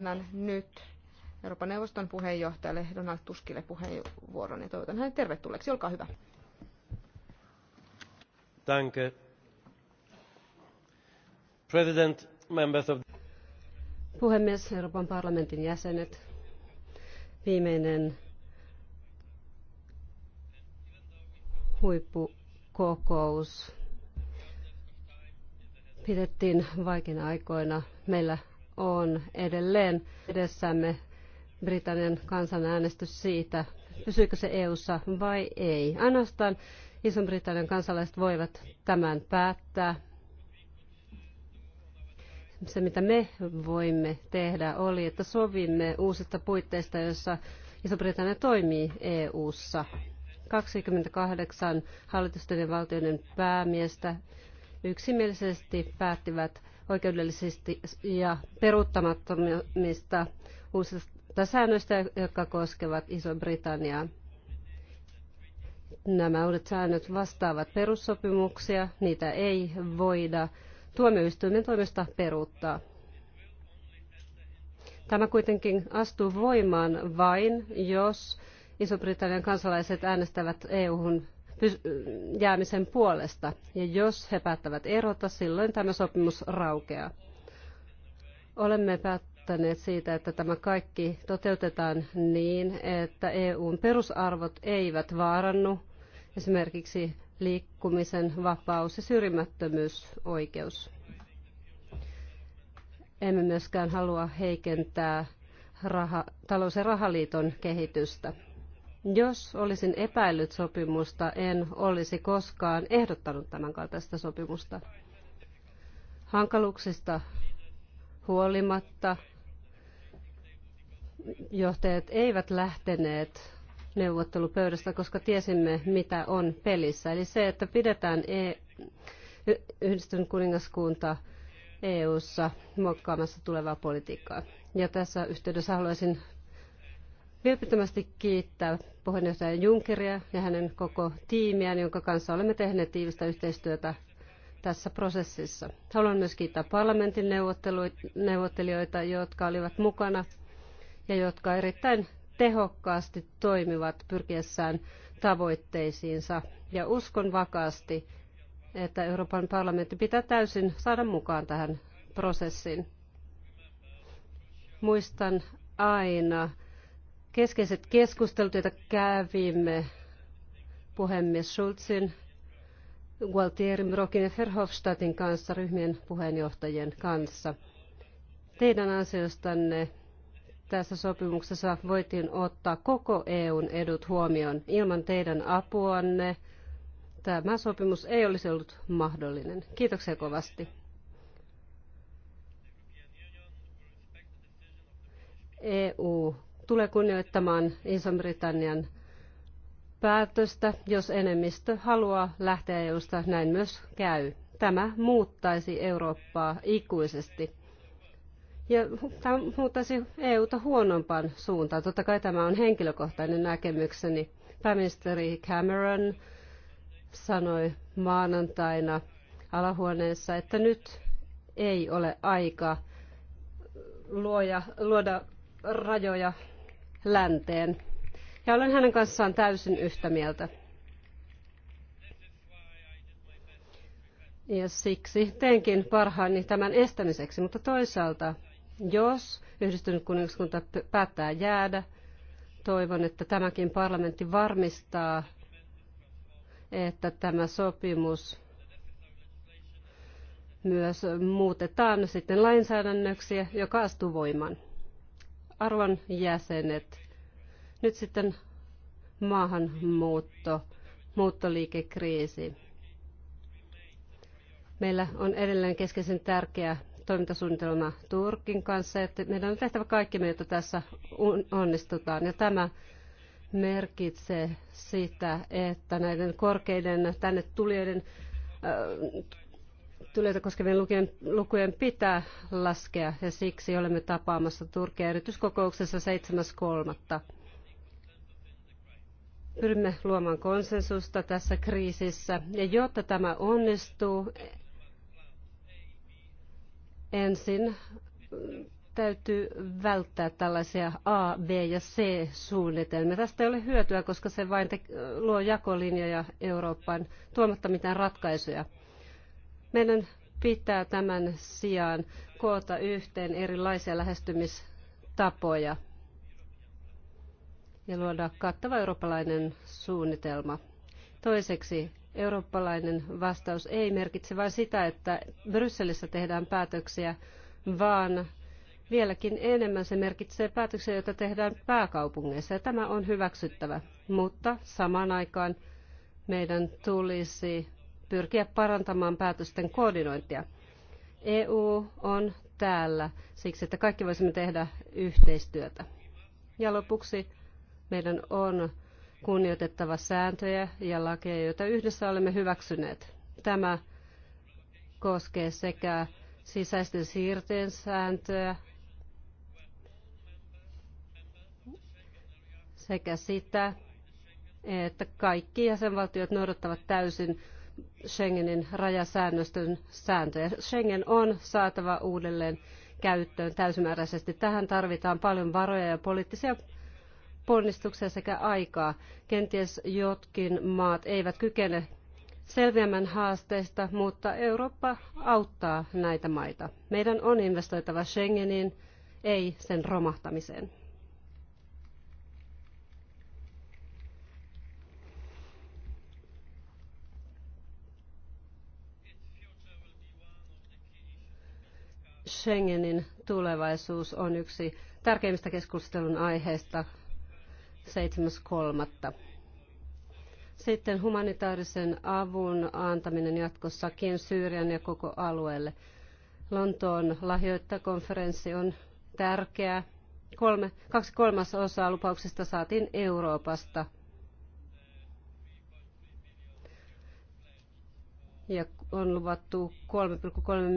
annan nyt Euroopan neuvoston puheenjohtajalle Donald Tuskille puheenvuoron ja toivotan hänet tervetulleeksi. Olkaa hyvä. Danke. President, members of... Puhemies, Euroopan parlamentin jäsenet, viimeinen huippukokous pidettiin vaikeina aikoina. Meillä on edelleen edessämme Britannian kansanäänestys siitä, pysyykö se EU:ssa vai ei. Ainoastaan iso britannian kansalaiset voivat tämän päättää. Se, mitä me voimme tehdä, oli, että sovimme uusista puitteista, joissa Iso-Britannia toimii EU:ssa. 28 hallitusten ja valtioiden päämiestä yksimielisesti päättivät oikeudellisesti ja peruuttamattomista uusista säännöistä, jotka koskevat Iso-Britanniaa. Nämä uudet säännöt vastaavat perussopimuksia, niitä ei voida tuomioistuimen toimesta peruuttaa. Tämä kuitenkin astuu voimaan vain, jos Iso-Britannian kansalaiset äänestävät EU-hun jäämisen puolesta. Ja jos he päättävät erota, silloin tämä sopimus raukeaa. Olemme päättäneet siitä, että tämä kaikki toteutetaan niin, että EUn perusarvot eivät vaarannu, esimerkiksi liikkumisen vapaus ja syrjimättömyysoikeus. Emme myöskään halua heikentää raha, talous- ja rahaliiton kehitystä. Jos olisin epäillyt sopimusta, en olisi koskaan ehdottanut tämän kaltaista sopimusta. Hankaluuksista huolimatta johtajat eivät lähteneet neuvottelupöydästä, koska tiesimme, mitä on pelissä. Eli se, että pidetään e- yhdistynyt kuningaskunta EU-ssa muokkaamassa tulevaa politiikkaa. Ja tässä yhteydessä haluaisin vilpittömästi kiittää puheenjohtaja Junckeria ja hänen koko tiimiään, jonka kanssa olemme tehneet tiivistä yhteistyötä tässä prosessissa. Haluan myös kiittää parlamentin neuvottelijoita, jotka olivat mukana ja jotka erittäin tehokkaasti toimivat pyrkiessään tavoitteisiinsa. Ja uskon vakaasti, että Euroopan parlamentti pitää täysin saada mukaan tähän prosessiin. Muistan aina Keskeiset keskustelut, joita kävimme puhemies Schulzin, Gualtieri Mrokin ja Verhofstadtin kanssa, ryhmien puheenjohtajien kanssa. Teidän ansiostanne tässä sopimuksessa voitiin ottaa koko EUn edut huomioon. Ilman teidän apuanne tämä sopimus ei olisi ollut mahdollinen. Kiitoksia kovasti. EU tulee kunnioittamaan Ison-Britannian päätöstä, jos enemmistö haluaa lähteä EU-sta, näin myös käy. Tämä muuttaisi Eurooppaa ikuisesti. Ja tämä muuttaisi EUta huonompaan suuntaan. Totta kai tämä on henkilökohtainen näkemykseni. Pääministeri Cameron sanoi maanantaina alahuoneessa, että nyt ei ole aika luoja, luoda rajoja länteen. Ja olen hänen kanssaan täysin yhtä mieltä. Ja siksi teenkin parhaani tämän estämiseksi, mutta toisaalta, jos yhdistynyt kuningaskunta päättää jäädä, toivon, että tämäkin parlamentti varmistaa, että tämä sopimus myös muutetaan sitten lainsäädännöksi, joka astuu voimaan arvon jäsenet. Nyt sitten maahanmuutto, muuttoliikekriisi. Meillä on edelleen keskeisen tärkeä toimintasuunnitelma Turkin kanssa, että meidän on tehtävä kaikki, jotta tässä onnistutaan. Ja tämä merkitsee sitä, että näiden korkeiden tänne tulijoiden tulijoita koskevien lukujen, lukujen pitää laskea ja siksi olemme tapaamassa Turkia erityiskokouksessa 7.3. Pyrimme luomaan konsensusta tässä kriisissä ja jotta tämä onnistuu, ensin täytyy välttää tällaisia A, B ja C suunnitelmia. Tästä ei ole hyötyä, koska se vain luo jakolinjoja Eurooppaan tuomatta mitään ratkaisuja. Meidän pitää tämän sijaan koota yhteen erilaisia lähestymistapoja ja luoda kattava eurooppalainen suunnitelma. Toiseksi eurooppalainen vastaus ei merkitse vain sitä, että Brysselissä tehdään päätöksiä, vaan vieläkin enemmän se merkitsee päätöksiä, joita tehdään pääkaupungeissa. Ja tämä on hyväksyttävä, mutta samaan aikaan meidän tulisi pyrkiä parantamaan päätösten koordinointia. EU on täällä siksi, että kaikki voisimme tehdä yhteistyötä. Ja lopuksi meidän on kunnioitettava sääntöjä ja lakeja, joita yhdessä olemme hyväksyneet. Tämä koskee sekä sisäisten siirteen sääntöä sekä sitä, että kaikki jäsenvaltiot noudattavat täysin Schengenin rajasäännöstön sääntöjä. Schengen on saatava uudelleen käyttöön täysimääräisesti. Tähän tarvitaan paljon varoja ja poliittisia ponnistuksia sekä aikaa. Kenties jotkin maat eivät kykene selviämään haasteista, mutta Eurooppa auttaa näitä maita. Meidän on investoitava Schengeniin, ei sen romahtamiseen. Schengenin tulevaisuus on yksi tärkeimmistä keskustelun aiheista 7.3. Sitten humanitaarisen avun antaminen jatkossakin Syyrian ja koko alueelle. Lontoon lahjoittakonferenssi on tärkeä. Kolme, kaksi kolmasosaa lupauksista saatiin Euroopasta. Ja on luvattu 3,3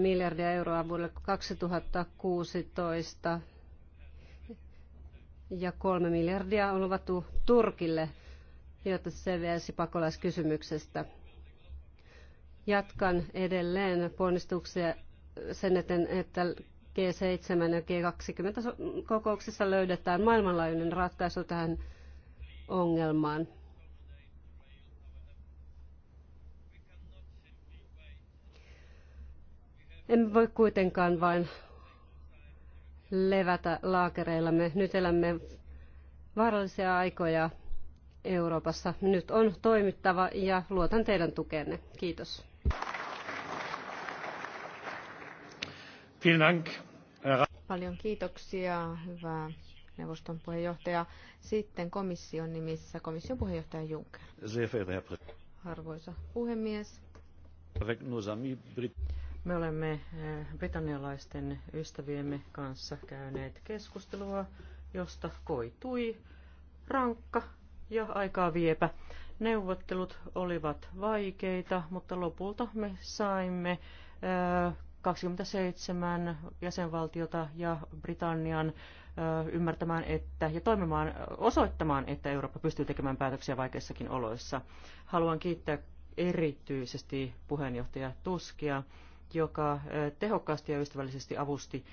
miljardia euroa vuodelle 2016 ja 3 miljardia on luvattu Turkille, jotta se selviäisi pakolaiskysymyksestä. Jatkan edelleen ponnistuksia sen eteen, että G7 ja G20 kokouksissa löydetään maailmanlaajuinen ratkaisu tähän ongelmaan. En voi kuitenkaan vain levätä laakereillamme. Nyt elämme vaarallisia aikoja Euroopassa. Nyt on toimittava ja luotan teidän tukeenne. Kiitos. Paljon kiitoksia, hyvä neuvoston puheenjohtaja. Sitten komission nimissä komission puheenjohtaja Juncker. Arvoisa puhemies. Me olemme eh, britannialaisten ystäviemme kanssa käyneet keskustelua, josta koitui rankka ja aikaa viepä. Neuvottelut olivat vaikeita, mutta lopulta me saimme 27 eh, jäsenvaltiota ja Britannian eh, ymmärtämään että, ja toimimaan, osoittamaan, että Eurooppa pystyy tekemään päätöksiä vaikeissakin oloissa. Haluan kiittää erityisesti puheenjohtaja Tuskia joka tehokkaasti ja ystävällisesti avusti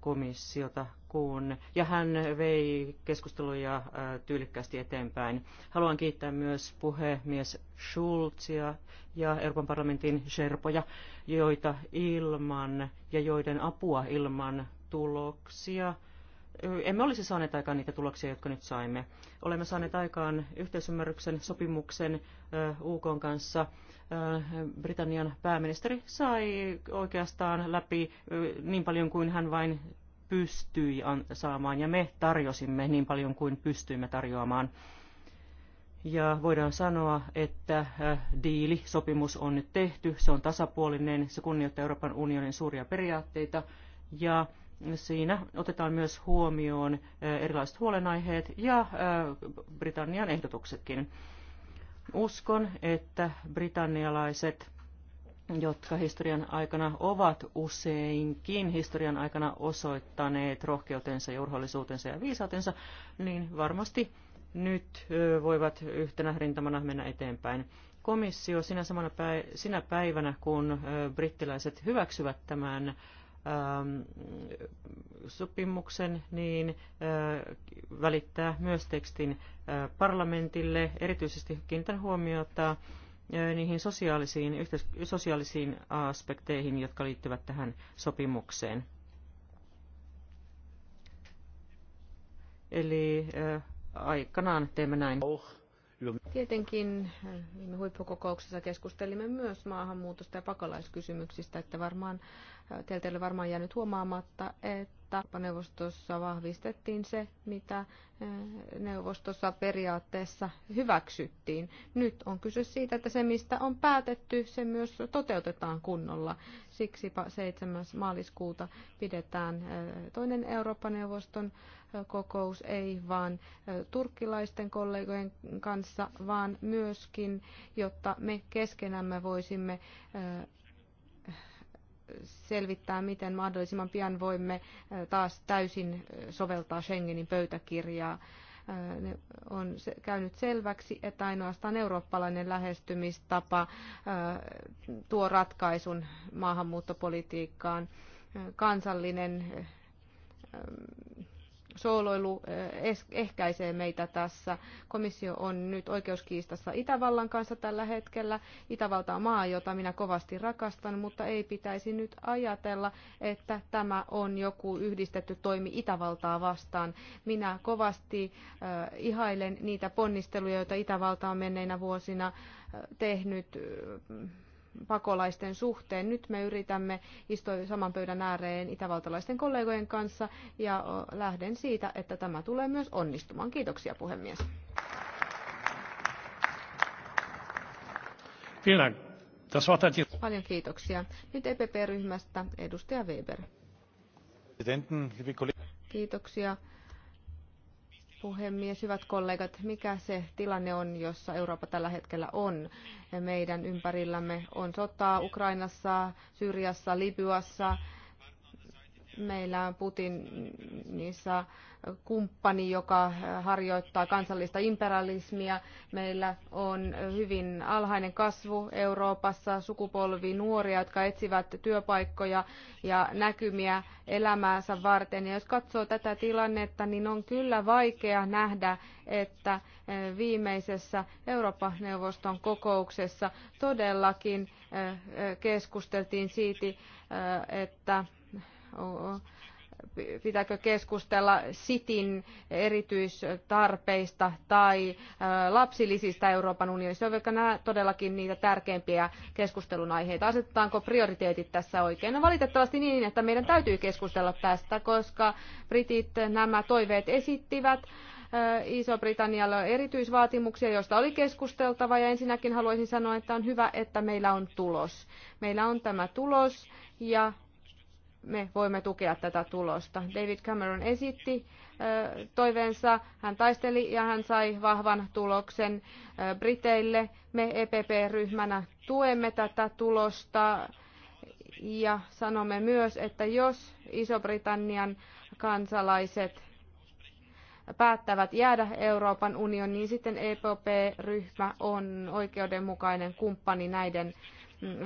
komissiota, kun, ja hän vei keskusteluja tyylikkäästi eteenpäin. Haluan kiittää myös puhemies Schulzia ja Euroopan parlamentin Sherpoja, joita ilman ja joiden apua ilman tuloksia emme olisi saaneet aikaan niitä tuloksia, jotka nyt saimme. Olemme saaneet aikaan yhteisymmärryksen sopimuksen UK kanssa. Britannian pääministeri sai oikeastaan läpi niin paljon kuin hän vain pystyi saamaan, ja me tarjosimme niin paljon kuin pystyimme tarjoamaan. Ja voidaan sanoa, että diili, sopimus on nyt tehty, se on tasapuolinen, se kunnioittaa Euroopan unionin suuria periaatteita, ja Siinä otetaan myös huomioon erilaiset huolenaiheet ja Britannian ehdotuksetkin. Uskon, että britannialaiset jotka historian aikana ovat useinkin historian aikana osoittaneet rohkeutensa ja urhollisuutensa ja viisautensa, niin varmasti nyt voivat yhtenä rintamana mennä eteenpäin. Komissio sinä, samana päivänä, sinä päivänä, kun brittiläiset hyväksyvät tämän Ähm, sopimuksen, niin äh, välittää myös tekstin äh, parlamentille. Erityisesti kiinnitän huomiota äh, niihin sosiaalisiin, yhteis- sosiaalisiin aspekteihin, jotka liittyvät tähän sopimukseen. Eli aikanaan teemme näin. Tietenkin äh, viime huippukokouksessa keskustelimme myös maahanmuutosta ja pakolaiskysymyksistä, että varmaan, äh, teiltä oli varmaan jäänyt huomaamatta, että neuvostossa vahvistettiin se, mitä äh, neuvostossa periaatteessa hyväksyttiin. Nyt on kyse siitä, että se mistä on päätetty, se myös toteutetaan kunnolla. Siksi 7. maaliskuuta pidetään toinen Eurooppa-neuvoston kokous ei vain turkkilaisten kollegojen kanssa, vaan myöskin, jotta me keskenämme voisimme selvittää, miten mahdollisimman pian voimme taas täysin soveltaa Schengenin pöytäkirjaa ne on käynyt selväksi, että ainoastaan eurooppalainen lähestymistapa tuo ratkaisun maahanmuuttopolitiikkaan. Kansallinen sooloilu eh, ehkäisee meitä tässä. Komissio on nyt oikeuskiistassa Itävallan kanssa tällä hetkellä. Itävalta on maa, jota minä kovasti rakastan, mutta ei pitäisi nyt ajatella, että tämä on joku yhdistetty toimi Itävaltaa vastaan. Minä kovasti eh, ihailen niitä ponnisteluja, joita Itävalta on menneinä vuosina eh, tehnyt pakolaisten suhteen. Nyt me yritämme istua saman pöydän ääreen itävaltalaisten kollegojen kanssa ja lähden siitä, että tämä tulee myös onnistumaan. Kiitoksia puhemies. Paljon kiitoksia. Nyt EPP-ryhmästä edustaja Weber. Kiitoksia puhemies, hyvät kollegat, mikä se tilanne on, jossa Eurooppa tällä hetkellä on? Meidän ympärillämme on sotaa Ukrainassa, Syyriassa, Libyassa, Meillä on Putinissa kumppani, joka harjoittaa kansallista imperialismia. Meillä on hyvin alhainen kasvu Euroopassa, sukupolvi nuoria, jotka etsivät työpaikkoja ja näkymiä elämäänsä varten. Ja jos katsoo tätä tilannetta, niin on kyllä vaikea nähdä, että eh, viimeisessä Euroopan neuvoston kokouksessa todellakin eh, eh, keskusteltiin siitä, että pitääkö keskustella sitin erityistarpeista tai lapsilisistä Euroopan unionissa, vaikka nämä todellakin niitä tärkeimpiä keskustelun aiheita. Asetetaanko prioriteetit tässä oikein? No valitettavasti niin, että meidän täytyy keskustella tästä, koska britit nämä toiveet esittivät. Iso-Britannialla on erityisvaatimuksia, joista oli keskusteltava ja ensinnäkin haluaisin sanoa, että on hyvä, että meillä on tulos. Meillä on tämä tulos ja me voimme tukea tätä tulosta. David Cameron esitti toiveensa, hän taisteli ja hän sai vahvan tuloksen Briteille. Me EPP-ryhmänä tuemme tätä tulosta ja sanomme myös, että jos Iso-Britannian kansalaiset päättävät jäädä Euroopan unioniin, niin sitten EPP-ryhmä on oikeudenmukainen kumppani näiden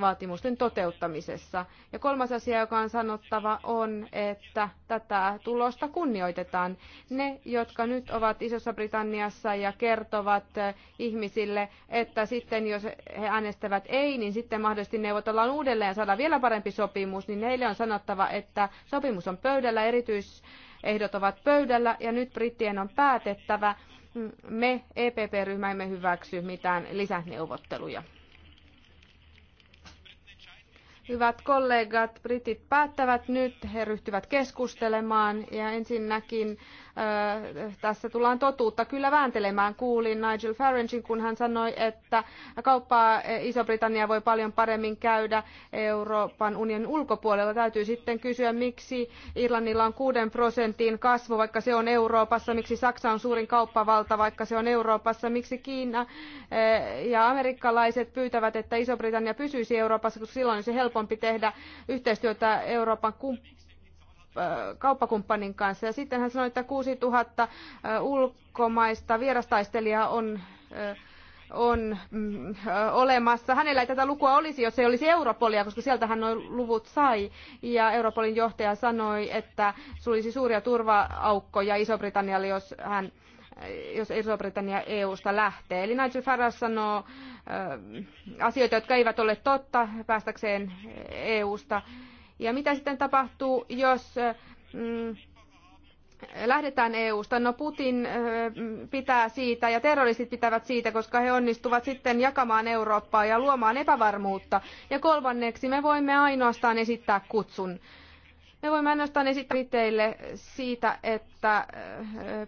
vaatimusten toteuttamisessa. Ja kolmas asia, joka on sanottava, on, että tätä tulosta kunnioitetaan. Ne, jotka nyt ovat Isossa Britanniassa ja kertovat eh, ihmisille, että sitten jos he äänestävät ei, niin sitten mahdollisesti neuvotellaan uudelleen ja saadaan vielä parempi sopimus, niin heille on sanottava, että sopimus on pöydällä, erityisehdot ovat pöydällä ja nyt brittien on päätettävä, mm, me EPP-ryhmä emme hyväksy mitään lisäneuvotteluja. Hyvät kollegat, britit päättävät nyt, he ryhtyvät keskustelemaan ja ensinnäkin tässä tullaan totuutta kyllä vääntelemään. Kuulin Nigel Faragein, kun hän sanoi, että kauppaa Iso-Britannia voi paljon paremmin käydä Euroopan unionin ulkopuolella. Täytyy sitten kysyä, miksi Irlannilla on 6 prosentin kasvu, vaikka se on Euroopassa, miksi Saksa on suurin kauppavalta, vaikka se on Euroopassa, miksi Kiina ja amerikkalaiset pyytävät, että Iso-Britannia pysyisi Euroopassa, koska silloin on se helpompi tehdä yhteistyötä Euroopan kumppanuudessa kauppakumppanin kanssa. Ja sitten hän sanoi, että 6000 ulkomaista vierastaistelijaa on on mm, olemassa. Hänellä ei tätä lukua olisi, jos ei olisi Europolia, koska sieltä hän noin luvut sai. Ja Europolin johtaja sanoi, että sulisi suuria turvaaukkoja Iso-Britannialle, jos hän jos Iso-Britannia EU-sta lähtee. Eli Nigel Farage sanoo äh, asioita, jotka eivät ole totta päästäkseen EU-sta. Äh, ja mitä sitten tapahtuu, jos mm, lähdetään EU-sta. No Putin pitää siitä ja terroristit pitävät siitä, koska he onnistuvat sitten jakamaan Eurooppaa ja luomaan epävarmuutta. Ja kolmanneksi me voimme ainoastaan esittää kutsun. Me voimme ainoastaan esittää teille siitä, että äh,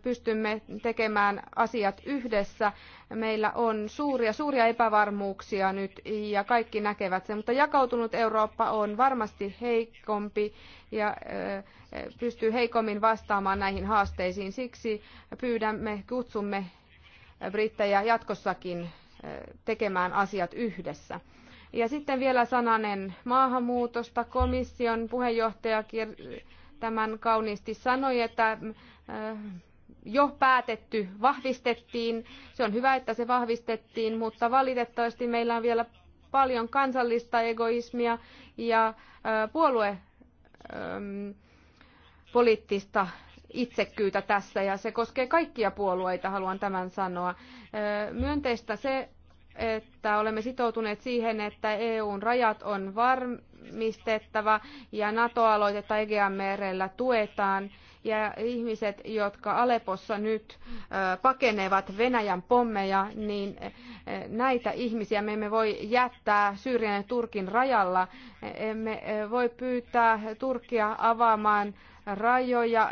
pystymme tekemään asiat yhdessä. Meillä on suuria, suuria epävarmuuksia nyt ja kaikki näkevät sen, mutta jakautunut Eurooppa on varmasti heikompi ja äh, pystyy heikommin vastaamaan näihin haasteisiin. Siksi pyydämme, kutsumme brittejä jatkossakin äh, tekemään asiat yhdessä. Ja sitten vielä sananen maahanmuutosta. Komission puheenjohtaja tämän kauniisti sanoi, että äh, jo päätetty vahvistettiin. Se on hyvä, että se vahvistettiin, mutta valitettavasti meillä on vielä paljon kansallista egoismia ja äh, puolue ähm, poliittista itsekkyyttä tässä ja se koskee kaikkia puolueita, haluan tämän sanoa. Äh, myönteistä se että olemme sitoutuneet siihen, että EUn rajat on varmistettava ja NATO-aloitetta Egean merellä tuetaan. Ja ihmiset, jotka Alepossa nyt pakenevat Venäjän pommeja, niin näitä ihmisiä me emme voi jättää Syyrian ja Turkin rajalla. Emme voi pyytää Turkia avaamaan rajoja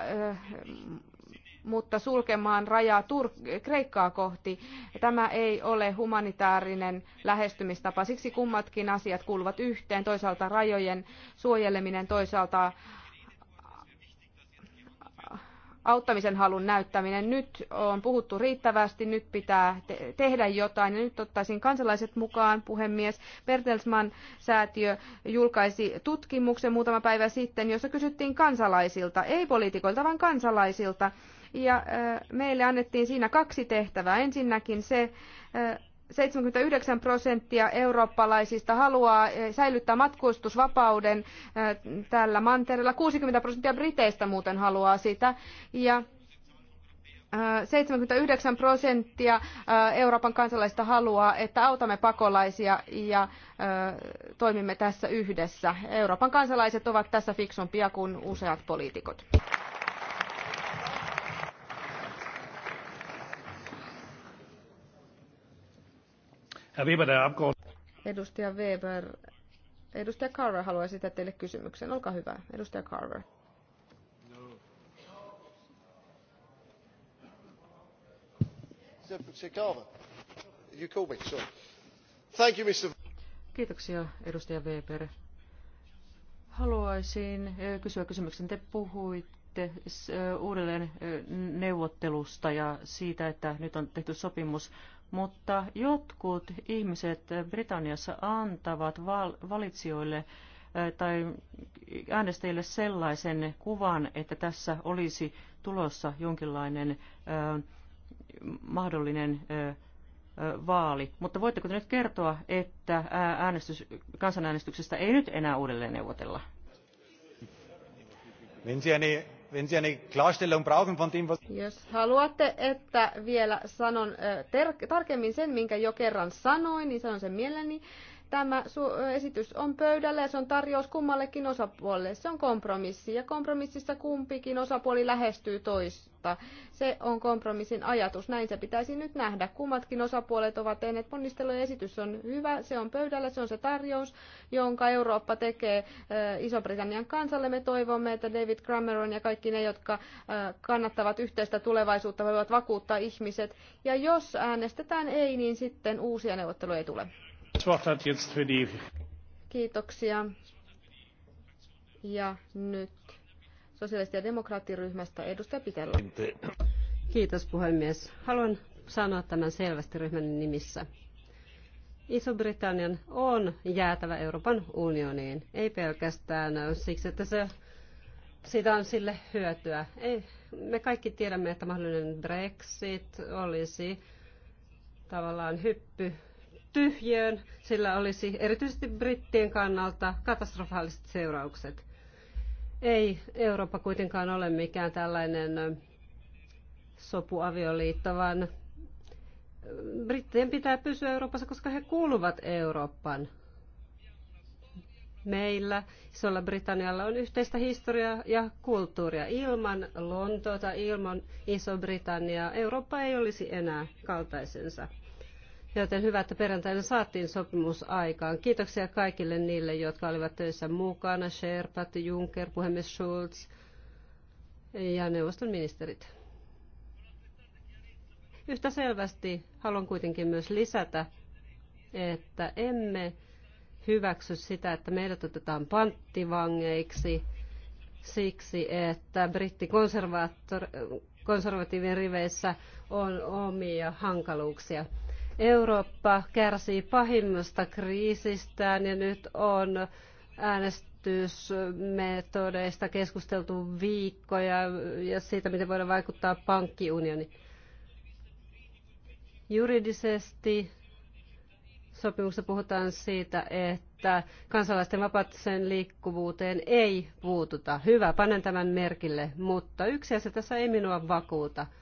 mutta sulkemaan rajaa Tur- Kreikkaa kohti. Tämä ei ole humanitaarinen lähestymistapa. Siksi kummatkin asiat kuuluvat yhteen. Toisaalta rajojen suojeleminen, toisaalta auttamisen halun näyttäminen. Nyt on puhuttu riittävästi, nyt pitää te- tehdä jotain. Ja nyt ottaisin kansalaiset mukaan, puhemies. Bertelsmann säätiö julkaisi tutkimuksen muutama päivä sitten, jossa kysyttiin kansalaisilta, ei poliitikoilta, vaan kansalaisilta ja meille annettiin siinä kaksi tehtävää. Ensinnäkin se 79 prosenttia eurooppalaisista haluaa säilyttää matkustusvapauden tällä mantereella. 60 prosenttia briteistä muuten haluaa sitä. Ja 79 prosenttia Euroopan kansalaisista haluaa, että autamme pakolaisia ja toimimme tässä yhdessä. Euroopan kansalaiset ovat tässä fiksumpia kuin useat poliitikot. Er edustaja Weber, edustaja Carver haluaa esittää teille kysymyksen. Olkaa hyvä, edustaja Carver. Kiitoksia, edustaja Weber. Haluaisin kysyä kysymyksen. Te puhuitte uudelleen neuvottelusta ja siitä, että nyt on tehty sopimus mutta jotkut ihmiset Britanniassa antavat val- valitsijoille tai äänestäjille sellaisen kuvan, että tässä olisi tulossa jonkinlainen mahdollinen vaali. Mutta voitteko te nyt kertoa, että äänestys, kansanäänestyksestä ei nyt enää uudelleen neuvotella? Minä jos haluatte, että vielä sanon äh, tarkemmin sen, minkä jo kerran sanoin, niin sanon sen mielelläni. Tämä esitys on pöydällä ja se on tarjous kummallekin osapuolelle. Se on kompromissi ja kompromississa kumpikin osapuoli lähestyy toista. Se on kompromissin ajatus. Näin se pitäisi nyt nähdä. Kummatkin osapuolet ovat tehneet ponnisteluja. Esitys on hyvä, se on pöydällä, se on se tarjous, jonka Eurooppa tekee eh, Iso-Britannian kansalle. Me toivomme, että David Cameron ja kaikki ne, jotka eh, kannattavat yhteistä tulevaisuutta, voivat vakuuttaa ihmiset. Ja jos äänestetään ei, niin sitten uusia neuvotteluja ei tule. Kiitoksia. Ja nyt sosiaalisti- ja demokraattiryhmästä edustaja Pitellä. Kiitos puhemies. Haluan sanoa tämän selvästi ryhmän nimissä. Iso-Britannian on jäätävä Euroopan unioniin. Ei pelkästään siksi, että se, siitä on sille hyötyä. Ei, me kaikki tiedämme, että mahdollinen Brexit olisi tavallaan hyppy tyhjöön, sillä olisi erityisesti brittien kannalta katastrofaaliset seuraukset. Ei Eurooppa kuitenkaan ole mikään tällainen sopuavioliitto, vaan brittien pitää pysyä Euroopassa, koska he kuuluvat Eurooppaan. Meillä, Isolla Britannialla on yhteistä historiaa ja kulttuuria. Ilman Lontoota, ilman Iso-Britanniaa Eurooppa ei olisi enää kaltaisensa. Joten hyvä, että perjantaina saatiin sopimus aikaan. Kiitoksia kaikille niille, jotka olivat töissä mukana. Sherpat, Juncker, puhemies Schulz ja neuvoston ministerit. Yhtä selvästi haluan kuitenkin myös lisätä, että emme hyväksy sitä, että meidät otetaan panttivangeiksi siksi, että brittikonservatiivien riveissä on omia hankaluuksia. Eurooppa kärsii pahimmasta kriisistään ja nyt on äänestysmetodeista keskusteltu viikkoja ja siitä, miten voidaan vaikuttaa pankkiunioni. Juridisesti sopimuksessa puhutaan siitä, että kansalaisten vapaaseen liikkuvuuteen ei puututa. Hyvä, panen tämän merkille, mutta yksi asia tässä ei minua vakuuta –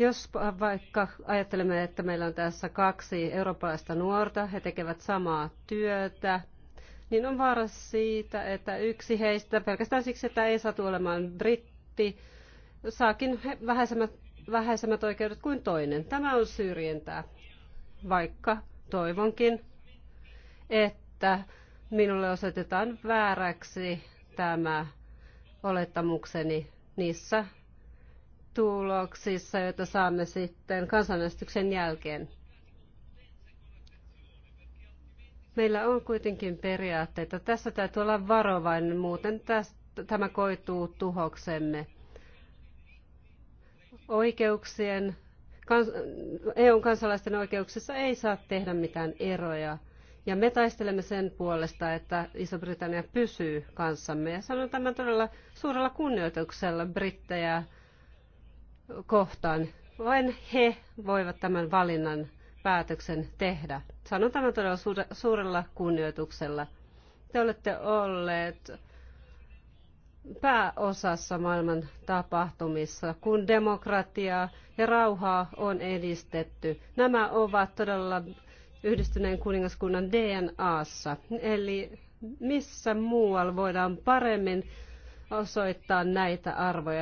Jos vaikka ajattelemme, että meillä on tässä kaksi eurooppalaista nuorta, he tekevät samaa työtä, niin on vaara siitä, että yksi heistä, pelkästään siksi, että ei saa olemaan britti, saakin vähäisemmät, vähäisemmät oikeudet kuin toinen. Tämä on syrjintää, vaikka toivonkin, että minulle osoitetaan vääräksi tämä olettamukseni niissä tuloksissa, joita saamme sitten kansanäänestyksen jälkeen. Meillä on kuitenkin periaatteita. Tässä täytyy olla varovainen, muuten tästä, tämä koituu tuhoksemme. Oikeuksien, kans, EUn kansalaisten oikeuksissa ei saa tehdä mitään eroja. Ja me taistelemme sen puolesta, että Iso-Britannia pysyy kanssamme. Ja sanon tämän todella suurella kunnioituksella brittejä kohtaan. Vain he voivat tämän valinnan päätöksen tehdä. Sanon tämän todella suurella kunnioituksella. Te olette olleet pääosassa maailman tapahtumissa, kun demokratiaa ja rauhaa on edistetty. Nämä ovat todella yhdistyneen kuningaskunnan DNAssa. Eli missä muualla voidaan paremmin osoittaa näitä arvoja.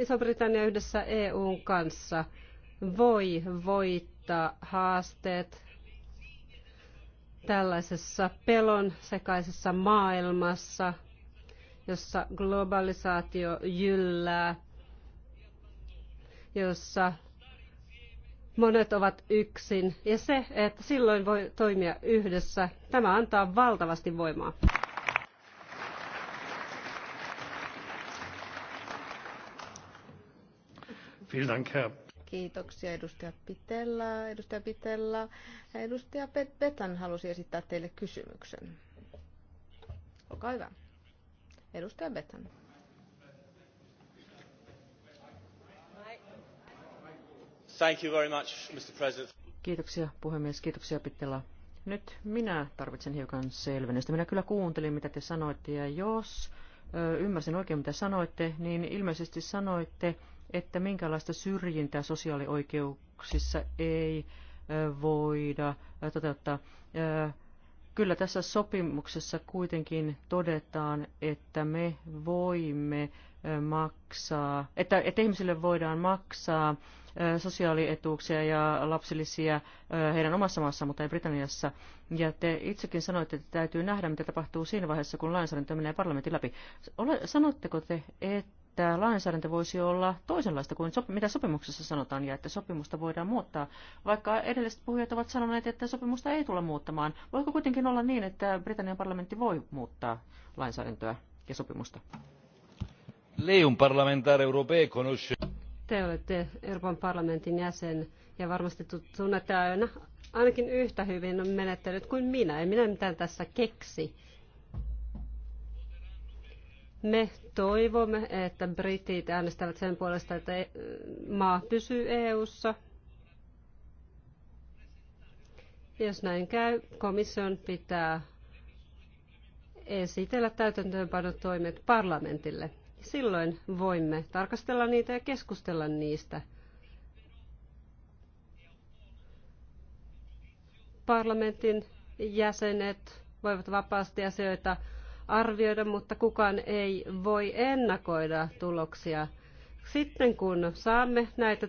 Iso-Britannia yhdessä EUn kanssa voi voittaa haasteet tällaisessa pelon sekaisessa maailmassa, jossa globalisaatio jyllää, jossa monet ovat yksin. Ja se, että silloin voi toimia yhdessä, tämä antaa valtavasti voimaa. Kiitoksia edustaja Pitella. Edustaja Pitella, edustaja Petan halusi esittää teille kysymyksen. Olkaa hyvä. Edustaja Betan. Thank you very much, Mr. President. Kiitoksia puhemies, kiitoksia Pitella. Nyt minä tarvitsen hiukan selvennystä. Minä kyllä kuuntelin, mitä te sanoitte, ja jos ö, ymmärsin oikein, mitä sanoitte, niin ilmeisesti sanoitte, että minkälaista syrjintää sosiaalioikeuksissa ei voida toteuttaa. Kyllä tässä sopimuksessa kuitenkin todetaan, että me voimme maksaa, että, että ihmisille voidaan maksaa sosiaalietuuksia ja lapsilisiä heidän omassa maassaan, mutta ei Britanniassa. Ja te itsekin sanoitte, että täytyy nähdä, mitä tapahtuu siinä vaiheessa, kun lainsäädäntö menee parlamentin läpi. sanotteko te, että että lainsäädäntö voisi olla toisenlaista kuin sop- mitä sopimuksessa sanotaan ja että sopimusta voidaan muuttaa. Vaikka edelliset puhujat ovat sanoneet, että sopimusta ei tulla muuttamaan, voiko kuitenkin olla niin, että Britannian parlamentti voi muuttaa lainsäädäntöä ja sopimusta? Leijun parlamentaari parlamentare europeo Te olette Euroopan parlamentin jäsen ja varmasti tunnette aina ainakin yhtä hyvin menettelyt kuin minä. En minä mitään tässä keksi me toivomme, että britit äänestävät sen puolesta, että e- maa pysyy EU-ssa. Jos näin käy, komission pitää esitellä täytäntöönpanotoimet parlamentille. Silloin voimme tarkastella niitä ja keskustella niistä. Parlamentin jäsenet voivat vapaasti asioita arvioida, mutta kukaan ei voi ennakoida tuloksia. Sitten kun saamme näitä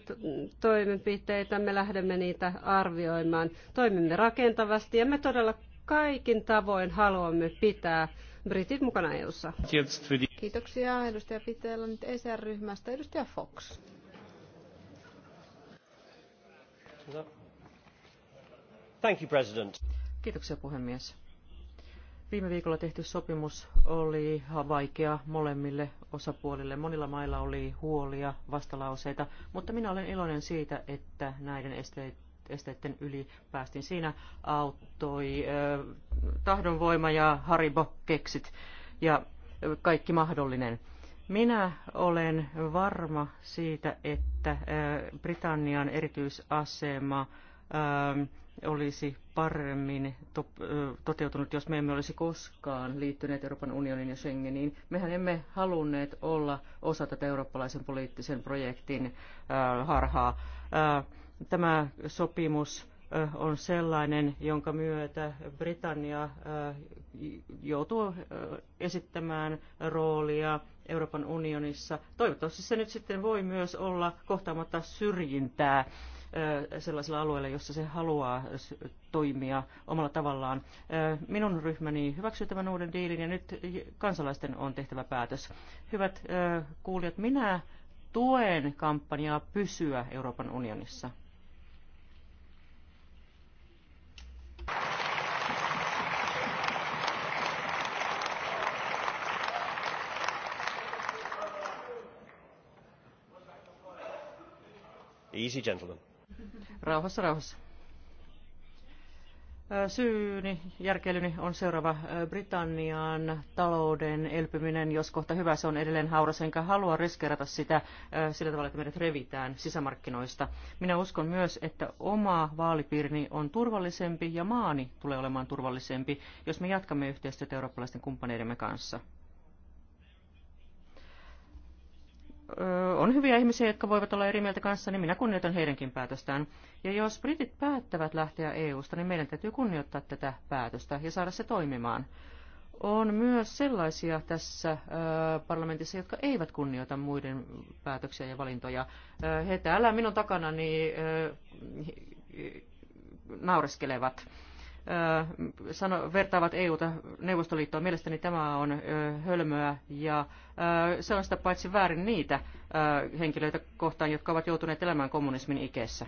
toimenpiteitä, me lähdemme niitä arvioimaan. Toimimme rakentavasti ja me todella kaikin tavoin haluamme pitää britit mukana EU:ssa. Kiitoksia edustaja Pitellä nyt ESR-ryhmästä. Edustaja Fox. Thank you, President. Kiitoksia puhemies. Viime viikolla tehty sopimus oli vaikea molemmille osapuolille. Monilla mailla oli huolia, vastalauseita, mutta minä olen iloinen siitä, että näiden esteet, esteiden yli päästiin. Siinä auttoi äh, tahdonvoima ja Haribo-keksit ja kaikki mahdollinen. Minä olen varma siitä, että Britannian erityisasema olisi paremmin toteutunut, jos me emme olisi koskaan liittyneet Euroopan unionin ja Schengeniin. Mehän emme halunneet olla osa tätä eurooppalaisen poliittisen projektin harhaa. Tämä sopimus on sellainen, jonka myötä Britannia joutuu esittämään roolia Euroopan unionissa. Toivottavasti se nyt sitten voi myös olla kohtaamatta syrjintää sellaisilla alueilla, jossa se haluaa toimia omalla tavallaan. Minun ryhmäni hyväksyy tämän uuden diilin ja nyt kansalaisten on tehtävä päätös. Hyvät kuulijat, minä tuen kampanjaa pysyä Euroopan unionissa. easy gentlemen. Rauhassa, rauhassa. Syyni, järkeilyni on seuraava Britannian talouden elpyminen, jos kohta hyvä se on edelleen hauras, enkä halua riskeerata sitä sillä tavalla, että meidät revitään sisämarkkinoista. Minä uskon myös, että oma vaalipiirini on turvallisempi ja maani tulee olemaan turvallisempi, jos me jatkamme yhteistyötä eurooppalaisten kumppaneidemme kanssa. on hyviä ihmisiä, jotka voivat olla eri mieltä kanssa, niin minä kunnioitan heidänkin päätöstään. Ja jos britit päättävät lähteä EU-sta, niin meidän täytyy kunnioittaa tätä päätöstä ja saada se toimimaan. On myös sellaisia tässä parlamentissa, jotka eivät kunnioita muiden päätöksiä ja valintoja. He täällä minun niin naureskelevat sano, vertaavat EUta Neuvostoliittoon. Mielestäni tämä on ö, hölmöä ja ö, se on sitä paitsi väärin niitä ö, henkilöitä kohtaan, jotka ovat joutuneet elämään kommunismin ikeessä.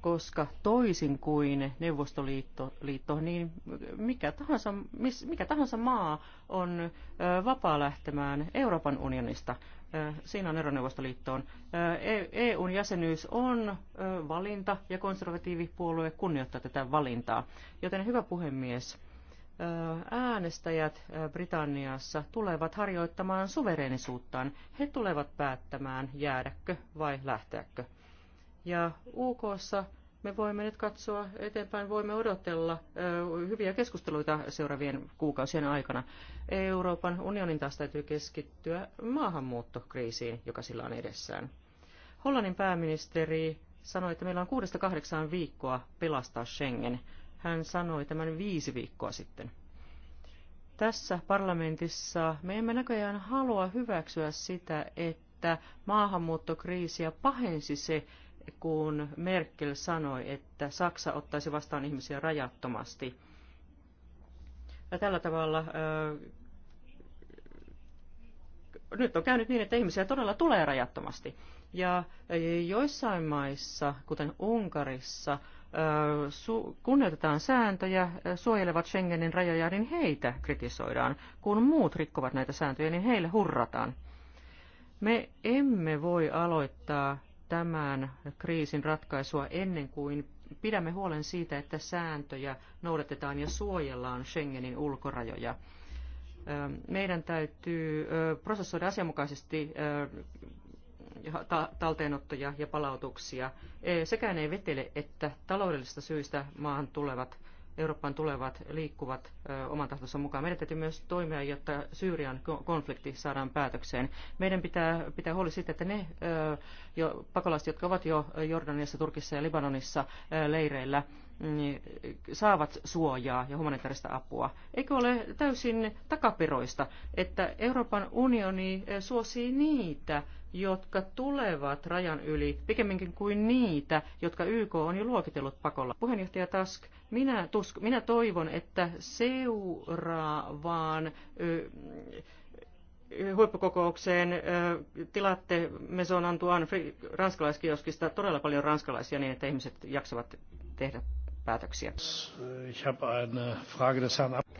Koska toisin kuin Neuvostoliitto, liitto, niin mikä tahansa, mikä tahansa maa on vapaa lähtemään Euroopan unionista siinä on eroneuvostoliittoon. E, EUn jäsenyys on valinta ja konservatiivipuolue kunnioittaa tätä valintaa. Joten hyvä puhemies, äänestäjät Britanniassa tulevat harjoittamaan suvereenisuuttaan. He tulevat päättämään, jäädäkö vai lähteäkö. Ja UKssa me voimme nyt katsoa eteenpäin, voimme odotella hyviä keskusteluita seuraavien kuukausien aikana. Euroopan unionin taas täytyy keskittyä maahanmuuttokriisiin, joka sillä on edessään. Hollannin pääministeri sanoi, että meillä on kuudesta kahdeksaan viikkoa pelastaa Schengen. Hän sanoi tämän viisi viikkoa sitten. Tässä parlamentissa me emme näköjään halua hyväksyä sitä, että maahanmuuttokriisiä pahensi se, kun Merkel sanoi, että Saksa ottaisi vastaan ihmisiä rajattomasti. Ja tällä tavalla nyt on käynyt niin, että ihmisiä todella tulee rajattomasti. Ja joissain maissa, kuten Unkarissa, kunnioitetaan sääntöjä, suojelevat Schengenin rajoja, niin heitä kritisoidaan. Kun muut rikkovat näitä sääntöjä, niin heille hurrataan. Me emme voi aloittaa tämän kriisin ratkaisua ennen kuin pidämme huolen siitä, että sääntöjä noudatetaan ja suojellaan Schengenin ulkorajoja. Meidän täytyy prosessoida asianmukaisesti talteenottoja ja palautuksia. E, sekään ei vetele, että taloudellisista syistä maahan tulevat Eurooppaan tulevat liikkuvat oman tahtonsa mukaan. Meidän täytyy myös toimia, jotta Syyrian konflikti saadaan päätökseen. Meidän pitää pitää huoli siitä, että ne jo, pakolaiset, jotka ovat jo Jordaniassa, Turkissa ja Libanonissa leireillä, mm, saavat suojaa ja humanitaarista apua. Eikö ole täysin takapiroista, että Euroopan unioni suosii niitä jotka tulevat rajan yli, pikemminkin kuin niitä, jotka YK on jo luokitellut pakolla. Puheenjohtaja Task, minä, tusk, minä toivon, että seuraavaan ö, huippukokoukseen ö, tilatte Maison Antoine ranskalaiskioskista todella paljon ranskalaisia niin, että ihmiset jaksavat tehdä päätöksiä.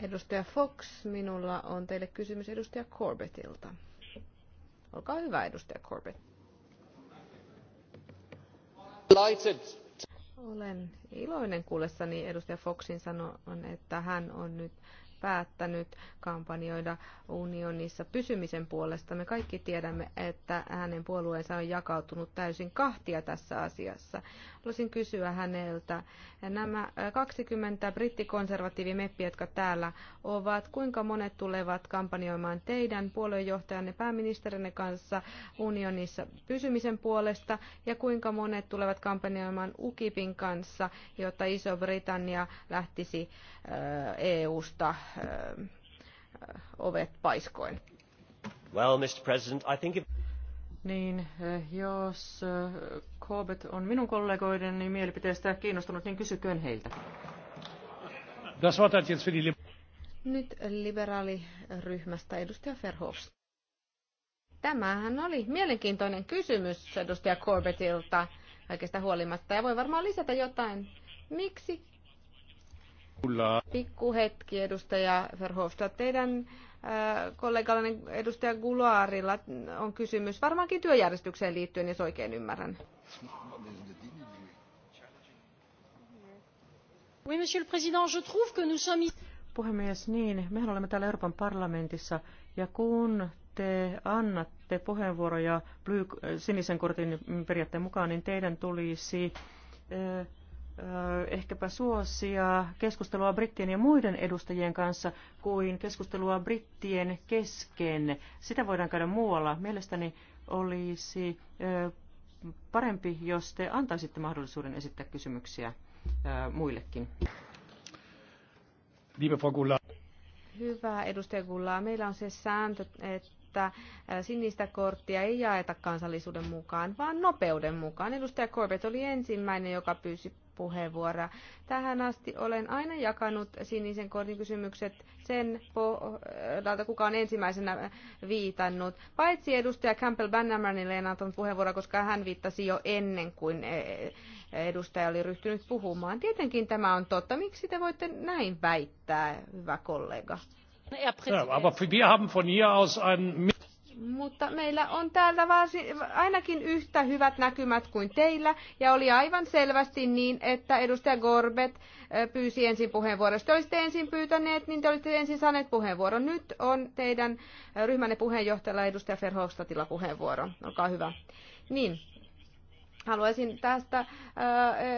Edustaja Fox, minulla on teille kysymys edustaja Corbettilta. Olkaa hyvä, edustaja Corbett. Olen iloinen kuullessani edustaja Foxin sanon, että hän on nyt päättänyt kampanjoida unionissa pysymisen puolesta. Me kaikki tiedämme, että hänen puolueensa on jakautunut täysin kahtia tässä asiassa. Haluaisin kysyä häneltä, nämä 20 brittikonservatiivimeppiä, jotka täällä ovat, kuinka monet tulevat kampanjoimaan teidän puoluejohtajanne pääministerinne kanssa unionissa pysymisen puolesta, ja kuinka monet tulevat kampanjoimaan UKIPin kanssa, jotta Iso-Britannia lähtisi äh, EU-sta äh, ovet paiskoin? Well, Mr. President, I think if... Niin, eh, jos Kobet eh, on minun kollegoideni mielipiteestä kiinnostunut, niin kysyköön heiltä. Das war jetzt für die Nyt liberaaliryhmästä edustaja Ferhoff. Tämähän oli mielenkiintoinen kysymys edustaja Corbettilta kaikesta huolimatta. Ja voi varmaan lisätä jotain. Miksi Pikku hetki, edustaja Verhofstadt. Teidän Äh, kollegallani edustaja Gulaarilla on kysymys varmaankin työjärjestykseen liittyen, jos oikein ymmärrän. Oui, monsieur le président, je trouve que nous sommes... Puhemies, niin, mehän olemme täällä Euroopan parlamentissa, ja kun te annatte puheenvuoroja sinisen kortin periaatteen mukaan, niin teidän tulisi äh, ehkäpä suosia keskustelua brittien ja muiden edustajien kanssa kuin keskustelua brittien kesken. Sitä voidaan käydä muualla. Mielestäni olisi parempi, jos te antaisitte mahdollisuuden esittää kysymyksiä muillekin. Hyvä edustaja Kullaa. Meillä on se sääntö, että sinistä korttia ei jaeta kansallisuuden mukaan, vaan nopeuden mukaan. Edustaja Corbett oli ensimmäinen, joka pyysi puheenvuoroa. Tähän asti olen aina jakanut sinisen kortin kysymykset sen pohjalta, kuka on ensimmäisenä viitannut. Paitsi edustaja Campbell Bannermanille en antanut puheenvuoroa, koska hän viittasi jo ennen kuin e, edustaja oli ryhtynyt puhumaan. Tietenkin tämä on totta. Miksi te voitte näin väittää, hyvä kollega? Ja, aber wir haben von hier aus ein mutta meillä on täällä varsin, ainakin yhtä hyvät näkymät kuin teillä, ja oli aivan selvästi niin, että edustaja Gorbet pyysi ensin puheenvuoron. Jos te olisitte ensin pyytäneet, niin te olisitte ensin saaneet puheenvuoron. Nyt on teidän ryhmänne puheenjohtajalla edustaja Verhofstadilla puheenvuoro. Olkaa hyvä. Niin, Haluaisin tästä äh,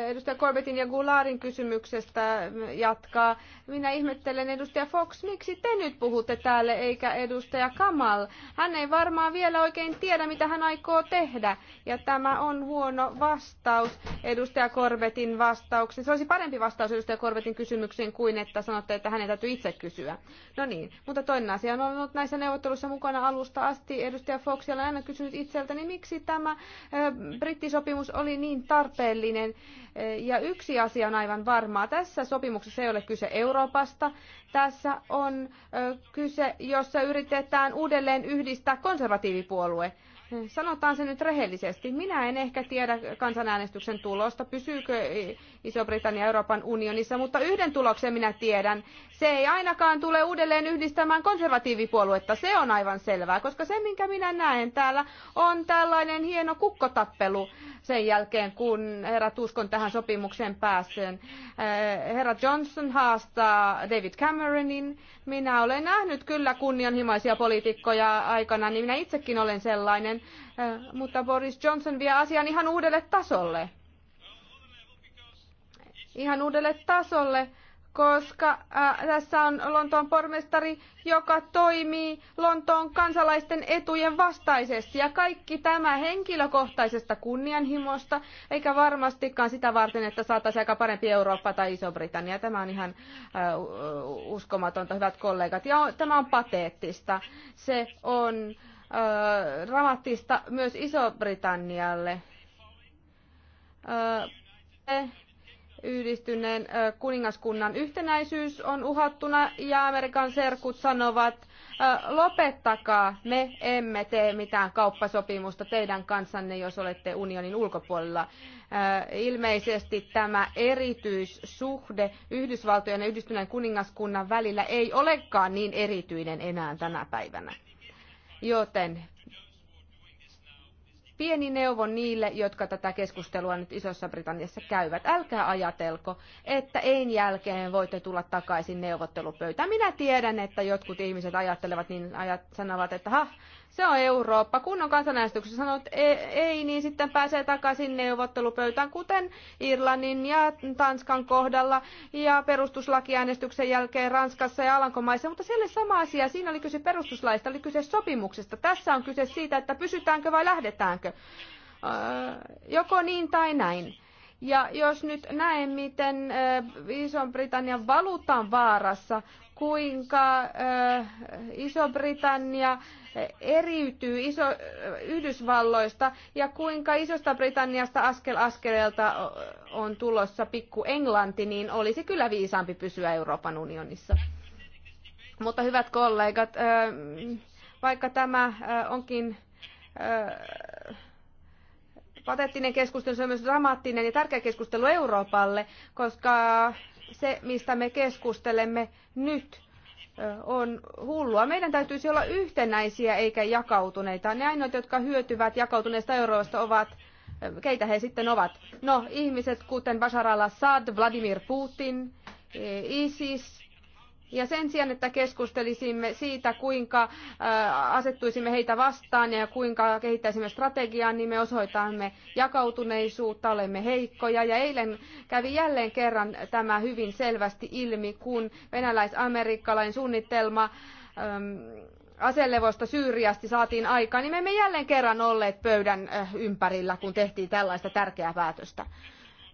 edustaja Corbettin ja Gularin kysymyksestä äh, jatkaa. Minä ihmettelen edustaja Fox, miksi te nyt puhutte täällä eikä edustaja Kamal? Hän ei varmaan vielä oikein tiedä, mitä hän aikoo tehdä. Ja tämä on huono vastaus edustaja Korvetin vastaukseen. Se olisi parempi vastaus edustaja Korvetin kysymykseen kuin että sanotte, että hänen täytyy itse kysyä. No niin, mutta toinen asia on ollut näissä neuvotteluissa mukana alusta asti. Edustaja Fox on aina kysynyt itseltäni, niin miksi tämä äh, brittisopimus sopimus oli niin tarpeellinen e, ja yksi asia on aivan varmaa. Tässä sopimuksessa ei ole kyse Euroopasta. Tässä on e, kyse, jossa yritetään uudelleen yhdistää konservatiivipuolue. Sanotaan se nyt rehellisesti. Minä en ehkä tiedä kansanäänestyksen tulosta, pysyykö e, Iso-Britannia Euroopan unionissa, mutta yhden tuloksen minä tiedän. Se ei ainakaan tule uudelleen yhdistämään konservatiivipuoluetta, se on aivan selvää, koska se minkä minä näen täällä on tällainen hieno kukkotappelu sen jälkeen, kun herra Tuskon tähän sopimukseen päässyt. Eh, herra Johnson haastaa David Cameronin. Minä olen nähnyt kyllä kunnianhimoisia poliitikkoja aikana, niin minä itsekin olen sellainen, eh, mutta Boris Johnson vie asian ihan uudelle tasolle ihan uudelle tasolle, koska äh, tässä on Lontoon pormestari, joka toimii Lontoon kansalaisten etujen vastaisesti. Ja kaikki tämä henkilökohtaisesta kunnianhimosta, eikä varmastikaan sitä varten, että saataisiin aika parempi Eurooppa tai Iso-Britannia. Tämä on ihan äh, uskomatonta, hyvät kollegat. Ja tämä on pateettista. Se on äh, dramaattista myös Iso-Britannialle. Äh, yhdistyneen kuningaskunnan yhtenäisyys on uhattuna ja Amerikan serkut sanovat, lopettakaa, me emme tee mitään kauppasopimusta teidän kanssanne, jos olette unionin ulkopuolella. Ilmeisesti tämä erityissuhde Yhdysvaltojen ja yhdistyneen kuningaskunnan välillä ei olekaan niin erityinen enää tänä päivänä. Joten pieni neuvo niille, jotka tätä keskustelua nyt Isossa Britanniassa käyvät. Älkää ajatelko, että en jälkeen voitte tulla takaisin neuvottelupöytään. Minä tiedän, että jotkut ihmiset ajattelevat niin, ajat, sanovat, että ha, se on Eurooppa. Kun on kansanäänestyksessä sanot e, ei, niin sitten pääsee takaisin neuvottelupöytään, kuten Irlannin ja Tanskan kohdalla ja perustuslakiäänestyksen jälkeen Ranskassa ja Alankomaissa. Mutta siellä sama asia. Siinä oli kyse perustuslaista, oli kyse sopimuksesta. Tässä on kyse siitä, että pysytäänkö vai lähdetäänkö. Tiedättekö? Äh, joko niin tai näin. Ja jos nyt näen, miten äh, iso britannian valuutta on vaarassa, kuinka äh, Iso-Britannia eriytyy iso, Yhdysvalloista ja kuinka Isosta Britanniasta askel askeleelta on tulossa pikku Englanti, niin olisi kyllä viisaampi pysyä Euroopan unionissa. Mutta hyvät kollegat, vaikka tämä onkin patettinen keskustelu, se on myös dramaattinen ja tärkeä keskustelu Euroopalle, koska se, mistä me keskustelemme nyt, on hullua. Meidän täytyisi olla yhtenäisiä eikä jakautuneita. Ne ainoat, jotka hyötyvät jakautuneista euroista, ovat keitä he sitten ovat. No, ihmiset kuten Bashar al-Assad, Vladimir Putin, e, ISIS, ja sen sijaan, että keskustelisimme siitä, kuinka äh, asettuisimme heitä vastaan ja kuinka kehittäisimme strategiaa, niin me osoitamme jakautuneisuutta, olemme heikkoja. Ja eilen kävi jälleen kerran tämä hyvin selvästi ilmi, kun venäläis-amerikkalainen suunnitelma ähm, aselevosta Syyriasta saatiin aikaan, niin me emme jälleen kerran olleet pöydän äh, ympärillä, kun tehtiin tällaista tärkeää päätöstä.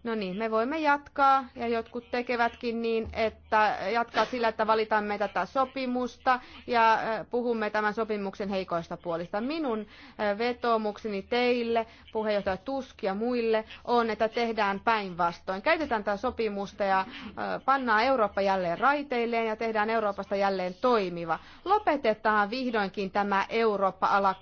No niin, me voimme jatkaa ja jotkut tekevätkin niin, että jatkaa sillä, että valitamme tätä sopimusta ja puhumme tämän sopimuksen heikoista puolista. Minun vetoomukseni teille, puheenjohtaja Tusk ja muille, on, että tehdään päinvastoin. Käytetään tätä sopimusta ja pannaan Eurooppa jälleen raiteilleen ja tehdään Euroopasta jälleen toimiva. Lopetetaan vihdoinkin tämä Eurooppa a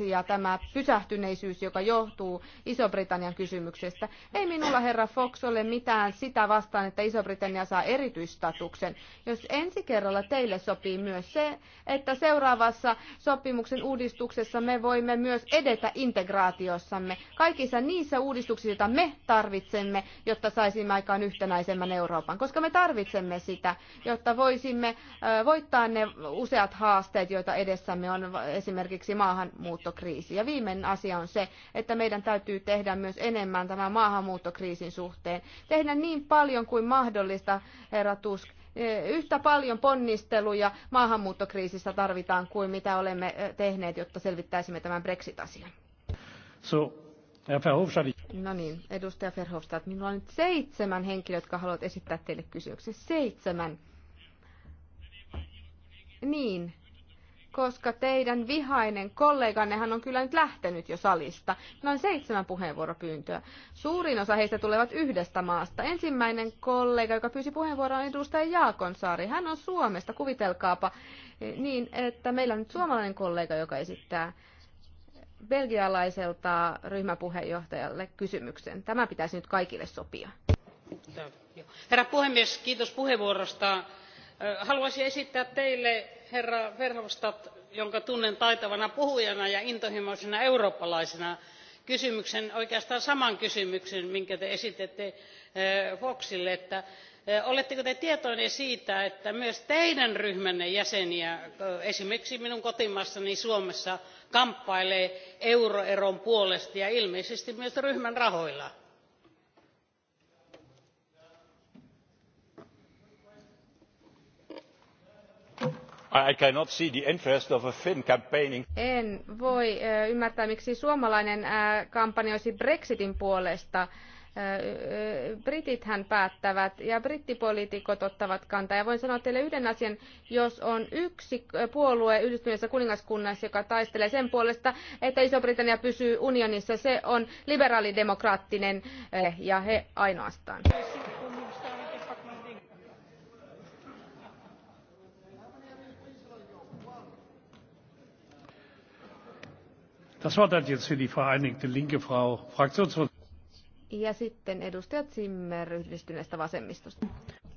ja tämä pysähtyneisyys, joka johtuu Iso-Britannian kysymyksestä. Ei minulla herra herra Fox ole mitään sitä vastaan, että Iso-Britannia saa erityistatuksen. Jos ensi kerralla teille sopii myös se, että seuraavassa sopimuksen uudistuksessa me voimme myös edetä integraatiossamme, kaikissa niissä uudistuksissa, joita me tarvitsemme, jotta saisimme aikaan yhtenäisemmän Euroopan, koska me tarvitsemme sitä, jotta voisimme voittaa ne useat haasteet, joita edessämme on esimerkiksi maahanmuuttokriisi. Ja viimeinen asia on se, että meidän täytyy tehdä myös enemmän tämän maahanmuuttokriisin suhteen. Tehdä niin paljon kuin mahdollista, herra Tusk. Yhtä paljon ponnisteluja maahanmuuttokriisissä tarvitaan kuin mitä olemme eh, tehneet, jotta selvittäisimme tämän Brexit-asian. So, No niin, edustaja Verhofstadt, minulla on nyt seitsemän henkilöä, jotka haluavat esittää teille kysymyksen. Seitsemän. Niin, koska teidän vihainen hän on kyllä nyt lähtenyt jo salista. Noin seitsemän puheenvuoropyyntöä. Suurin osa heistä tulevat yhdestä maasta. Ensimmäinen kollega, joka pyysi puheenvuoroa, on edustaja Jaakonsaari. Hän on Suomesta, kuvitelkaapa, eh, niin että meillä on nyt suomalainen kollega, joka esittää belgialaiselta ryhmäpuheenjohtajalle kysymyksen. Tämä pitäisi nyt kaikille sopia. Herra puhemies, kiitos puheenvuorosta. Haluaisin esittää teille herra verhofstadt jonka tunnen taitavana puhujana ja intohimoisena eurooppalaisena kysymyksen oikeastaan saman kysymyksen minkä te esititte eh, foxille että eh, oletteko te tietoinen siitä että myös teidän ryhmänne jäseniä eh, esimerkiksi minun kotimaassani suomessa kamppailee euroeron puolesta ja ilmeisesti myös ryhmän rahoilla? En voi ymmärtää, miksi suomalainen kampanjoisi Brexitin puolesta. Britithän päättävät ja brittipoliitikot ottavat kantaa. Ja voin sanoa teille yhden asian, jos on yksi puolue yhdistyneessä kuningaskunnassa, joka taistelee sen puolesta, että Iso-Britannia pysyy unionissa, se on liberaalidemokraattinen ja he ainoastaan. Ja sitten edustaja Zimmer yhdistyneestä vasemmistosta.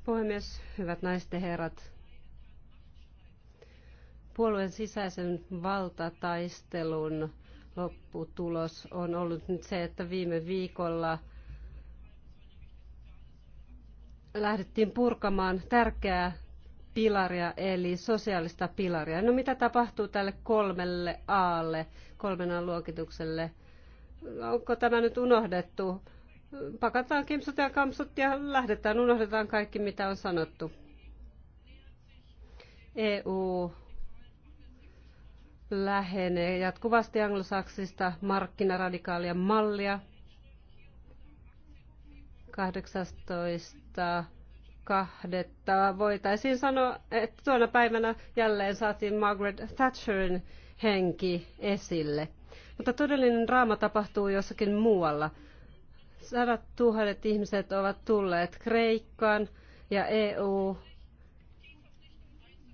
Puhemies, hyvät naiset ja herrat. Puolueen sisäisen valtataistelun lopputulos on ollut nyt se, että viime viikolla lähdettiin purkamaan tärkeää pilaria, eli sosiaalista pilaria. No mitä tapahtuu tälle kolmelle aalle, kolmen luokitukselle? Onko tämä nyt unohdettu? Pakataan kimsut ja kamsut ja lähdetään, unohdetaan kaikki mitä on sanottu. EU lähenee jatkuvasti anglosaksista markkinaradikaalia mallia. 18 kahdetta voitaisiin sanoa, että tuona päivänä jälleen saatiin Margaret Thatcherin henki esille. Mutta todellinen draama tapahtuu jossakin muualla. Sadat tuhannet ihmiset ovat tulleet Kreikkaan ja EU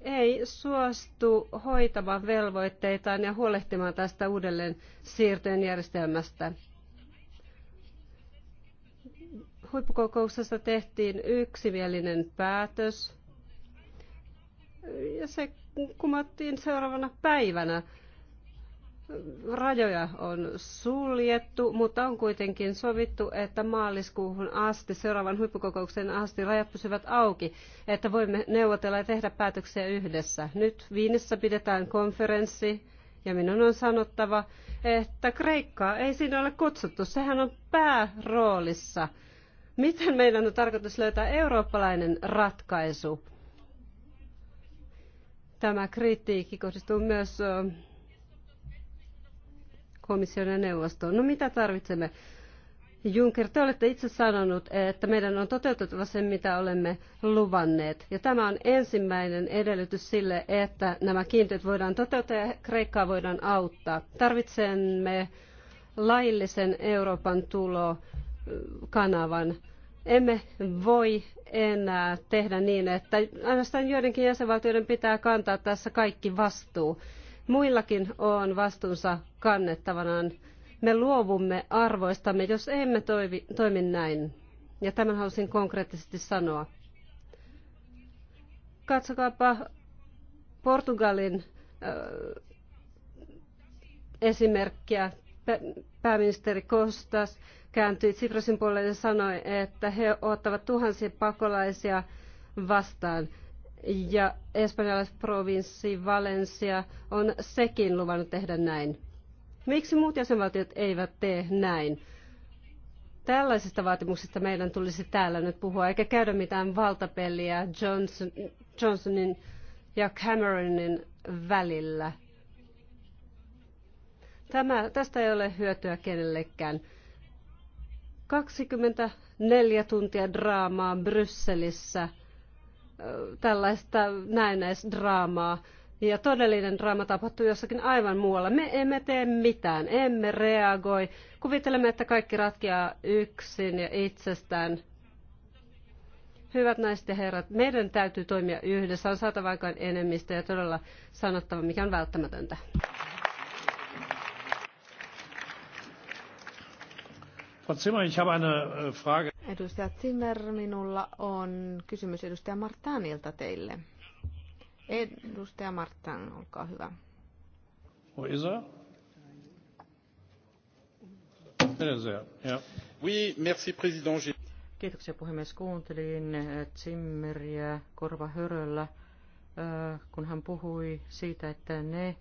ei suostu hoitamaan velvoitteitaan ja huolehtimaan tästä uudelleen siirtojen järjestelmästä huippukokouksessa tehtiin yksimielinen päätös ja se kumottiin seuraavana päivänä. Rajoja on suljettu, mutta on kuitenkin sovittu, että maaliskuuhun asti, seuraavan huippukokouksen asti, rajat pysyvät auki, että voimme neuvotella ja tehdä päätöksiä yhdessä. Nyt Viinissä pidetään konferenssi, ja minun on sanottava, että Kreikkaa ei siinä ole kutsuttu. Sehän on pääroolissa Miten meidän on tarkoitus löytää eurooppalainen ratkaisu? Tämä kritiikki kohdistuu myös komission ja neuvostoon. No mitä tarvitsemme? Juncker, te olette itse sanonut, että meidän on toteutettava se, mitä olemme luvanneet. Ja tämä on ensimmäinen edellytys sille, että nämä kiintiöt voidaan toteuttaa ja Kreikkaa voidaan auttaa. Tarvitsemme laillisen Euroopan tulo kanavan. Emme voi enää tehdä niin, että ainoastaan joidenkin jäsenvaltioiden pitää kantaa tässä kaikki vastuu. Muillakin on vastuunsa kannettavanaan. Me luovumme arvoistamme, jos emme toimi, toimi näin. Ja tämän halusin konkreettisesti sanoa. Katsokaapa Portugalin äh, esimerkkiä. Pääministeri Kostas kääntyi Tsiprasin puolelle ja sanoi, että he ottavat tuhansia pakolaisia vastaan. Ja espanjalaisprovinssi Valencia on sekin luvannut tehdä näin. Miksi muut jäsenvaltiot eivät tee näin? Tällaisista vaatimuksista meidän tulisi täällä nyt puhua, eikä käydä mitään valtapeliä Johnson, Johnsonin ja Cameronin välillä. Tämä, tästä ei ole hyötyä kenellekään. 24 tuntia draamaa Brysselissä, tällaista näennäisdraamaa. Ja todellinen draama tapahtuu jossakin aivan muualla. Me emme tee mitään, emme reagoi. Kuvittelemme, että kaikki ratkeaa yksin ja itsestään. Hyvät naiset ja herrat, meidän täytyy toimia yhdessä. On saatava aikaan enemmistö ja todella sanottava, mikä on välttämätöntä. Äh, edustaja Zimmer, minulla on kysymys edustaja Martanilta teille. Edustaja Martan, olkaa hyvä. Who is there? Oui, merci, président. Kiitoksia puhemies. Kuuntelin äh, Zimmeriä korva höröllä, äh, kun hän puhui siitä, että ne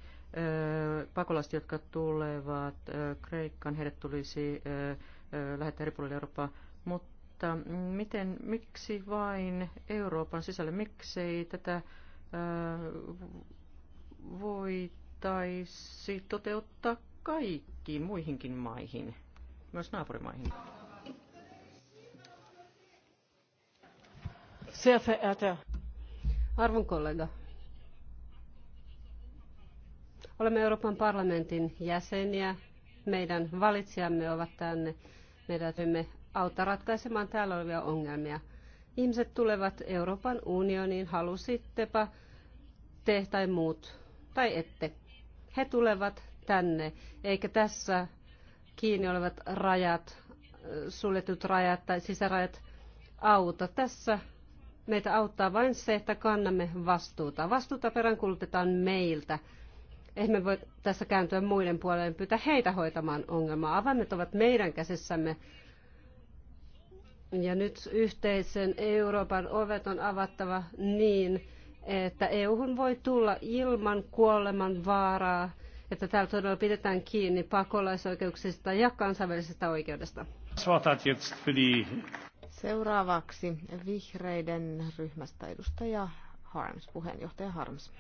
pakolaiset, jotka tulevat Kreikkaan, heidät tulisi lähettää puolille Eurooppaa, mutta miten, miksi vain Euroopan sisälle? miksei tätä voitaisi toteuttaa kaikkiin muihinkin maihin, myös naapurimaihin? Sehr verehrter Arvon kollega, olemme Euroopan parlamentin jäseniä. Meidän valitsijamme ovat tänne meidän täytyy auttaa ratkaisemaan täällä olevia ongelmia. Ihmiset tulevat Euroopan unioniin, halusittepa te tai muut, tai ette. He tulevat tänne, eikä tässä kiinni olevat rajat, suljetut rajat tai sisärajat auta. Tässä meitä auttaa vain se, että kannamme vastuuta. Vastuuta peräänkulutetaan meiltä. Emme voi tässä kääntyä muiden puoleen pyytää heitä hoitamaan ongelmaa. Avaimet ovat meidän käsissämme. Ja nyt yhteisen Euroopan ovet on avattava niin, että EU-hun voi tulla ilman kuoleman vaaraa, että täällä todella pidetään kiinni pakolaisoikeuksista ja kansainvälisestä oikeudesta. Seuraavaksi vihreiden ryhmästä edustaja Harms, puheenjohtaja Harms.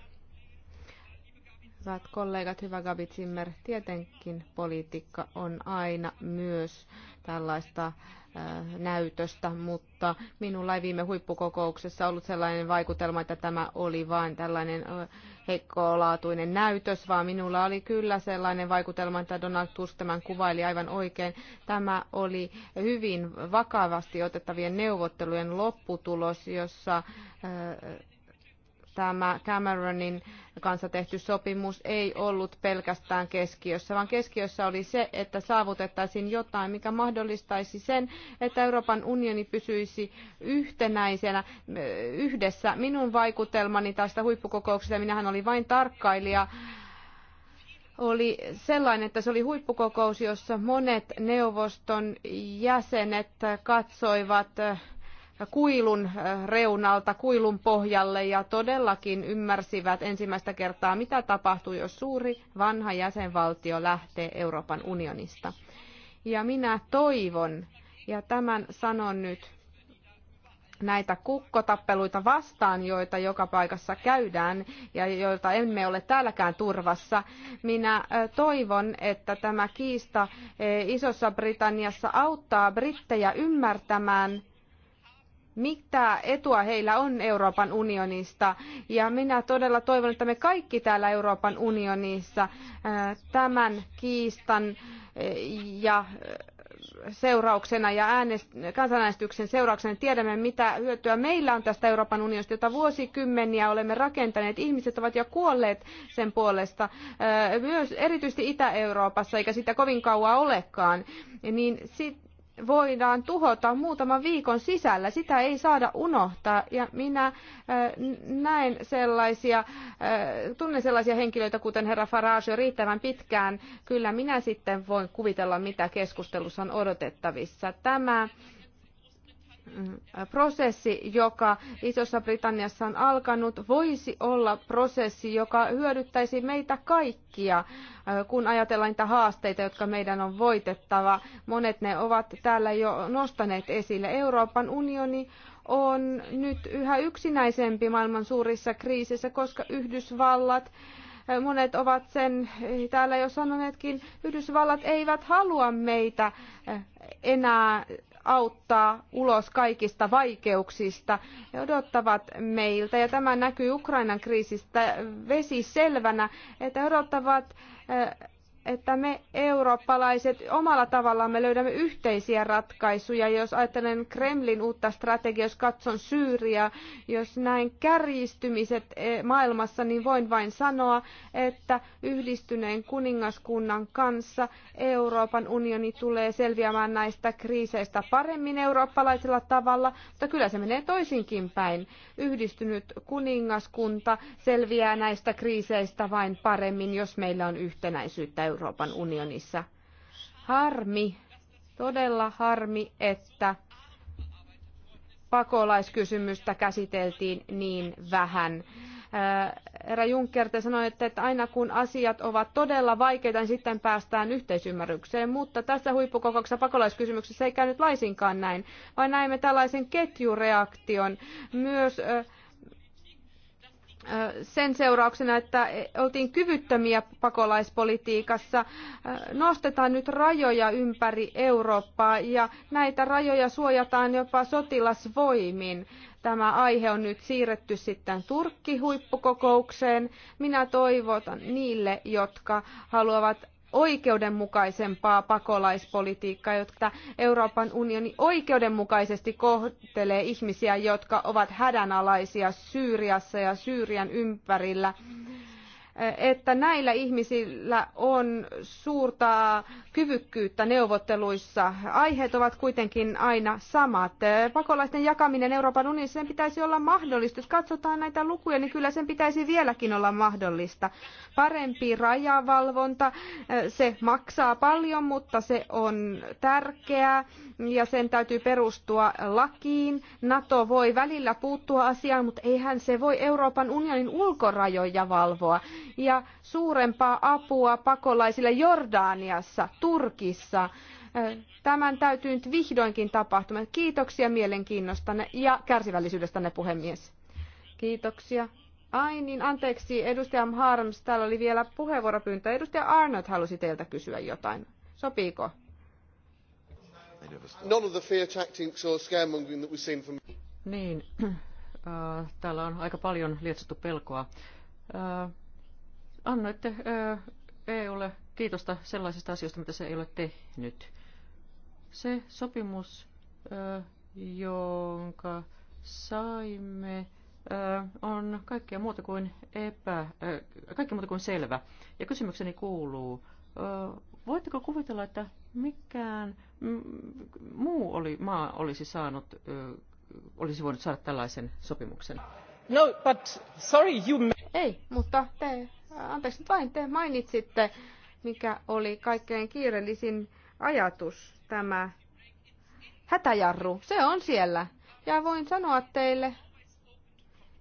Hyvät kollegat, hyvä Gabi Zimmer, tietenkin politiikka on aina myös tällaista äh, näytöstä, mutta minulla ei viime huippukokouksessa ollut sellainen vaikutelma, että tämä oli vain tällainen äh, heikkolaatuinen näytös, vaan minulla oli kyllä sellainen vaikutelma, että Donald Tusk tämän kuvaili aivan oikein. Tämä oli hyvin vakavasti otettavien neuvottelujen lopputulos, jossa äh, tämä Cameronin kanssa tehty sopimus ei ollut pelkästään keskiössä, vaan keskiössä oli se, että saavutettaisiin jotain, mikä mahdollistaisi sen, että Euroopan unioni pysyisi yhtenäisenä eh, yhdessä. Minun vaikutelmani tästä huippukokouksesta, minähän olin vain tarkkailija, oli sellainen, että se oli huippukokous, jossa monet neuvoston jäsenet katsoivat eh, kuilun äh, reunalta, kuilun pohjalle ja todellakin ymmärsivät ensimmäistä kertaa, mitä tapahtuu, jos suuri vanha jäsenvaltio lähtee Euroopan unionista. Ja minä toivon, ja tämän sanon nyt näitä kukkotappeluita vastaan, joita joka paikassa käydään ja joilta emme ole täälläkään turvassa. Minä äh, toivon, että tämä kiista äh, Isossa Britanniassa auttaa brittejä ymmärtämään, mitä etua heillä on Euroopan unionista. Ja minä todella toivon, että me kaikki täällä Euroopan unionissa äh, tämän kiistan äh, ja äh, seurauksena ja äänest- kansanäänestyksen seurauksena tiedämme, mitä hyötyä meillä on tästä Euroopan unionista, jota vuosikymmeniä olemme rakentaneet. Ihmiset ovat jo kuolleet sen puolesta, myös erityisesti Itä-Euroopassa, eikä sitä kovin kauan olekaan. Niin sit- voidaan tuhota muutaman viikon sisällä. Sitä ei saada unohtaa ja minä äh, näen sellaisia, äh, tunnen sellaisia henkilöitä kuten herra Farage riittävän pitkään. Kyllä minä sitten voin kuvitella, mitä keskustelussa on odotettavissa. Tämä Mm, prosessi, joka Isossa Britanniassa on alkanut, voisi olla prosessi, joka hyödyttäisi meitä kaikkia, äh, kun ajatellaan niitä haasteita, jotka meidän on voitettava. Monet ne ovat täällä jo nostaneet esille. Euroopan unioni on nyt yhä yksinäisempi maailman suurissa kriisissä, koska Yhdysvallat äh, monet ovat sen äh, täällä jo sanoneetkin, Yhdysvallat eivät halua meitä enää auttaa ulos kaikista vaikeuksista. He odottavat meiltä, ja tämä näkyy Ukrainan kriisistä vesi selvänä, että he odottavat eh, että me eurooppalaiset omalla me löydämme yhteisiä ratkaisuja. Jos ajattelen Kremlin uutta strategiaa, jos katson Syyriä, jos näin kärjistymiset e, maailmassa, niin voin vain sanoa, että yhdistyneen kuningaskunnan kanssa Euroopan unioni tulee selviämään näistä kriiseistä paremmin eurooppalaisella tavalla, mutta kyllä se menee toisinkin päin. Yhdistynyt kuningaskunta selviää näistä kriiseistä vain paremmin, jos meillä on yhtenäisyyttä Euroopan unionissa. Harmi, todella harmi, että pakolaiskysymystä käsiteltiin niin vähän. Äh, herra Juncker, te sanoitte, että aina kun asiat ovat todella vaikeita, niin sitten päästään yhteisymmärrykseen, mutta tässä huippukokouksessa pakolaiskysymyksessä ei käynyt laisinkaan näin, vaan näimme tällaisen ketjureaktion myös äh, sen seurauksena, että oltiin kyvyttömiä pakolaispolitiikassa. Nostetaan nyt rajoja ympäri Eurooppaa ja näitä rajoja suojataan jopa sotilasvoimin. Tämä aihe on nyt siirretty sitten Turkki-huippukokoukseen. Minä toivotan niille, jotka haluavat oikeudenmukaisempaa pakolaispolitiikkaa, jotta Euroopan unioni oikeudenmukaisesti kohtelee ihmisiä, jotka ovat hädänalaisia Syyriassa ja Syyrian ympärillä. Mm että näillä ihmisillä on suurta kyvykkyyttä neuvotteluissa. Aiheet ovat kuitenkin aina samat. Pakolaisten jakaminen Euroopan unionissa sen pitäisi olla mahdollista. Jos katsotaan näitä lukuja, niin kyllä sen pitäisi vieläkin olla mahdollista. Parempi rajavalvonta, se maksaa paljon, mutta se on tärkeää ja sen täytyy perustua lakiin. NATO voi välillä puuttua asiaan, mutta eihän se voi Euroopan unionin ulkorajoja valvoa ja suurempaa apua pakolaisille Jordaniassa, Turkissa. Tämän täytyy nyt vihdoinkin tapahtua. Kiitoksia mielenkiinnostanne ja kärsivällisyydestänne, puhemies. Kiitoksia. Ai niin, anteeksi, edustaja Harms, täällä oli vielä puheenvuoropyyntö. Edustaja Arnott halusi teiltä kysyä jotain. Sopiiko? None of the fear tactics or scaremongering that we've seen from... Niin, äh, täällä on aika paljon lietsottu pelkoa. Äh, annoitte EUlle kiitosta sellaisista asioista, mitä se ei ole tehnyt. Se sopimus, jonka saimme, on kaikkea muuta kuin, epä, kaikkea muuta kuin selvä. Ja kysymykseni kuuluu, voitteko kuvitella, että mikään muu oli, maa olisi, saanut, olisi voinut saada tällaisen sopimuksen? No, but sorry, you... Ei, mutta te, anteeksi nyt vain, te mainitsitte, mikä oli kaikkein kiireellisin ajatus, tämä hätäjarru. Se on siellä. Ja voin sanoa teille,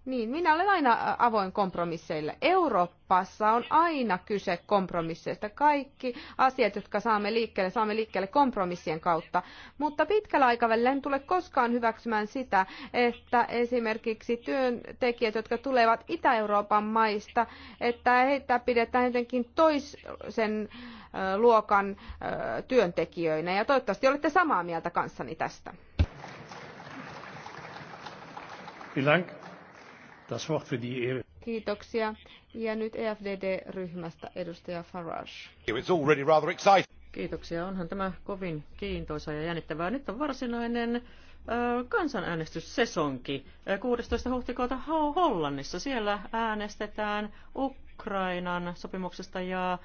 niin, minä olen aina avoin kompromisseille. Euroopassa on aina kyse kompromisseista. Kaikki asiat, jotka saamme liikkeelle, saamme liikkeelle kompromissien kautta. Mutta pitkällä aikavälillä en tule koskaan hyväksymään sitä, että esimerkiksi työntekijät, jotka tulevat Itä-Euroopan maista, että heitä pidetään jotenkin toisen luokan työntekijöinä. Ja toivottavasti olette samaa mieltä kanssani tästä. Vielen Das Wort für die e e. Kiitoksia. Ja nyt EFDD-ryhmästä edustaja Farage. It's already rather exciting. Kiitoksia. Onhan tämä kovin kiintoisa ja jännittävää. Nyt on varsinainen kansanäänestyssesonki 16. huhtikuuta Hollannissa. Siellä äänestetään Ukrainan sopimuksesta ja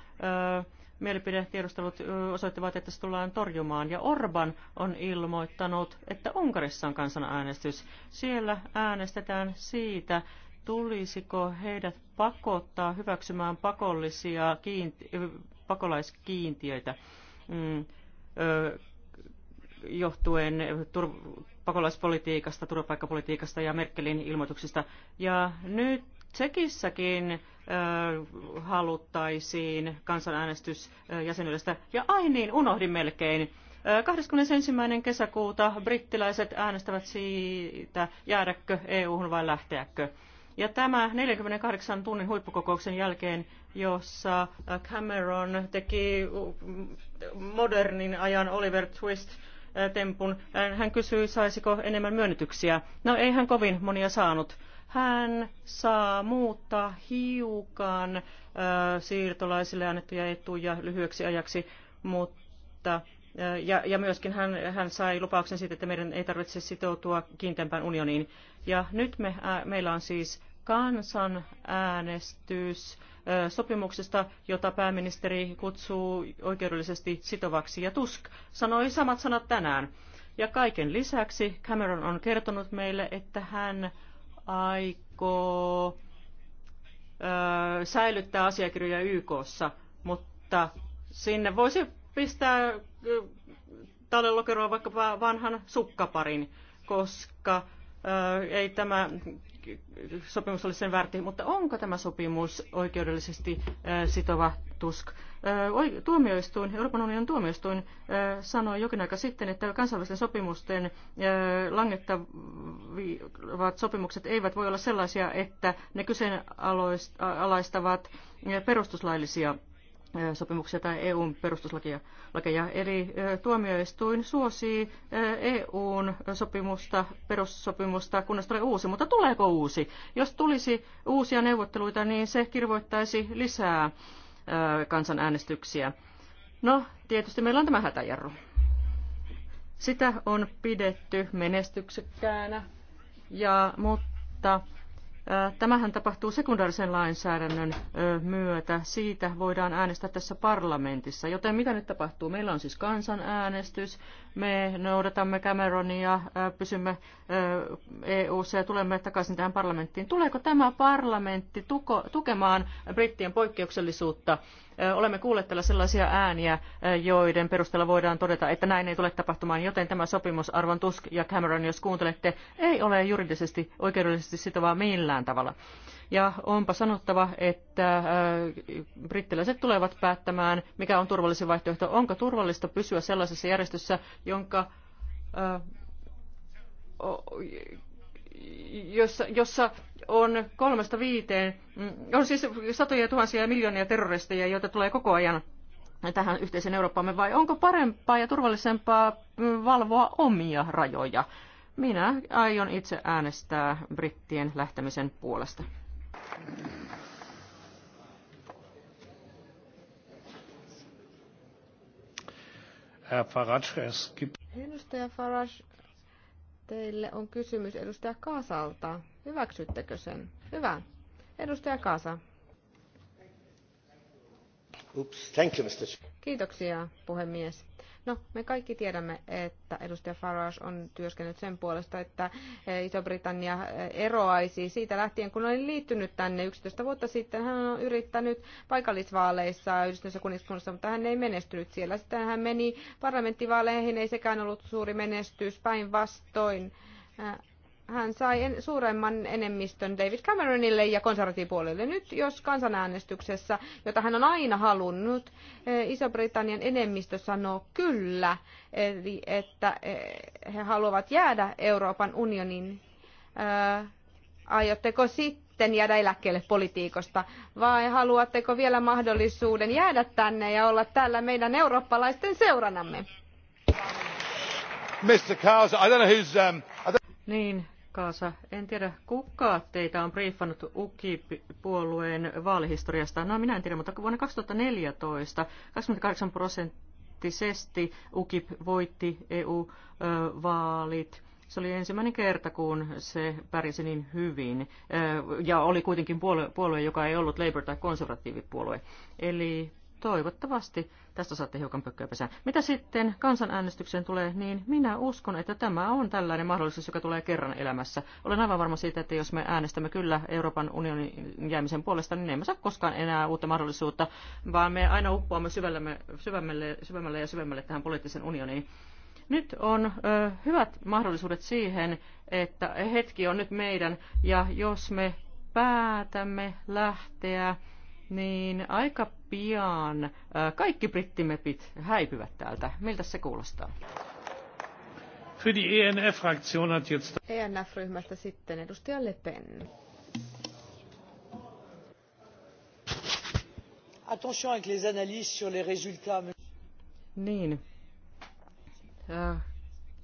ö, mielipidetiedustelut osoittavat, että se tullaan torjumaan. Ja Orban on ilmoittanut, että Unkarissa on kansanäänestys. Siellä äänestetään siitä, tulisiko heidät pakottaa hyväksymään pakollisia kiinti- pakolaiskiintiöitä mm, ö, johtuen tur- pakolaispolitiikasta, turvapaikkapolitiikasta ja Merkelin ilmoituksista. Ja nyt Tsekissäkin haluttaisiin kansanäänestys jäsenyydestä. Ja ai niin, unohdin melkein. 21. kesäkuuta brittiläiset äänestävät siitä, jäädäkö EU-hun vai lähteäkö. Ja tämä 48 tunnin huippukokouksen jälkeen, jossa Cameron teki modernin ajan Oliver Twist tempun, hän kysyi saisiko enemmän myönnytyksiä. No ei hän kovin monia saanut hän saa muuttaa hiukan siirtolaisille annettuja etuja lyhyeksi ajaksi, mutta ja, ja myöskin hän, hän sai lupauksen siitä, että meidän ei tarvitse sitoutua kiinteämpään unioniin. Ja nyt me, ää, meillä on siis kansanäänestys ää, sopimuksesta, jota pääministeri kutsuu oikeudellisesti sitovaksi. Ja Tusk sanoi samat sanat tänään. Ja kaiken lisäksi Cameron on kertonut meille, että hän aikoo ö, säilyttää asiakirjoja YKssa, mutta sinne voisi pistää talelokeroa vaikkapa vanhan sukkaparin, koska ö, ei tämä sopimus oli sen väärti, mutta onko tämä sopimus oikeudellisesti äh, sitova tusk? Äh, tuomioistuin, Euroopan unionin tuomioistuin äh, sanoi jokin aika sitten, että kansainvälisten sopimusten langettavat sopimukset eivät voi olla sellaisia, että ne kyseenalaistavat perustuslaillisia sopimuksia tai EUn perustuslakia. Lakeja. Eli tuomioistuin suosii EUn sopimusta, perussopimusta, kunnes tulee uusi. Mutta tuleeko uusi? Jos tulisi uusia neuvotteluita, niin se kirvoittaisi lisää kansanäänestyksiä. No, tietysti meillä on tämä hätäjarru. Sitä on pidetty menestyksekkäänä, ja, mutta Tämähän tapahtuu sekundaarisen lainsäädännön myötä. Siitä voidaan äänestää tässä parlamentissa. Joten mitä nyt tapahtuu? Meillä on siis kansanäänestys. Me noudatamme Cameronia, pysymme eu ja tulemme takaisin tähän parlamenttiin. Tuleeko tämä parlamentti tukemaan brittien poikkeuksellisuutta? Olemme kuulleet täällä sellaisia ääniä, joiden perusteella voidaan todeta, että näin ei tule tapahtumaan, joten tämä sopimus, arvon Tusk ja Cameron, jos kuuntelette, ei ole juridisesti oikeudellisesti sitova millään tavalla. Ja onpa sanottava, että brittiläiset tulevat päättämään, mikä on turvallisin vaihtoehto. Onko turvallista pysyä sellaisessa järjestössä, jonka jossa, jossa on kolmesta viiteen, mm, on siis satoja tuhansia ja miljoonia terroristeja, joita tulee koko ajan tähän yhteisen Eurooppaamme, vai onko parempaa ja turvallisempaa mm, valvoa omia rajoja? Minä aion itse äänestää brittien lähtemisen puolesta. Herr Farage, es gibt... Edustaja Farage, Teille on kysymys edustaja Kaasalta. Hyväksyttekö sen? Hyvä. Edustaja Kaasa. Oops, thank you, Mr. Kiitoksia, puhemies. No, me kaikki tiedämme, että edustaja Farage on työskennellyt sen puolesta, että e, Iso-Britannia e, eroaisi siitä lähtien, kun olin liittynyt tänne 11 vuotta sitten. Hän on yrittänyt paikallisvaaleissa yhdistyneessä kuningaskunnassa, mutta hän ei menestynyt siellä. Sitten hän meni parlamenttivaaleihin, ei sekään ollut suuri menestys, päinvastoin hän sai suuremman enemmistön David Cameronille ja konservatiivipuolelle. Nyt jos kansanäänestyksessä, jota hän on aina halunnut, eh, Iso-Britannian enemmistö sanoo kyllä, eli että eh, he haluavat jäädä Euroopan unionin, eh, aiotteko sitten jäädä eläkkeelle politiikosta vai haluatteko vielä mahdollisuuden jäädä tänne ja olla täällä meidän eurooppalaisten seuranamme? Mr. Carlson, I don't know who's, um, I don't... Niin, paikkaansa. En tiedä, kuka teitä on briefannut UKIP-puolueen vaalihistoriasta. No minä en tiedä, mutta vuonna 2014 28 prosenttisesti UKIP voitti EU-vaalit. Se oli ensimmäinen kerta, kun se pärjäsi niin hyvin. Ja oli kuitenkin puolue, puolue joka ei ollut Labour- tai konservatiivipuolue. Eli toivottavasti tästä saatte hiukan pökköä pesään. Mitä sitten kansanäänestykseen tulee, niin minä uskon, että tämä on tällainen mahdollisuus, joka tulee kerran elämässä. Olen aivan varma siitä, että jos me äänestämme kyllä Euroopan unionin jäämisen puolesta, niin emme saa koskaan enää uutta mahdollisuutta, vaan me aina uppoamme syvällämme, syvemmälle, syvemmälle ja syvemmälle tähän poliittisen unioniin. Nyt on ö, hyvät mahdollisuudet siihen, että hetki on nyt meidän, ja jos me päätämme lähteä, niin aika pian kaikki brittimepit häipyvät täältä. Miltä se kuulostaa? Für die ENF-Fraktion hat jetzt... ENF-ryhmästä sitten edustaja Le Pen. Attention avec les analyses sur les résultats. Niin. Äh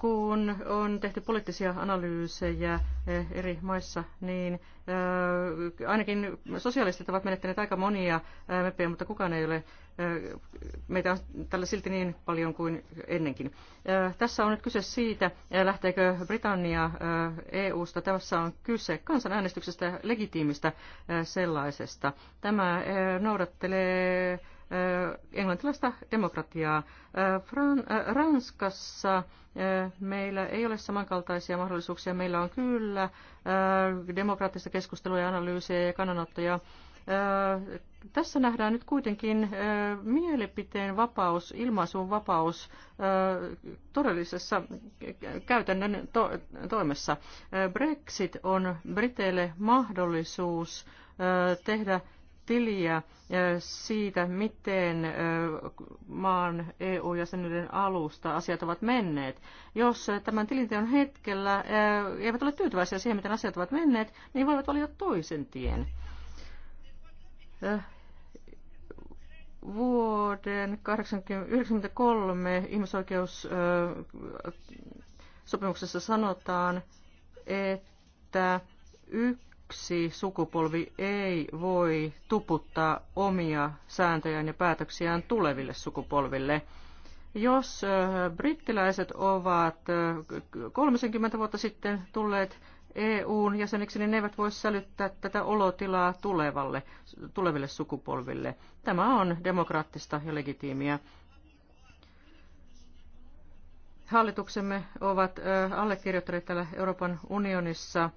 kun on tehty poliittisia analyysejä eh, eri maissa, niin eh, ainakin sosialistit ovat menettäneet aika monia eh, meppejä, mutta kukaan ei ole, meitä on tällä silti niin paljon kuin ennenkin. Tässä on nyt kyse siitä, lähteekö Britannia EU-sta. E tässä on kyse kansanäänestyksestä, legitiimistä sellaisesta. Tämä noudattelee englantilaista demokratiaa. Ranskassa meillä ei ole samankaltaisia mahdollisuuksia. Meillä on kyllä demokraattista keskustelua ja analyysiä ja kannanottoja. Tässä nähdään nyt kuitenkin mielipiteen vapaus, ilmaisun vapaus todellisessa käytännön to- toimessa. Brexit on Briteille mahdollisuus tehdä tiliä äh, siitä, miten äh, maan EU-jäsenyyden alusta asiat ovat menneet. Jos äh, tämän tilinteon hetkellä eivät ole tyytyväisiä siihen, miten asiat ovat menneet, niin voivat valita toisen tien. Vuoden 1993 ihmisoikeussopimuksessa sanotaan, että yksi lapsi, sukupolvi ei voi tuputtaa omia sääntöjään ja päätöksiään tuleville sukupolville. Jos brittiläiset ovat 30 vuotta sitten tulleet EUn jäseniksi, niin ne eivät voi sälyttää tätä olotilaa tulevalle, tuleville sukupolville. Tämä on demokraattista ja legitiimiä. Hallituksemme ovat allekirjoittaneet täällä Euroopan unionissa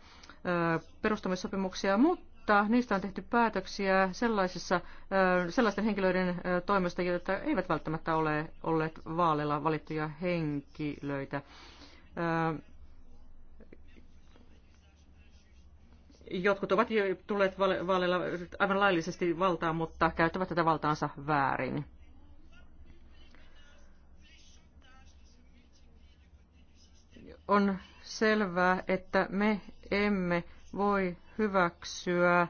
perustamissopimuksia, mutta niistä on tehty päätöksiä sellaisissa, sellaisten henkilöiden toimesta, joita eivät välttämättä ole olleet vaaleilla valittuja henkilöitä. Jotkut ovat tulleet vaaleilla aivan laillisesti valtaan, mutta käyttävät tätä valtaansa väärin. On selvää, että me emme voi hyväksyä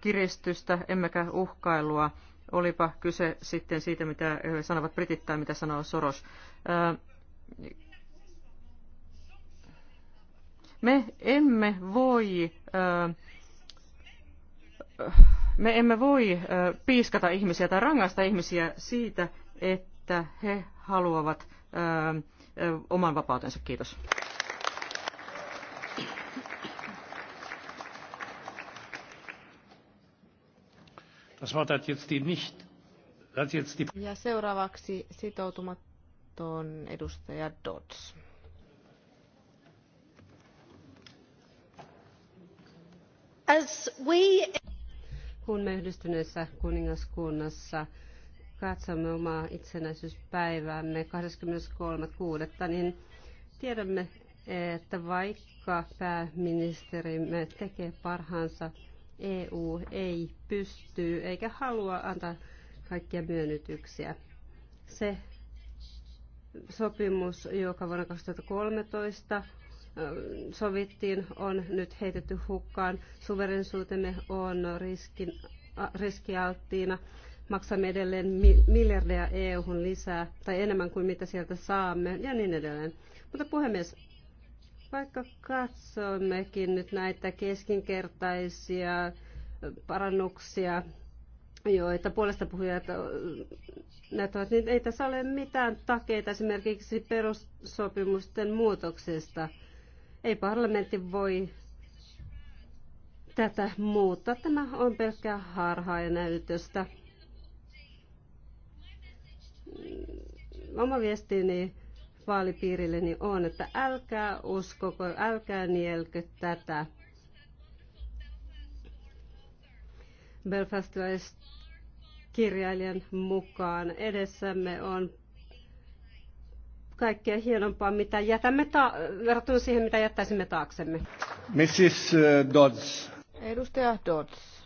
kiristystä emmekä uhkailua, olipa kyse sitten siitä, mitä sanovat britit tai mitä sanoo Soros. Me emme voi, me emme voi piiskata ihmisiä tai rangaista ihmisiä siitä, että he haluavat oman vapautensa. Kiitos. Ja seuraavaksi sitoutumaton edustaja Dodds. As we... Kun me yhdistyneessä kuningaskunnassa katsomme omaa itsenäisyyspäiväämme 23.6., niin tiedämme, että vaikka pääministerimme tekee parhaansa EU ei pysty eikä halua antaa kaikkia myönnytyksiä. Se sopimus, joka vuonna 2013 sovittiin, on nyt heitetty hukkaan. Suverensuutemme on riskin, riskialttiina. Maksamme edelleen miljardeja EU-hun lisää tai enemmän kuin mitä sieltä saamme ja niin edelleen. Mutta puhemies, vaikka katsommekin nyt näitä keskinkertaisia parannuksia, joita puolesta puhujat näyttävät, niin ei tässä ole mitään takeita esimerkiksi perussopimusten muutoksesta. Ei parlamentti voi tätä muuttaa. Tämä on pelkkää harhaa ja näytöstä. Oma viestini vaalipiirilleni niin on, että älkää uskoko, älkää nielkö tätä. Belfastilaiskirjailijan mukaan edessämme on kaikkea hienompaa, mitä jätämme ta- verrattuna siihen, mitä jättäisimme taaksemme. Mrs. Eh, Dodds. Edustaja Dodds,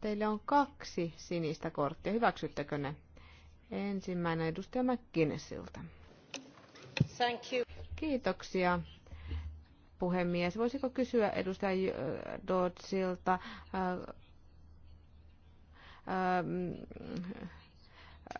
teillä on kaksi sinistä korttia. Hyväksyttekö ne? Ensimmäinen edustaja McGinnessiltä. Thank you. Kiitoksia puhemies. Voisiko kysyä edustaja Dodsilta, äh, äh,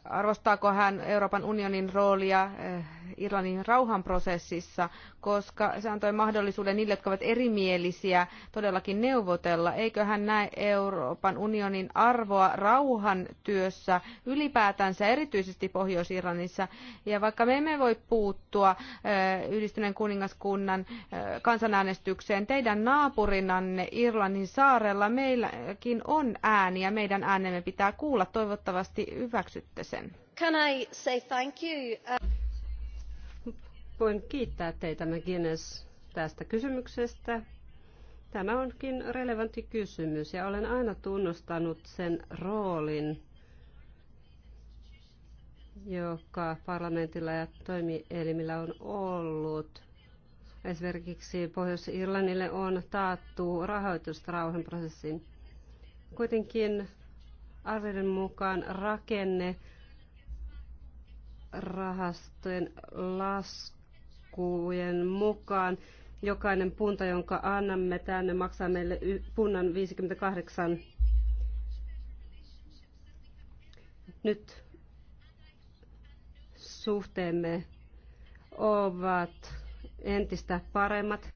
arvostaako hän Euroopan unionin roolia eh, Irlannin rauhanprosessissa, koska se antoi mahdollisuuden niille, jotka ovat erimielisiä, todellakin neuvotella. Eikö hän näe Euroopan unionin arvoa rauhan työssä ylipäätänsä, erityisesti Pohjois-Irlannissa? Ja vaikka me emme voi puuttua eh, yhdistyneen kuningaskunnan eh, kansanäänestykseen, teidän naapurinanne Irlannin saarella meilläkin on ääni ja meidän äänemme pitää kuulla toivottavasti hyväksytty kuulitte sen. Can I say thank you? Uh, Voin kiittää teitä McGuinness tästä kysymyksestä. Tämä onkin relevantti kysymys ja olen aina tunnustanut sen roolin, joka parlamentilla ja toimielimillä on ollut. Esimerkiksi Pohjois-Irlannille on taattu rahoitus rauhanprosessiin. Kuitenkin Arvioiden mukaan rakenne rahastojen laskujen mukaan jokainen punta, jonka annamme tänne, maksaa meille punnan 58. Nyt suhteemme ovat entistä paremmat.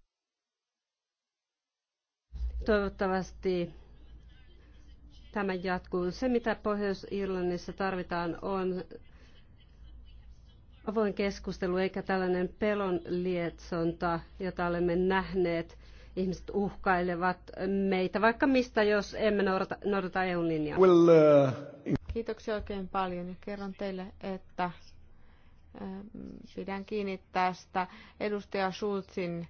Toivottavasti tämä jatkuu. Se, mitä Pohjois-Irlannissa tarvitaan, on avoin keskustelu eikä tällainen pelon lietsonta, jota olemme nähneet. Ihmiset uhkailevat meitä vaikka mistä, jos emme noudata, noudata EU-linjaa. Well, uh... Kiitoksia oikein paljon ja kerron teille, että pidän kiinni tästä edustaja Schulzin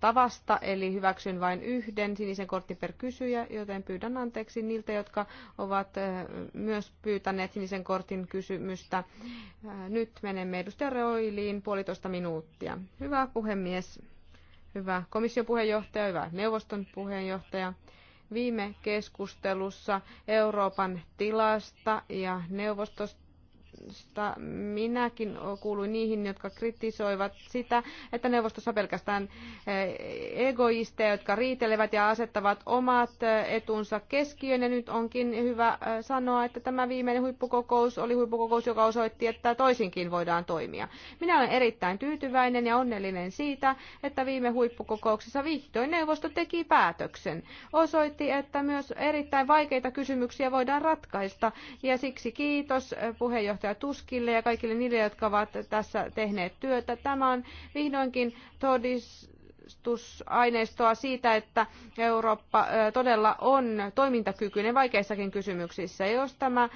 tavasta, eli hyväksyn vain yhden sinisen kortin per kysyjä, joten pyydän anteeksi niiltä, jotka ovat myös pyytäneet sinisen kortin kysymystä. Nyt menemme edustaja Roiliin puolitoista minuuttia. Hyvä puhemies, hyvä komission puheenjohtaja, hyvä neuvoston puheenjohtaja viime keskustelussa Euroopan tilasta ja neuvostosta neuvostosta. Minäkin kuuluin niihin, jotka kritisoivat sitä, että neuvostossa pelkästään eh, egoisteja, jotka riitelevät ja asettavat omat eh, etunsa keskiöön. Ja nyt onkin hyvä eh, sanoa, että tämä viimeinen huippukokous oli huippukokous, joka osoitti, että toisinkin voidaan toimia. Minä olen erittäin tyytyväinen ja onnellinen siitä, että viime huippukokouksessa vihdoin neuvosto teki päätöksen. Osoitti, että myös erittäin vaikeita kysymyksiä voidaan ratkaista. Ja siksi kiitos puheenjohtaja puheenjohtaja Tuskille ja kaikille niille, jotka ovat tässä tehneet työtä. Tämä on vihdoinkin todis, todistusaineistoa siitä, että Eurooppa todella on toimintakykyinen vaikeissakin kysymyksissä. Jos tämä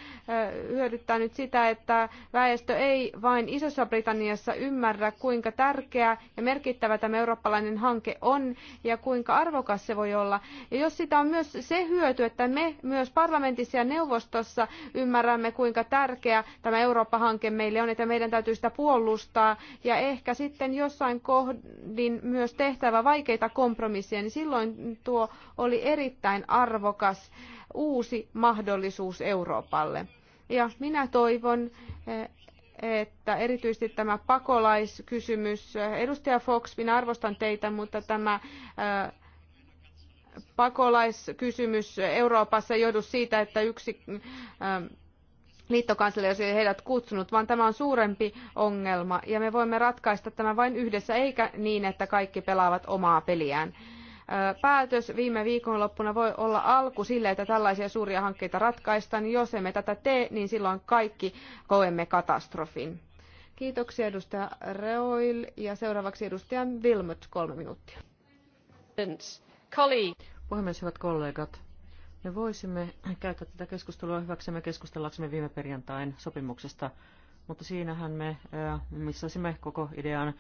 hyödyttää nyt sitä, että väestö ei vain Isossa Britanniassa ymmärrä, kuinka tärkeä ja merkittävä tämä eurooppalainen hanke on ja kuinka arvokas se voi olla. Ja jos sitä on myös se hyöty, että me myös parlamentissa ja neuvostossa ymmärrämme, kuinka tärkeä tämä Eurooppa-hanke meille on, että meidän täytyy sitä puolustaa ja ehkä sitten jossain kohdin myös tehdä tehtävä vaikeita kompromisseja, niin silloin tuo oli erittäin arvokas uusi mahdollisuus Euroopalle. Ja minä toivon, että erityisesti tämä pakolaiskysymys, edustaja Fox, minä arvostan teitä, mutta tämä pakolaiskysymys Euroopassa johdu siitä, että yksi liittokansleri ei heidät kutsunut, vaan tämä on suurempi ongelma ja me voimme ratkaista tämän vain yhdessä eikä niin, että kaikki pelaavat omaa peliään. Päätös viime viikonloppuna voi olla alku sille, että tällaisia suuria hankkeita ratkaistaan. Jos emme tätä tee, niin silloin kaikki koemme katastrofin. Kiitoksia edustaja Reoil ja seuraavaksi edustaja Wilmot kolme minuuttia. Puhemies, hyvät kollegat me voisimme käyttää tätä keskustelua hyväksemme keskustellaksemme viime perjantain sopimuksesta, mutta siinähän me missasimme koko idean.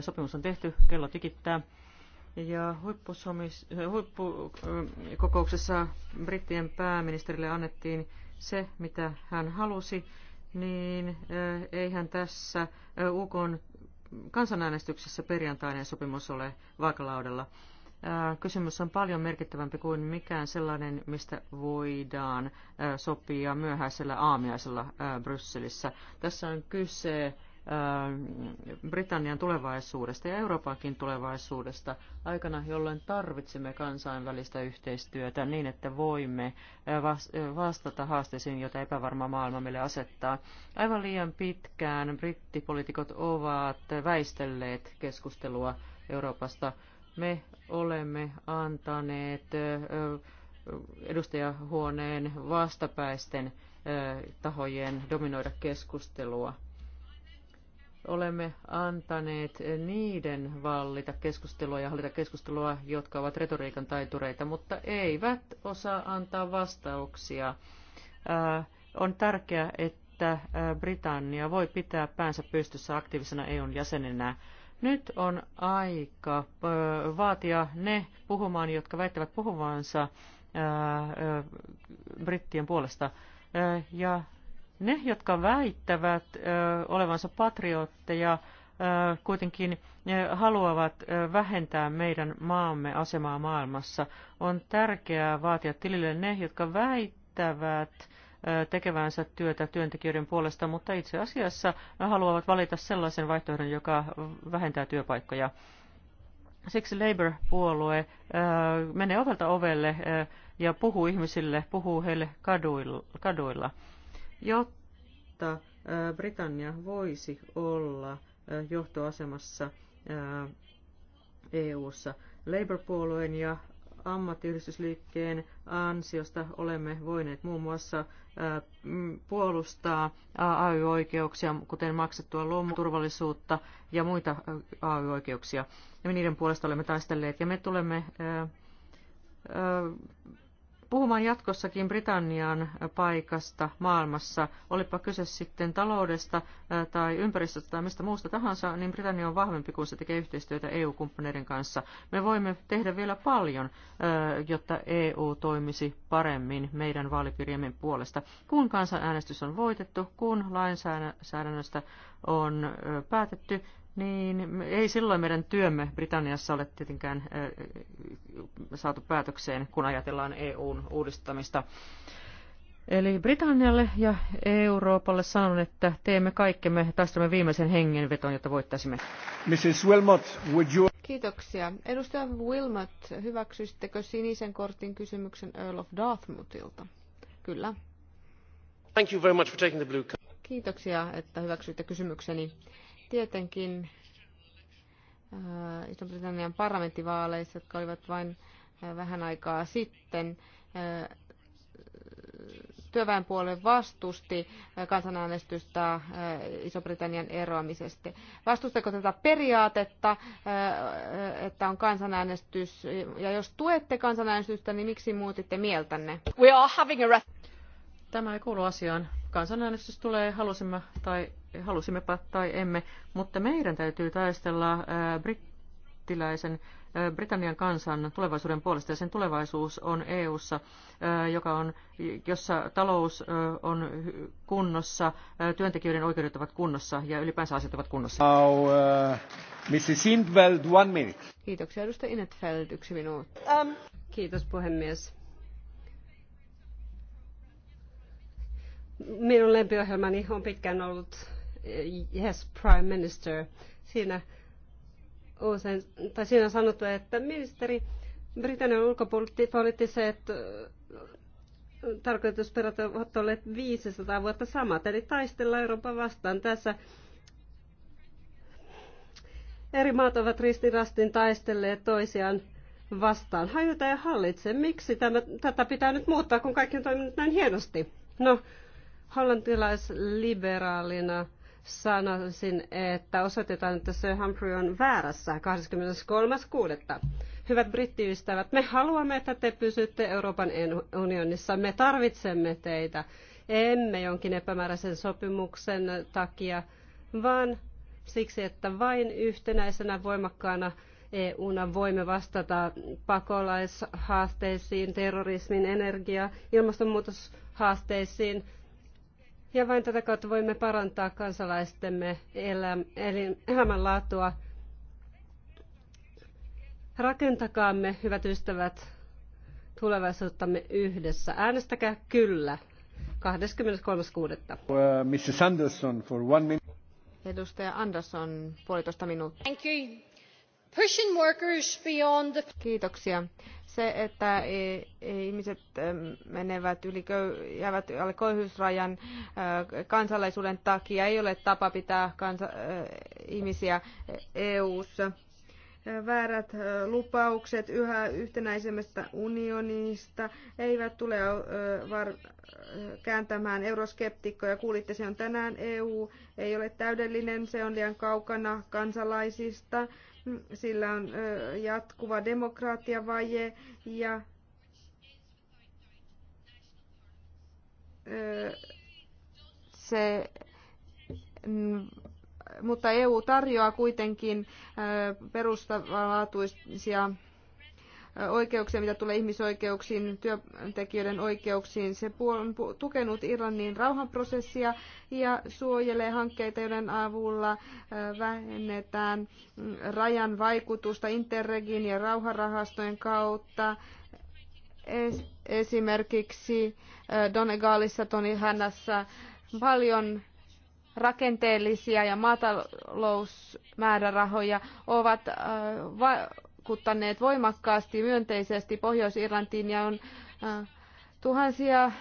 Sopimus on tehty, kello tikittää. Ja huippukokouksessa brittien pääministerille annettiin se, mitä hän halusi, niin eihän tässä UK kansanäänestyksessä perjantainen sopimus ole vaakalaudella. Kysymys on paljon merkittävämpi kuin mikään sellainen, mistä voidaan sopia myöhäisellä aamiaisella Brysselissä. Tässä on kyse Britannian tulevaisuudesta ja Euroopankin tulevaisuudesta aikana, jolloin tarvitsemme kansainvälistä yhteistyötä niin, että voimme vastata haasteisiin, joita epävarma maailma meille asettaa. Aivan liian pitkään brittipolitiikot ovat väistelleet keskustelua Euroopasta. Me olemme antaneet edustajahuoneen vastapäisten tahojen dominoida keskustelua. Olemme antaneet niiden vallita keskustelua ja hallita keskustelua, jotka ovat retoriikan taitureita, mutta eivät osaa antaa vastauksia. On tärkeää, että Britannia voi pitää päänsä pystyssä aktiivisena EUn jäsenenä nyt on aika vaatia ne puhumaan, jotka väittävät puhuvansa brittien puolesta. Ja ne, jotka väittävät olevansa patriotteja, kuitenkin haluavat vähentää meidän maamme asemaa maailmassa. On tärkeää vaatia tilille ne, jotka väittävät tekevänsä työtä työntekijöiden puolesta, mutta itse asiassa haluavat valita sellaisen vaihtoehdon, joka vähentää työpaikkoja. Siksi Labour-puolue menee ovelta ovelle ja puhuu ihmisille, puhuu heille kaduilla, jotta Britannia voisi olla johtoasemassa EU-ssa. Labour-puolueen ja ammattiyhdistysliikkeen ansiosta olemme voineet muun muassa mm, puolustaa AY-oikeuksia, kuten maksettua lomuturvallisuutta ja muita AY-oikeuksia. Ja me niiden puolesta olemme taistelleet ja me tulemme puhumaan jatkossakin Britannian paikasta maailmassa, olipa kyse sitten taloudesta tai ympäristöstä tai mistä muusta tahansa, niin Britannia on vahvempi, kun se tekee yhteistyötä EU-kumppaneiden kanssa. Me voimme tehdä vielä paljon, jotta EU toimisi paremmin meidän vaalipiiriemme puolesta. Kun kansanäänestys on voitettu, kun lainsäädännöstä on päätetty, niin ei silloin meidän työmme Britanniassa ole tietenkään saatu päätökseen, kun ajatellaan EUn uudistamista. Eli Britannialle ja Euroopalle sanon, että teemme kaikkemme, taistamme viimeisen hengenveton, jotta voittaisimme. Mrs. Wilmot, would you... Kiitoksia. Edustaja Wilmot, hyväksyisittekö sinisen kortin kysymyksen Earl of Dartmouthilta? Kyllä. Thank you very much for taking the blue card. Kiitoksia, että hyväksyitte kysymykseni. Tietenkin äh, Iso-Britannian parlamenttivaaleissa, jotka olivat vain äh, vähän aikaa sitten, äh, työväenpuolue vastusti kansanäänestystä Iso-Britannian eroamisesta. Vastustako tätä periaatetta, että on kansanäänestys, ja jos tuette kansanäänestystä, niin miksi muutitte mieltänne? We are having a... Tämä ei kuulu asiaan kansanäänestys tulee, halusimme tai, halusimmepa tai emme, mutta meidän täytyy taistella äh, brittiläisen äh, Britannian kansan tulevaisuuden puolesta ja sen tulevaisuus on EU:ssa, äh, joka on, jossa talous on kunnossa, työntekijöiden oikeudet ovat kunnossa ja ylipäänsä asiat ovat kunnossa. Now, uh, Mrs. Infeld, one minute. Kiitoksia edustaja Inetfeld, yksi minuutti. Um. Kiitos puhemies. Minun lempiohjelmani on pitkään ollut eh, Yes Prime Minister. Siinä, usein, tai siinä on sanottu, että ministeri Britannian ulkopoliittiset eh, tarkoitusperät ovat olleet 500 vuotta samat, eli taistella Euroopan vastaan. Tässä eri maat ovat ristirastin taistelleet toisiaan vastaan. Hajuta ja hallitse. Miksi tämä, tätä pitää nyt muuttaa, kun kaikki on toiminut näin hienosti? No, Hollantilaisliberaalina sanoisin, että osoitetaan, että Sir Humphrey on väärässä 23.6. Hyvät brittiystävät, me haluamme, että te pysytte Euroopan unionissa. Me tarvitsemme teitä. Emme jonkin epämääräisen sopimuksen takia, vaan siksi, että vain yhtenäisenä voimakkaana EUna voimme vastata pakolaishaasteisiin, terrorismin, energia, ilmastonmuutoshaasteisiin – ja vain tätä kautta voimme parantaa kansalaistemme elämänlaatua. Rakentakaamme, hyvät ystävät, tulevaisuuttamme yhdessä. Äänestäkää kyllä 23.6. Uh, Edustaja Anderson puolitoista minuuttia. Thank you. Kiitoksia. Se, että ihmiset menevät yli köy- jäävät alle köyhyysrajan kansalaisuuden takia, ei ole tapa pitää kansa- ihmisiä EU-ssa. Väärät lupaukset yhä yhtenäisemmästä unionista eivät tule kääntämään euroskeptikkoja. Kuulitte, se on tänään EU, ei ole täydellinen, se on liian kaukana kansalaisista sillä on jatkuva demokraatiavaje ja se, mutta EU tarjoaa kuitenkin perustavanlaatuisia oikeuksia, mitä tulee ihmisoikeuksiin, työntekijöiden oikeuksiin. Se on tukenut Irlannin rauhanprosessia ja suojelee hankkeita, joiden avulla vähennetään mm, rajan vaikutusta Interregin ja rauharahastojen kautta esimerkiksi Donegalissa, Toni Hännässä paljon rakenteellisia ja maatalousmäärärahoja ovat vaikuttaneet voimakkaasti myönteisesti Pohjois-Irlantiin ja on äh, tuhansia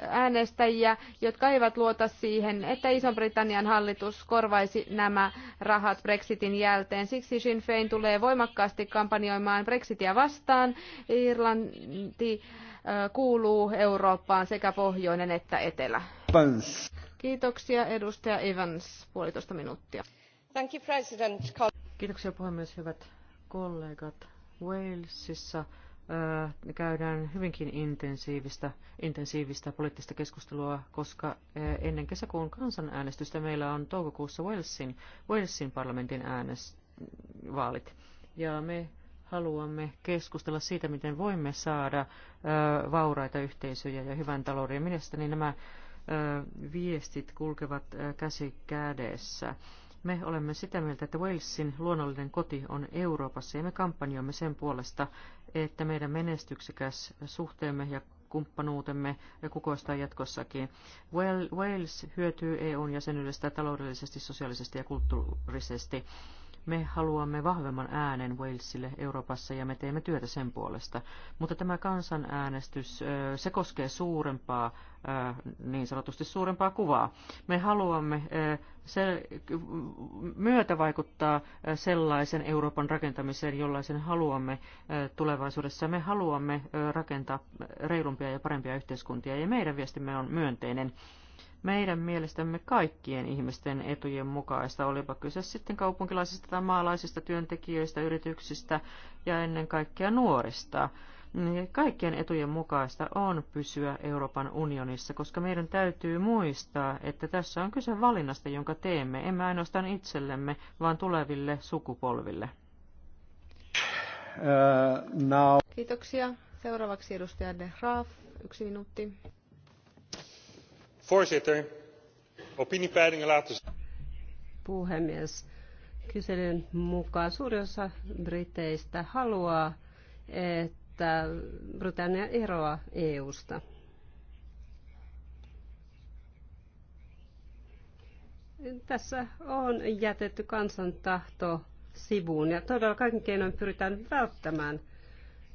äänestäjiä, jotka eivät luota siihen, että Iso-Britannian hallitus korvaisi nämä rahat Brexitin jälkeen. Siksi Sinn Fein tulee voimakkaasti kampanjoimaan Brexitia vastaan. Irlanti äh, kuuluu Eurooppaan sekä pohjoinen että etelä. Kiitoksia edustaja Evans, puolitoista minuuttia. Kiitoksia puhemies, hyvät kollegat, Walesissa me äh, käydään hyvinkin intensiivistä, intensiivistä poliittista keskustelua, koska äh, ennen kesäkuun kansanäänestystä meillä on toukokuussa Walesin, Walesin parlamentin äänest, vaalit. Ja me haluamme keskustella siitä, miten voimme saada äh, vauraita yhteisöjä ja hyvän talouden. Mielestäni nämä viestit kulkevat käsi kädessä me olemme sitä mieltä, että Walesin luonnollinen koti on Euroopassa ja me kampanjoimme sen puolesta, että meidän menestyksekäs suhteemme ja kumppanuutemme ja kukoistaa jatkossakin. Wales hyötyy EUn jäsenyydestä taloudellisesti, sosiaalisesti ja kulttuurisesti. Me haluamme vahvemman äänen Walesille Euroopassa ja me teemme työtä sen puolesta. Mutta tämä kansanäänestys, se koskee suurempaa, niin sanotusti suurempaa kuvaa. Me haluamme se, vaikuttaa sellaisen Euroopan rakentamiseen, jollaisen haluamme tulevaisuudessa. Me haluamme rakentaa reilumpia ja parempia yhteiskuntia ja meidän viestimme on myönteinen meidän mielestämme kaikkien ihmisten etujen mukaista, olipa kyse sitten kaupunkilaisista tai maalaisista työntekijöistä, yrityksistä ja ennen kaikkea nuorista. Niin kaikkien etujen mukaista on pysyä Euroopan unionissa, koska meidän täytyy muistaa, että tässä on kyse valinnasta, jonka teemme, emme ainoastaan itsellemme, vaan tuleville sukupolville. Uh, now. Kiitoksia. Seuraavaksi edustaja De Raaf, yksi minuutti. Voorzitter, opiniepeilingen laten... Puhemies, kyselyn mukaan suuri osa briteistä haluaa, että Britannia eroaa EUsta. Tässä on jätetty kansan tahto sivuun ja todella kaiken keinoin pyritään välttämään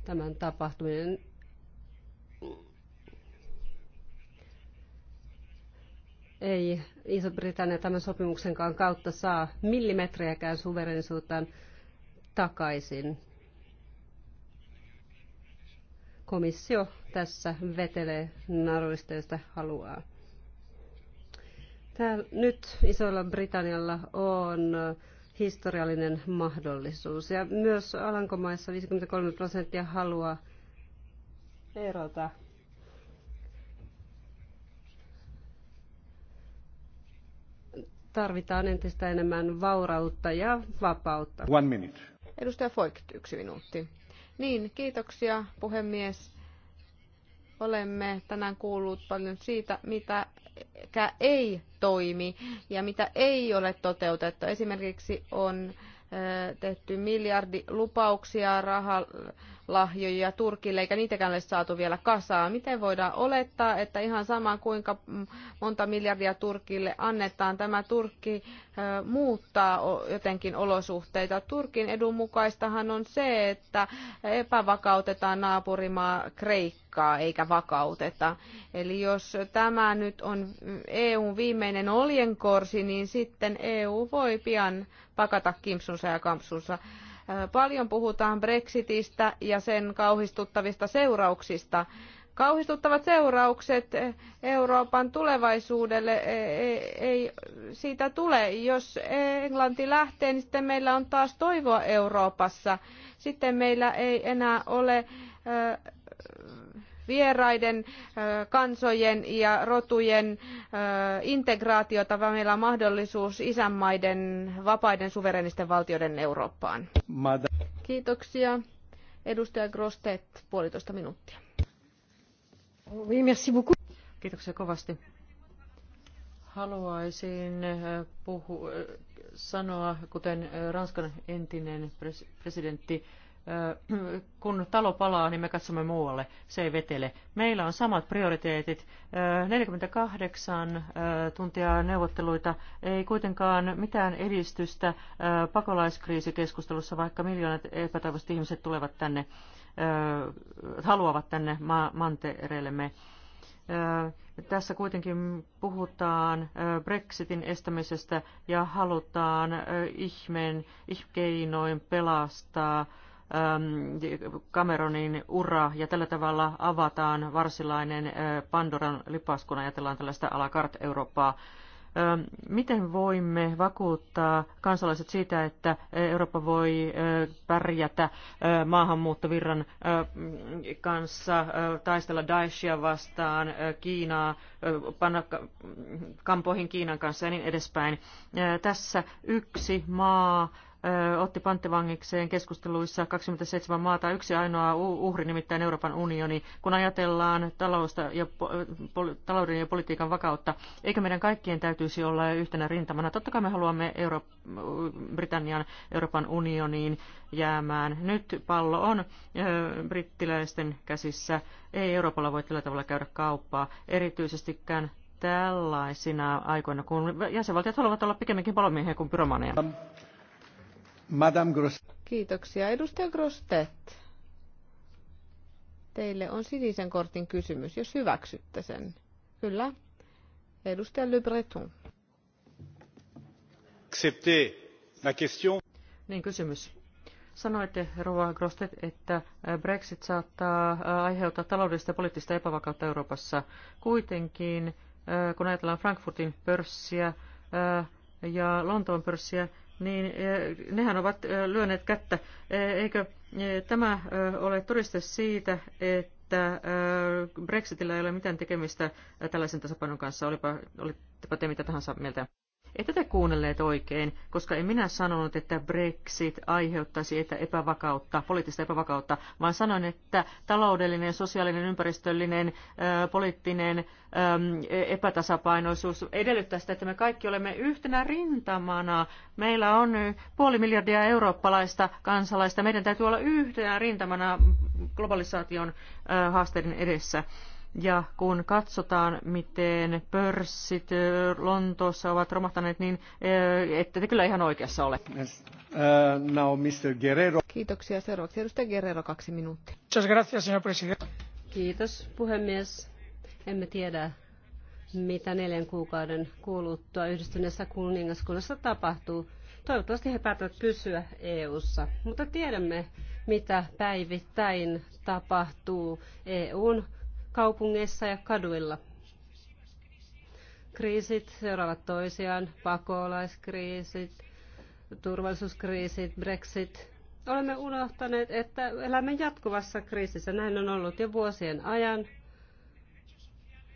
tämän tapahtuminen. ei Iso-Britannia tämän sopimuksenkaan kautta saa millimetriäkään suverenisuuttaan takaisin. Komissio tässä vetelee naruista, josta haluaa. Tää nyt Isolla Britannialla on historiallinen mahdollisuus. Ja myös Alankomaissa 53 prosenttia haluaa erota tarvitaan entistä enemmän vaurautta ja vapautta. One minute. Edustaja Foikt, yksi minuutti. Niin, kiitoksia puhemies. Olemme tänään kuullut paljon siitä, mitä ei toimi ja mitä ei ole toteutettu. Esimerkiksi on tehty miljardilupauksia rahaa lahjoja Turkille, eikä niitäkään ole saatu vielä kasaa. Miten voidaan olettaa, että ihan sama kuinka monta miljardia Turkille annetaan, tämä Turkki muuttaa jotenkin olosuhteita. Turkin edun mukaistahan on se, että epävakautetaan naapurimaa Kreikkaa eikä vakauteta. Eli jos tämä nyt on EUn viimeinen oljenkorsi, niin sitten EU voi pian pakata kimpsunsa ja kampsunsa. Paljon puhutaan Brexitistä ja sen kauhistuttavista seurauksista. Kauhistuttavat seuraukset Euroopan tulevaisuudelle e, e, ei siitä tule. Jos Englanti lähtee, niin sitten meillä on taas toivoa Euroopassa. Sitten meillä ei enää ole vieraiden kansojen ja rotujen integraatiota, vaan meillä on mahdollisuus isänmaiden vapaiden suverenisten valtioiden Eurooppaan. Kiitoksia. Edustaja Grostet, puolitoista minuuttia. Kiitoksia kovasti. Haluaisin puhu, sanoa, kuten Ranskan entinen presidentti kun talo palaa, niin me katsomme muualle, se ei vetele. Meillä on samat prioriteetit. 48 tuntia neuvotteluita, ei kuitenkaan mitään edistystä pakolaiskriisikeskustelussa, vaikka miljoonat epätoivoiset ihmiset tulevat tänne, haluavat tänne mantereellemme. Tässä kuitenkin puhutaan Brexitin estämisestä ja halutaan ihmeen, ihkeinoin pelastaa Ähm, Cameronin ura, ja tällä tavalla avataan varsilainen äh, Pandoran lipas, kun ajatellaan tällaista alakart Eurooppaa. Ähm, miten voimme vakuuttaa kansalaiset siitä, että Eurooppa voi äh, pärjätä äh, maahanmuuttovirran kanssa, taistella Daeshia vastaan, Kiinaa, panna kampoihin Kiinan kanssa ja niin edespäin. Tässä yksi maa otti panttivangikseen keskusteluissa 27 maata yksi ainoa uhri, nimittäin Euroopan unioni. Kun ajatellaan talousta ja, talouden ja politiikan vakautta, eikö meidän kaikkien täytyisi olla yhtenä rintamana? Totta kai me haluamme Euro- Britannian Euroopan unioniin jäämään. Nyt pallo on brittiläisten käsissä. Ei Euroopalla voi tällä tavalla käydä kauppaa, erityisestikään tällaisina aikoina, kun jäsenvaltiot haluavat olla pikemminkin palomiehiä kuin pyromaneja. Madame Grostet. Kiitoksia. Edustaja Grostet, teille on sinisen kortin kysymys, jos hyväksytte sen. Kyllä. Edustaja Le Breton. Acceptez ma question. Niin, kysymys. Sanoitte, Rova Grostet, että Brexit saattaa äh, aiheuttaa taloudellista ja poliittista epävakautta Euroopassa. Kuitenkin, äh, kun ajatellaan Frankfurtin pörssiä äh, ja Lontoon pörssiä, niin e, nehän ovat e, lyöneet kättä. E, eikö tämä ole todiste siitä, että Brexitillä ei ole mitään tekemistä tällaisen tasapainon kanssa, olipa, olipa te mitä tahansa mieltä? Ette te kuunnelleet oikein, koska en minä sanonut, että Brexit aiheuttaisi että epävakautta, poliittista epävakautta, vaan sanoin, että taloudellinen, sosiaalinen, ympäristöllinen, poliittinen e-, epätasapainoisuus edellyttää sitä, että me kaikki olemme yhtenä rintamana. Meillä on puoli miljardia eurooppalaista kansalaista. Meidän täytyy olla yhtenä rintamana globalisaation haasteiden edessä. Ja kun katsotaan, miten pörssit Lontoossa ovat romahtaneet, niin ette te kyllä ihan oikeassa ole. Yes. Uh, now Mr. Guerrero. Kiitoksia. Seuraavaksi edustaja Guerrero, kaksi minuuttia. Gracias, señor presidente. Kiitos, puhemies. Emme tiedä, mitä neljän kuukauden kuuluttua yhdistyneessä kuningaskunnassa tapahtuu. Toivottavasti he päättävät pysyä EU:ssa, mutta tiedämme, mitä päivittäin tapahtuu EUn kaupungeissa ja kaduilla. Kriisit seuraavat toisiaan, pakolaiskriisit, turvallisuuskriisit, Brexit. Olemme unohtaneet, että elämme jatkuvassa kriisissä. Näin on ollut jo vuosien ajan.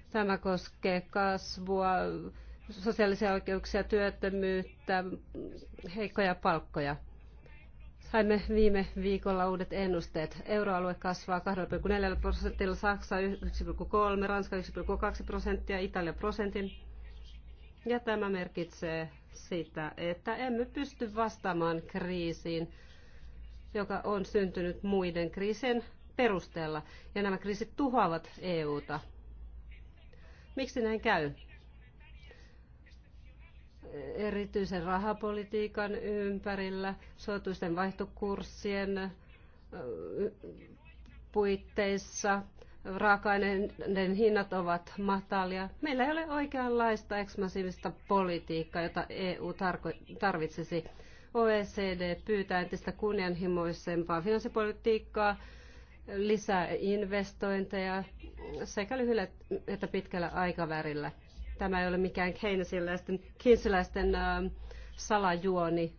Tämä koskee kasvua, sosiaalisia oikeuksia, työttömyyttä, heikkoja palkkoja. Saimme viime viikolla uudet ennusteet. Euroalue kasvaa 2,4 prosentilla, Saksa 1,3, Ranska 1,2 prosenttia, Italia prosentin. Ja tämä merkitsee sitä, että emme pysty vastaamaan kriisiin, joka on syntynyt muiden kriisien perusteella. Ja nämä kriisit tuhoavat EUta. Miksi näin käy? erityisen rahapolitiikan ympärillä, suotuisten vaihtokurssien puitteissa, raaka-aineiden hinnat ovat matalia. Meillä ei ole oikeanlaista ekspansiivista politiikkaa, jota EU tarvitsisi. OECD pyytää entistä kunnianhimoisempaa finanssipolitiikkaa, lisää investointeja sekä lyhyellä että pitkällä aikavälillä. Tämä ei ole mikään keinesiläisten, kinsiläisten salajuoni,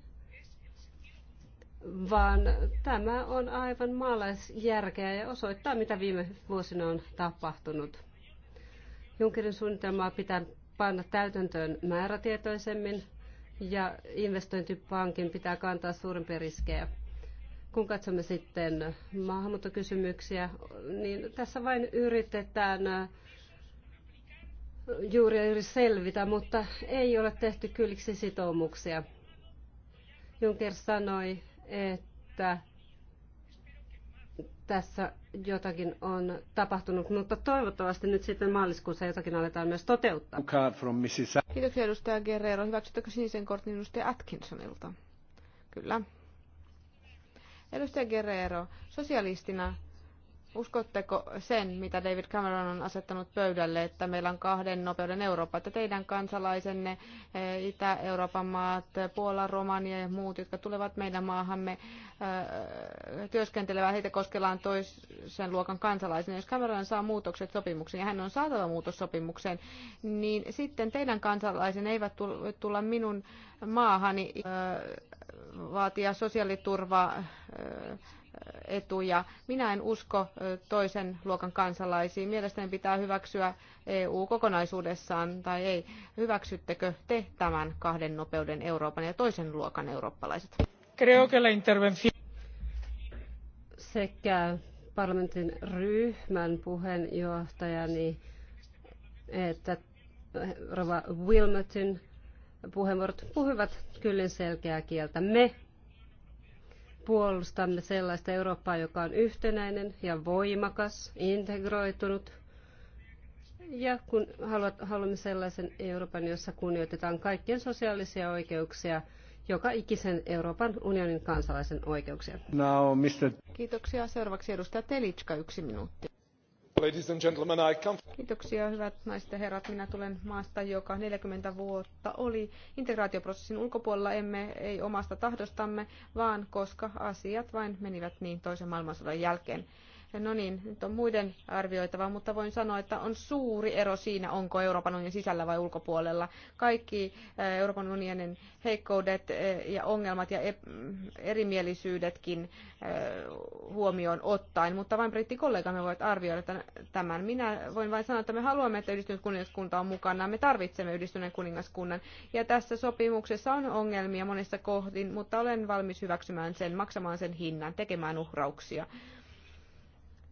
vaan tämä on aivan maalaisjärkeä ja osoittaa, mitä viime vuosina on tapahtunut. Junckerin suunnitelmaa pitää panna täytäntöön määrätietoisemmin ja investointipankin pitää kantaa suurempia riskejä. Kun katsomme sitten maahanmuuttokysymyksiä, niin tässä vain yritetään juuri juuri selvitä, mutta ei ole tehty kylliksi sitoumuksia. Juncker sanoi, että tässä jotakin on tapahtunut, mutta toivottavasti nyt sitten maaliskuussa jotakin aletaan myös toteuttaa. Kiitoksia edustaja Guerrero. Hyväksyttekö sinisen kortin edustaja Atkinsonilta? Kyllä. Edustaja Guerrero, sosialistina Uskotteko sen, mitä David Cameron on asettanut pöydälle, että meillä on kahden nopeuden Eurooppa, että teidän kansalaisenne, eh, Itä-Euroopan maat, Puola, Romania ja muut, jotka tulevat meidän maahamme, eh, työskentelevät, heitä koskellaan toisen luokan kansalaisen. Jos Cameron saa muutokset sopimukseen ja hän on saatava muutos sopimukseen, niin sitten teidän kansalaisen eivät tulla minun maahani eh, vaatia sosiaaliturvaa etuja. Minä en usko toisen luokan kansalaisiin. Mielestäni pitää hyväksyä EU kokonaisuudessaan tai ei. Hyväksyttekö te tämän kahden nopeuden Euroopan ja toisen luokan eurooppalaiset? Sekä parlamentin ryhmän puheenjohtajani että Rova Wilmotin puheenvuorot puhuvat kyllin selkeää kieltä. Me puolustamme sellaista Eurooppaa, joka on yhtenäinen ja voimakas, integroitunut. Ja kun haluat haluamme sellaisen Euroopan, jossa kunnioitetaan kaikkien sosiaalisia oikeuksia, joka ikisen Euroopan unionin kansalaisen oikeuksia. Now, Kiitoksia. Seuraavaksi edustaja Telitska, yksi minuutti. Kiitoksia hyvät naiset ja herrat. Minä tulen maasta, joka 40 vuotta oli integraatioprosessin ulkopuolella. Emme ei omasta tahdostamme, vaan koska asiat vain menivät niin toisen maailmansodan jälkeen. No niin, nyt on muiden arvioitava, mutta voin sanoa, että on suuri ero siinä, onko Euroopan unionin sisällä vai ulkopuolella. Kaikki eh, Euroopan unionin heikkoudet eh, ja ongelmat ja erimielisyydetkin eh, huomioon ottaen, mutta vain brittikollegamme voivat arvioida tämän. Minä voin vain sanoa, että me haluamme, että yhdistynyt kuningaskunta on mukana. Me tarvitsemme yhdistyneen kuningaskunnan. Ja tässä sopimuksessa on ongelmia monessa kohdin, mutta olen valmis hyväksymään sen, maksamaan sen hinnan, tekemään uhrauksia.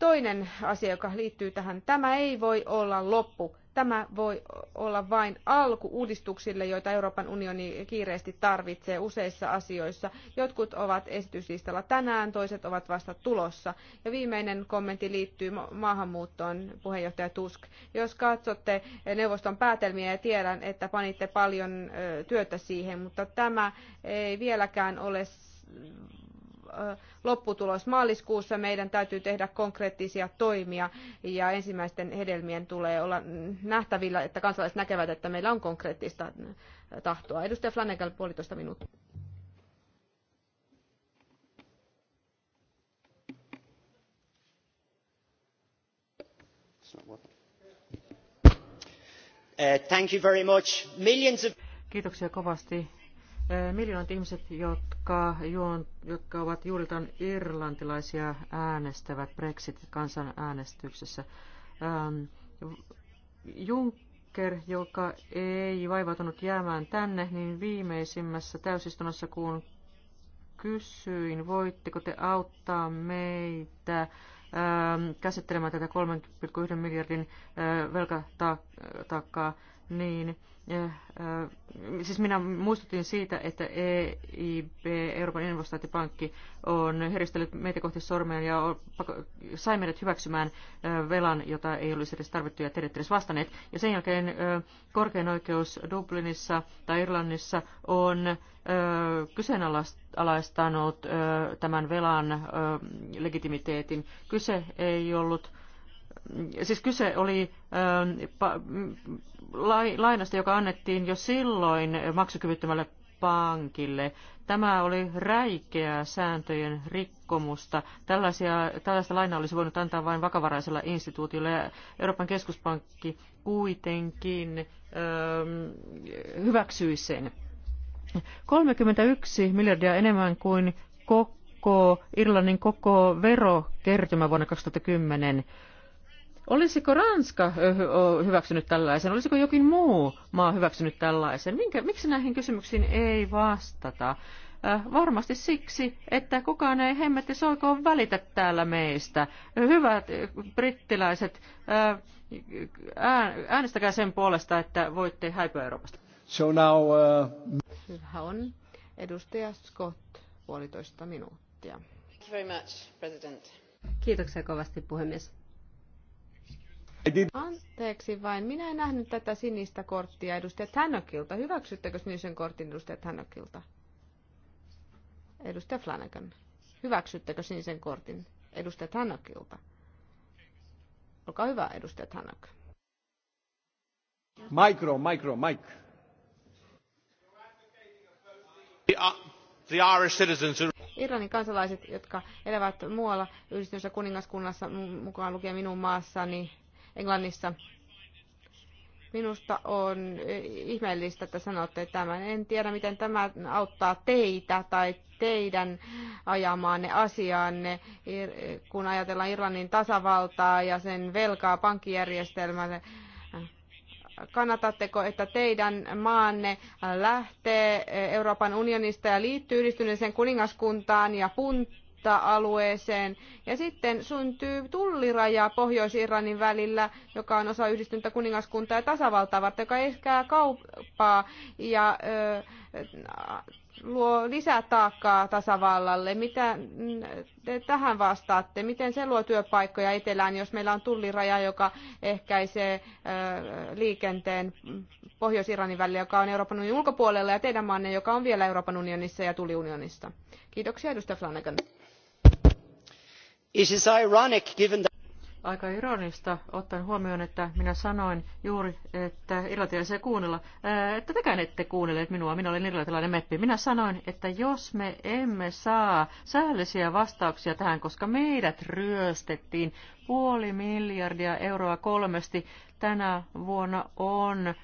Toinen asia, joka liittyy tähän, tämä ei voi olla loppu. Tämä voi olla vain alku uudistuksille, joita Euroopan unioni kiireesti tarvitsee useissa asioissa. Jotkut ovat esityslistalla tänään, toiset ovat vasta tulossa. Ja viimeinen kommentti liittyy maahanmuuttoon, puheenjohtaja Tusk. Jos katsotte neuvoston päätelmiä ja tiedän, että panitte paljon työtä siihen, mutta tämä ei vieläkään ole lopputulos maaliskuussa. Meidän täytyy tehdä konkreettisia toimia ja ensimmäisten hedelmien tulee olla nähtävillä, että kansalaiset näkevät, että meillä on konkreettista tahtoa. Edustaja Flanagan, puolitoista minuuttia. Uh, Kiitoksia kovasti. Miljoonat ihmiset, jotka, jotka ovat juuriltaan irlantilaisia, äänestävät Brexit-kansanäänestyksessä. Ähm, Juncker, joka ei vaivautunut jäämään tänne, niin viimeisimmässä täysistunnossa, kun kysyin, voitteko te auttaa meitä käsittelemään tätä 3,1 miljardin velkataakkaa, niin eh, eh, siis minä muistutin siitä, että EIB, Euroopan investointipankki, on heristellyt meitä kohti sormea ja sai meidät hyväksymään eh, velan, jota ei olisi edes tarvittu ja te edes vastanneet. Ja sen jälkeen korkein oikeus Dublinissa tai Irlannissa on kyseenalaistanut tämän velan legitimiteetin. Kyse ei ollut siis kyse oli lainasta, joka annettiin jo silloin maksukyvyttömälle pankille. Tämä oli räikeää sääntöjen rikkomusta. Tällaisia, tällaista lainaa olisi voinut antaa vain vakavaraisella instituutiolla. Euroopan keskuspankki kuitenkin ö, hyväksyi sen. 31 miljardia enemmän kuin koko Irlannin koko verokertymä vuonna 2010. Olisiko Ranska hyväksynyt tällaisen? Olisiko jokin muu maa hyväksynyt tällaisen? Minkä, miksi näihin kysymyksiin ei vastata? varmasti siksi, että kukaan ei hemmetti soikoon välitä täällä meistä. Hyvät brittiläiset, äänestäkää sen puolesta, että voitte häipyä Euroopasta. So now, uh... Hyvä on. Edustaja Scott, puolitoista minuuttia. Thank you very much, President. Kiitoksia kovasti, puhemies. Anteeksi vain, minä en nähnyt tätä sinistä korttia edustaja Tannokilta. Hyväksyttekö sinisen kortin edustaja Tannokilta? Edustaja Flanagan. Hyväksyttekö sinisen kortin edustaja Tannokilta? Olkaa hyvä, edustaja Tannok. Micro, micro, mic. The uh, Irish citizens Irlannin kansalaiset, jotka elävät muualla yhdistyneessä kuningaskunnassa, mukaan lukien minun maassani, Englannissa. Minusta on ihmeellistä, että sanotte tämän. En tiedä, miten tämä auttaa teitä tai teidän ajamaanne asiaanne, kun ajatellaan Irlannin tasavaltaa ja sen velkaa pankkijärjestelmälle. Kannatatteko, että teidän maanne lähtee Euroopan unionista ja liittyy yhdistyneeseen kuningaskuntaan ja punttiin? uutta alueeseen. Ja sitten syntyy tulliraja pohjois iranin välillä, joka on osa yhdistyntä kuningaskuntaa ja tasavaltaa varten, joka eskää kauppaa ja ö, luo lisää taakkaa tasavallalle. Mitä te tähän vastaatte? Miten se luo työpaikkoja etelään, jos meillä on tulliraja, joka ehkäisee liikenteen Pohjois-Iranin välillä, joka on Euroopan unionin ulkopuolella, ja teidän maanne, joka on vielä Euroopan unionissa ja tuliunionissa? Kiitoksia, edustaja Flanagan. Aika ironista, ottaen huomioon, että minä sanoin juuri, että irlantilaisia kuunnella, että tekään ette kuunnelleet minua, minä olen irlantilainen meppi. Minä sanoin, että jos me emme saa säällisiä vastauksia tähän, koska meidät ryöstettiin puoli miljardia euroa kolmesti tänä vuonna on ö,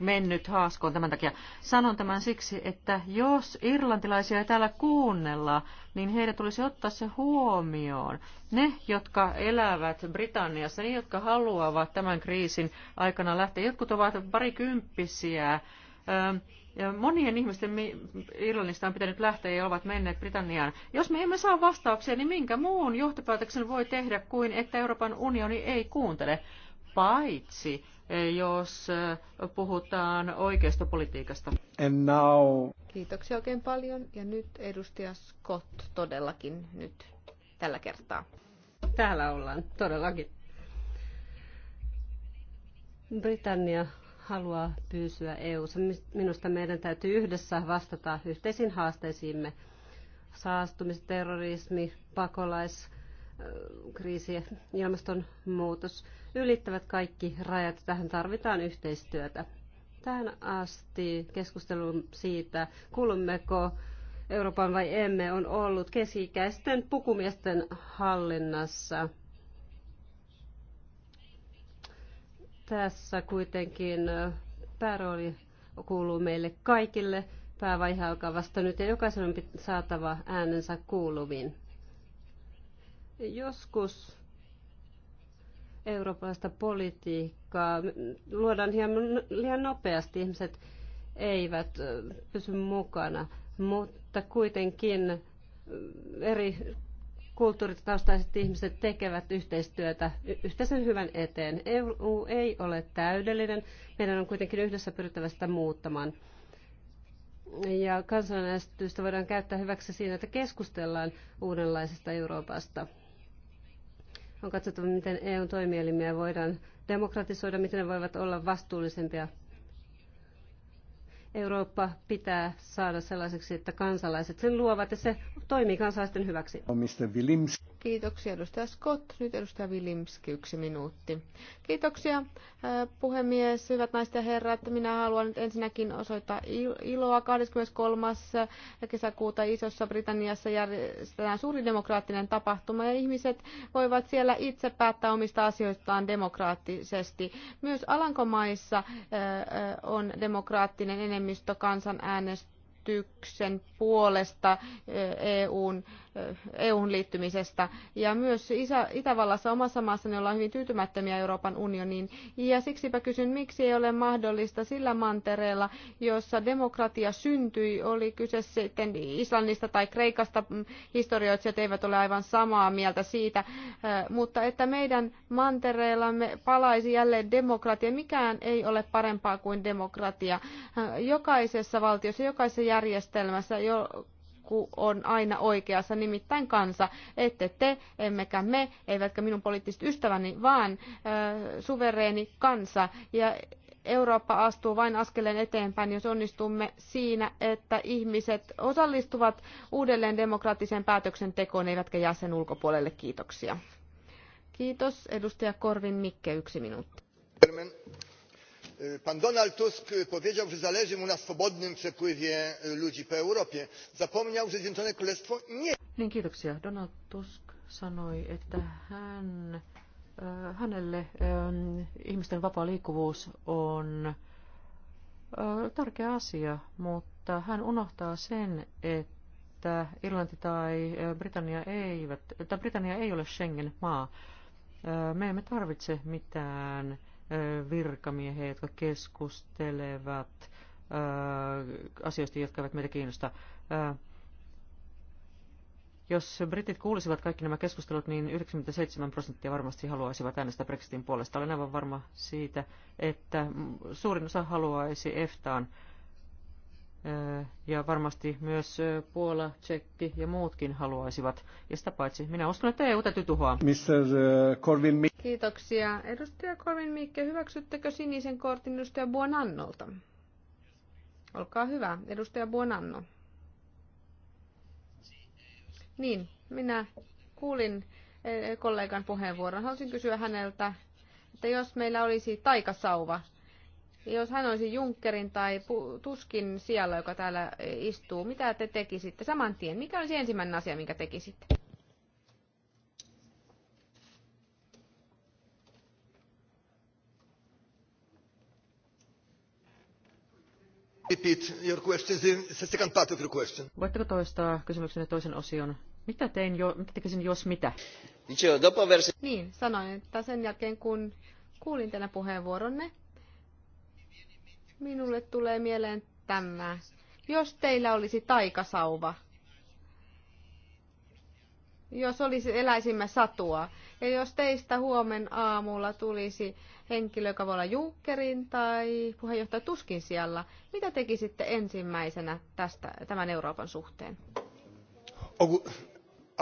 mennyt haaskoon tämän takia. Sanon tämän siksi, että jos irlantilaisia ei täällä kuunnella, niin heidän tulisi ottaa se huomioon. Ne, jotka elävät Britanniassa, ne, jotka haluavat tämän kriisin aikana lähteä, jotkut ovat parikymppisiä. Ö, monien ihmisten Irlannista on pitänyt lähteä ja ovat menneet Britanniaan. Jos me emme saa vastauksia, niin minkä muun johtopäätöksen voi tehdä kuin, että Euroopan unioni ei kuuntele paitsi eh, jos eh, puhutaan oikeistopolitiikasta. And now... Kiitoksia oikein paljon. Ja nyt edustaja Scott todellakin nyt tällä kertaa. Täällä ollaan todellakin. Britannia haluaa pysyä eu Minusta meidän täytyy yhdessä vastata yhteisiin haasteisiimme. Saastumisterrorismi, pakolais kriisi ja ilmastonmuutos ylittävät kaikki rajat. Tähän tarvitaan yhteistyötä. Tähän asti keskustelun siitä, kuulummeko Euroopan vai emme, on ollut keski-ikäisten pukumiesten hallinnassa. Tässä kuitenkin päärooli kuuluu meille kaikille. Päävaihe alkaa vasta nyt ja jokaisen on saatava äänensä kuuluviin. Joskus eurooppalaista politiikkaa luodaan hieman, liian nopeasti. Ihmiset eivät pysy mukana, mutta kuitenkin eri kulttuuritaustaiset ihmiset tekevät yhteistyötä yhteisen hyvän eteen. EU ei ole täydellinen, meidän on kuitenkin yhdessä pyrittävä sitä muuttamaan. Ja kansanäänestystä voidaan käyttää hyväksi siinä, että keskustellaan uudenlaisesta Euroopasta. On katsottava, miten eu toimielimiä voidaan demokratisoida, miten ne voivat olla vastuullisempia. Eurooppa pitää saada sellaiseksi, että kansalaiset sen luovat ja se toimii kansalaisten hyväksi. Mr. Kiitoksia edustaja Scott. Nyt edustaja Vilimski, yksi minuutti. Kiitoksia puhemies, hyvät naiset ja herrat. Minä haluan nyt ensinnäkin osoittaa iloa. 23. kesäkuuta Isossa Britanniassa järjestetään suuri demokraattinen tapahtuma ja ihmiset voivat siellä itse päättää omista asioistaan demokraattisesti. Myös Alankomaissa on demokraattinen enemmistö kansanäänestyksen puolesta EUn EUn liittymisestä. Ja myös Itävallassa omassa maassani ollaan hyvin tyytymättömiä Euroopan unioniin. Ja siksipä kysyn, miksi ei ole mahdollista sillä mantereella, jossa demokratia syntyi, oli kyse sitten Islannista tai Kreikasta, mm, historioitsijat eivät ole aivan samaa mieltä siitä, mutta että meidän mantereellamme palaisi jälleen demokratia. Mikään ei ole parempaa kuin demokratia. Jokaisessa valtiossa, jokaisessa järjestelmässä, joku on aina oikeassa, nimittäin kansa. Ette te, emmekä me, eivätkä minun poliittiset ystäväni, vaan suvereeni kansa. Ja Eurooppa astuu vain askeleen eteenpäin, jos onnistumme siinä, että ihmiset osallistuvat uudelleen demokraattiseen päätöksentekoon, eivätkä jää sen ulkopuolelle. Kiitoksia. Kiitos. Edustaja Korvin Mikke, yksi minuutti pan donald tusk powiedział że zależy mu na swobodnym przepływie ludzi po europie. zapomniał że zjednoczone królestwo nie. Niin, kiitoksia. Donald Tusk sanoi, että hän, äh, hänelle äh, ihmisten vapaa liikkuvuus on äh, tärkeä asia, mutta hän unohtaa sen, että että Irlanti tai Britannia, eivät, tai Britannia ei ole Schengen-maa. Me emme tarvitse mitään virkamiehiä, jotka keskustelevat asioista, jotka eivät meitä kiinnosta. Jos britit kuulisivat kaikki nämä keskustelut, niin 97 prosenttia varmasti haluaisivat äänestää Brexitin puolesta. Olen aivan varma siitä, että suurin osa haluaisi EFTAan ja varmasti myös Puola, Tsekki ja muutkin haluaisivat. Ja sitä paitsi, minä uskon, että EU täytyy tuhoa. Mr. Corvin Kiitoksia. Edustaja Corvin Mikke, hyväksyttekö sinisen kortin edustaja Buonannolta? Olkaa hyvä, edustaja Buonanno. Niin, minä kuulin e, e, kollegan puheenvuoron. Haluaisin kysyä häneltä, että jos meillä olisi taikasauva, jos hän olisi Junckerin tai Tuskin siellä, joka täällä istuu, mitä te tekisitte saman tien? Mikä olisi ensimmäinen asia, minkä tekisitte? Repeat your question, the second part of your question. Voitteko toistaa kysymyksenne toisen osion? Mitä tein jo, mitä tekisin jos mitä? Niin, niin sanoin, että sen jälkeen kun kuulin tänä puheenvuoronne, Minulle tulee mieleen tämä. Jos teillä olisi taikasauva, jos olisi, eläisimme satua, ja jos teistä huomen aamulla tulisi henkilö, joka voi olla Junckerin tai puheenjohtaja Tuskin siellä, mitä tekisitte ensimmäisenä tästä, tämän Euroopan suhteen?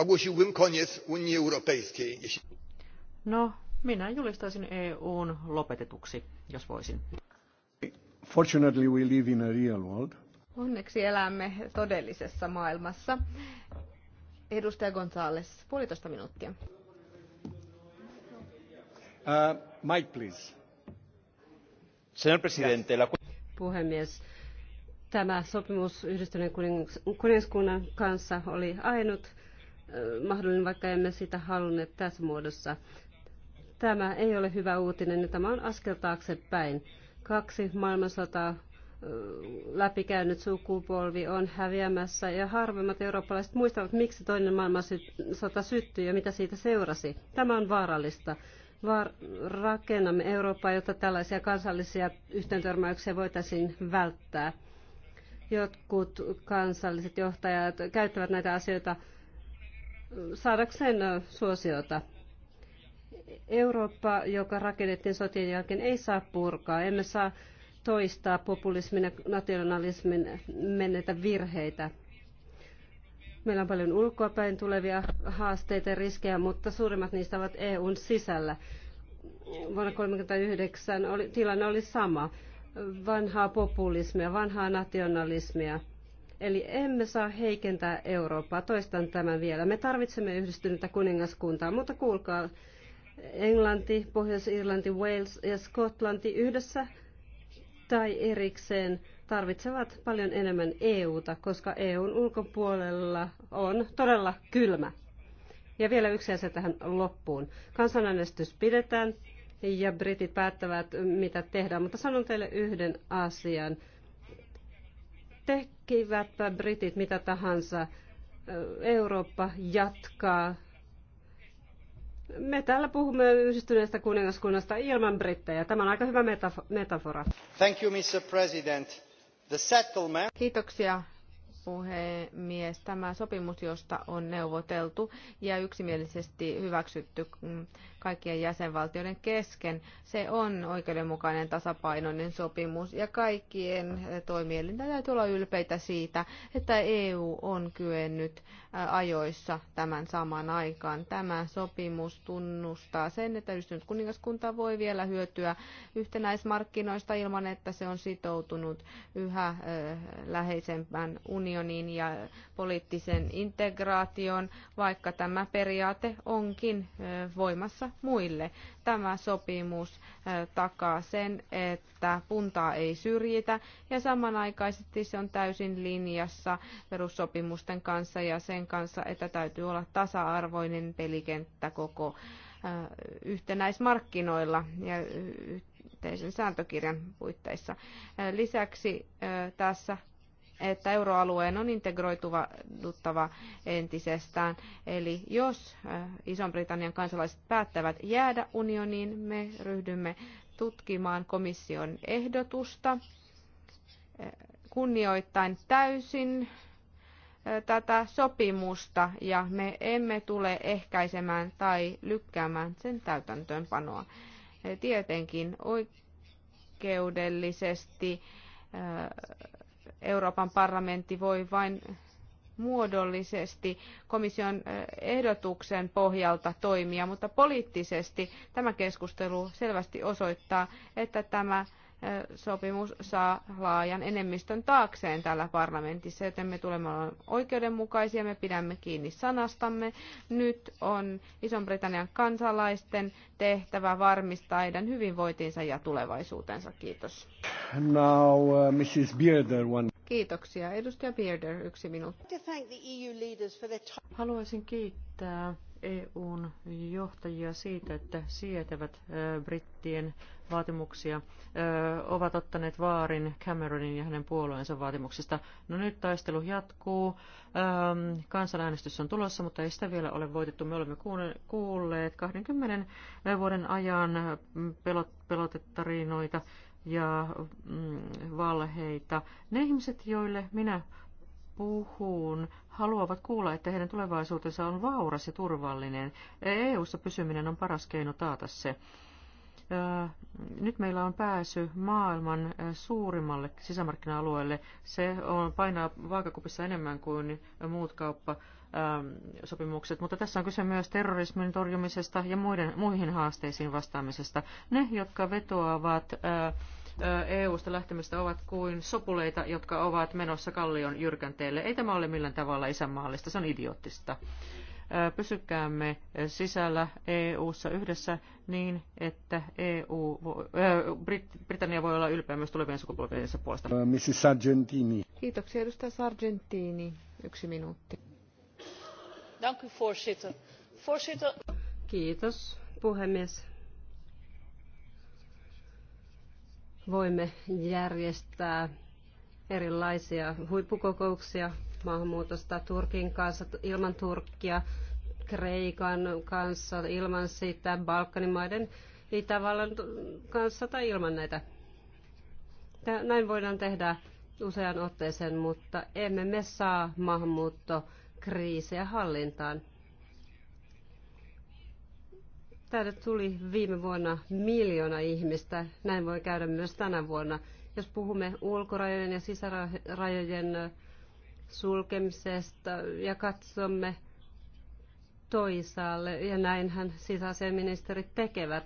Ogłosiłbym koniec Unii Europejskiej. No, minä julistaisin EUn lopetetuksi, jos voisin. Fortunately we live in a real world. Onneksi elämme todellisessa maailmassa. Edustaja Gonzales, puolitoista minuuttia. Uh, Mike, please. Señor presidente, la... Puhemies, tämä sopimus yhdistyneen kuningaskunnan kanssa oli ainut mahdollinen, vaikka emme sitä halunneet tässä muodossa. Tämä ei ole hyvä uutinen ja tämä on askel taaksepäin. Kaksi maailmansotaa läpikäynyt sukupolvi on häviämässä ja harvemmat eurooppalaiset muistavat, miksi toinen maailmansota syttyi ja mitä siitä seurasi. Tämä on vaarallista. Var- rakennamme Eurooppaa, jotta tällaisia kansallisia yhteentörmäyksiä voitaisiin välttää. Jotkut kansalliset johtajat käyttävät näitä asioita saadakseen suosiota. Eurooppa, joka rakennettiin sotien jälkeen, ei saa purkaa. Emme saa toistaa populismin ja nationalismin menneitä virheitä. Meillä on paljon ulkoapäin tulevia haasteita ja riskejä, mutta suurimmat niistä ovat EUn sisällä. Vuonna 1939 tilanne oli sama. Vanhaa populismia, vanhaa nationalismia. Eli emme saa heikentää Eurooppaa. Toistan tämän vielä. Me tarvitsemme yhdistynyttä kuningaskuntaa, mutta kuulkaa, Englanti, Pohjois-Irlanti, Wales ja Skotlanti yhdessä tai erikseen tarvitsevat paljon enemmän EUta, koska EUn ulkopuolella on todella kylmä. Ja vielä yksi asia tähän loppuun. Kansanäänestys pidetään ja britit päättävät, mitä tehdään, mutta sanon teille yhden asian. Tekivätpä britit mitä tahansa, Eurooppa jatkaa me täällä puhumme yhdistyneestä kuningaskunnasta ilman brittejä. Tämä on aika hyvä metafora. Thank you, Mr. President. The settlement... Kiitoksia, puhemies. Tämä sopimus, josta on neuvoteltu ja yksimielisesti hyväksytty mm, kaikkien jäsenvaltioiden kesken. Se on oikeudenmukainen tasapainoinen sopimus ja kaikkien toimielintä täytyy olla ylpeitä siitä, että EU on kyennyt ajoissa tämän saman aikaan. Tämä sopimus tunnustaa sen, että yhdistynyt kuningaskunta voi vielä hyötyä yhtenäismarkkinoista ilman, että se on sitoutunut yhä läheisempään unioniin ja poliittisen integraation, vaikka tämä periaate onkin voimassa muille. Tämä sopimus takaa sen, että puntaa ei syrjitä ja samanaikaisesti se on täysin linjassa perussopimusten kanssa ja sen kanssa, että täytyy olla tasa-arvoinen pelikenttä koko yhtenäismarkkinoilla ja yhteisen sääntökirjan puitteissa. Lisäksi tässä että euroalueen on integroituva entisestään. Eli jos äh, Ison-Britannian kansalaiset päättävät jäädä unioniin, me ryhdymme tutkimaan komission ehdotusta äh, kunnioittain täysin äh, tätä sopimusta ja me emme tule ehkäisemään tai lykkäämään sen täytäntöönpanoa. Tietenkin oikeudellisesti Euroopan parlamentti voi vain muodollisesti komission ehdotuksen pohjalta toimia, mutta poliittisesti tämä keskustelu selvästi osoittaa, että tämä sopimus saa laajan enemmistön taakseen täällä parlamentissa, joten me tulemme olemaan oikeudenmukaisia, me pidämme kiinni sanastamme. Nyt on Ison-Britannian kansalaisten tehtävä varmistaa heidän hyvinvointinsa ja tulevaisuutensa. Kiitos. Now, uh, Mrs. Bearder, one... Kiitoksia. Edustaja Bearder, yksi minuutti. E Haluaisin kiittää EUn johtajia siitä, että sietävät brittien vaatimuksia, ovat ottaneet vaarin Cameronin ja hänen puolueensa vaatimuksista. No nyt taistelu jatkuu, kansanäänestys on tulossa, mutta ei sitä vielä ole voitettu. Me olemme kuulleet 20 vuoden ajan pelot, ja mm, valheita. Ne ihmiset, joille minä puhun, haluavat kuulla, että heidän tulevaisuutensa on vauras ja turvallinen. EU-ssa pysyminen on paras keino taata se. Nyt meillä on pääsy maailman suurimmalle sisämarkkina-alueelle. Se on, painaa vaakakupissa enemmän kuin muut kauppasopimukset, mutta tässä on kyse myös terrorismin torjumisesta ja muiden, muihin haasteisiin vastaamisesta. Ne, jotka vetoavat ää, EU-sta lähtemistä ovat kuin sopuleita, jotka ovat menossa kallion jyrkänteelle. Ei tämä ole millään tavalla isänmaallista, se on idioottista. Pysykäämme sisällä EU-ssa yhdessä niin, että EU, Brit- Britannia voi olla ylpeä myös tulevien sukupolvien puolesta. Mrs. Sargentini. Kiitoksia, edustaja Sargentini. Yksi minuutti. voorzitter. Voorzitter. Kiitos, puhemies voimme järjestää erilaisia huippukokouksia maahanmuutosta Turkin kanssa, ilman Turkkia, Kreikan kanssa, ilman sitä, Balkanimaiden, maiden, Itävallan kanssa tai ilman näitä. Näin voidaan tehdä usean otteeseen, mutta emme me saa maahanmuuttokriisiä hallintaan. Täältä tuli viime vuonna miljoona ihmistä. Näin voi käydä myös tänä vuonna. Jos puhumme ulkorajojen ja sisärajojen sulkemisesta ja katsomme toisaalle, ja näinhän sisäasiaministerit tekevät.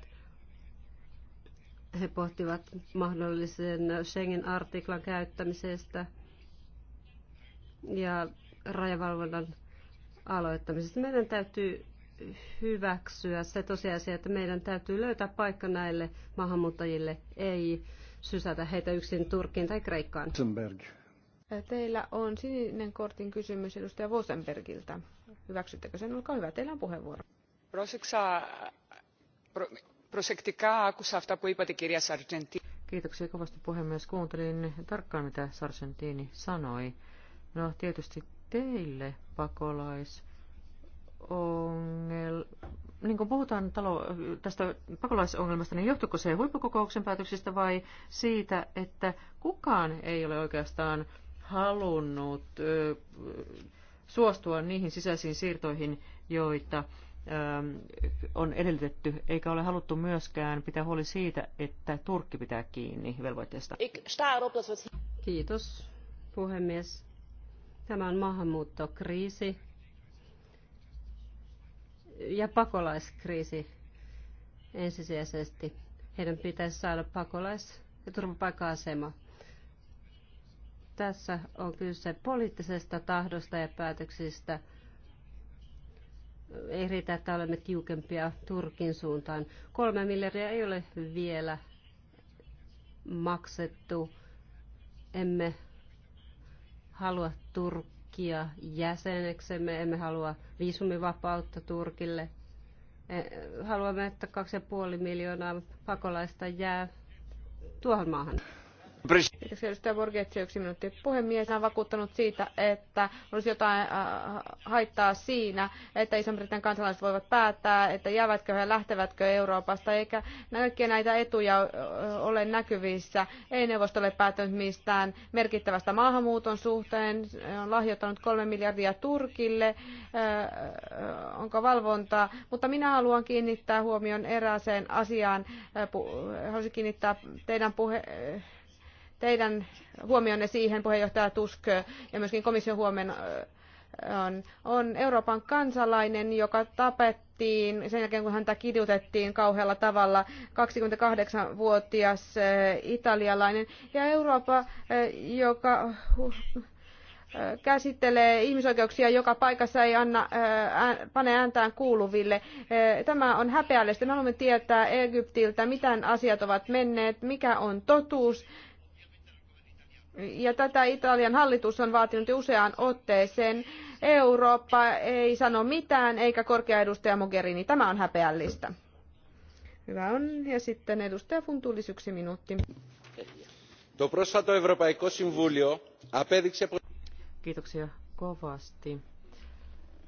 He pohtivat mahdollisen Schengen-artiklan käyttämisestä ja rajavalvonnan aloittamisesta. Meidän täytyy hyväksyä se tosiasia, että meidän täytyy löytää paikka näille maahanmuuttajille, ei sysätä heitä yksin Turkkiin tai Kreikkaan. Zemberg. Teillä on sininen kortin kysymys edustaja Vosenbergiltä. Hyväksyttekö sen? Olkaa hyvä, teillä on puheenvuoro. Kiitoksia kovasti puhemies. Kuuntelin tarkkaan, mitä Sargentini sanoi. No tietysti teille pakolais ongel. niin kun puhutaan talo, tästä pakolaisongelmasta, niin johtuuko se huippukokouksen päätöksistä vai siitä, että kukaan ei ole oikeastaan halunnut ö, suostua niihin sisäisiin siirtoihin, joita ähm, on edellytetty, eikä ole haluttu myöskään pitää huoli siitä, että Turkki pitää kiinni velvoitteesta. Kiitos, puhemies. Tämä on maahanmuuttokriisi, ja pakolaiskriisi ensisijaisesti. Heidän pitäisi saada pakolais- ja turvapaikka-asema. Tässä on kyse poliittisesta tahdosta ja päätöksistä. Ei riitä, että olemme tiukempia Turkin suuntaan. Kolme miljardia ei ole vielä maksettu. Emme halua Turkkiin Turkkia jäseneksemme, emme halua viisumivapautta Turkille. E, haluamme, että 2,5 miljoonaa pakolaista jää tuohon maahan. Kiitoksia edustaja Borgetsi, yksi minuutti. Puhemies on vakuuttanut siitä, että olisi jotain äh, haittaa siinä, että Iso-Britannian kansalaiset voivat päättää, että jäävätkö he lähtevätkö Euroopasta, eikä kaikkia näitä etuja äh, ole näkyvissä. Ei neuvosto ole päättänyt mistään merkittävästä maahanmuuton suhteen, on lahjoittanut kolme miljardia Turkille, äh, onko valvontaa, mutta minä haluan kiinnittää huomion erääseen asiaan, haluaisin kiinnittää teidän puhe teidän huomionne siihen, puheenjohtaja Tusk ja myöskin komission huomenna on, on Euroopan kansalainen, joka tapettiin sen jälkeen, kun häntä kidutettiin kauhealla tavalla, 28-vuotias italialainen, ja Eurooppa, joka käsittelee ihmisoikeuksia joka paikassa ei anna, ää, pane ääntään kuuluville. Tämä on häpeällistä. Me haluamme tietää Egyptiltä, miten asiat ovat menneet, mikä on totuus ja tätä Italian hallitus on vaatinut useaan otteeseen. Eurooppa ei sano mitään, eikä korkea edustaja Mogherini. Tämä on häpeällistä. Hyvä on. Ja sitten edustaja Funtulis yksi minuutti. Kiitoksia kovasti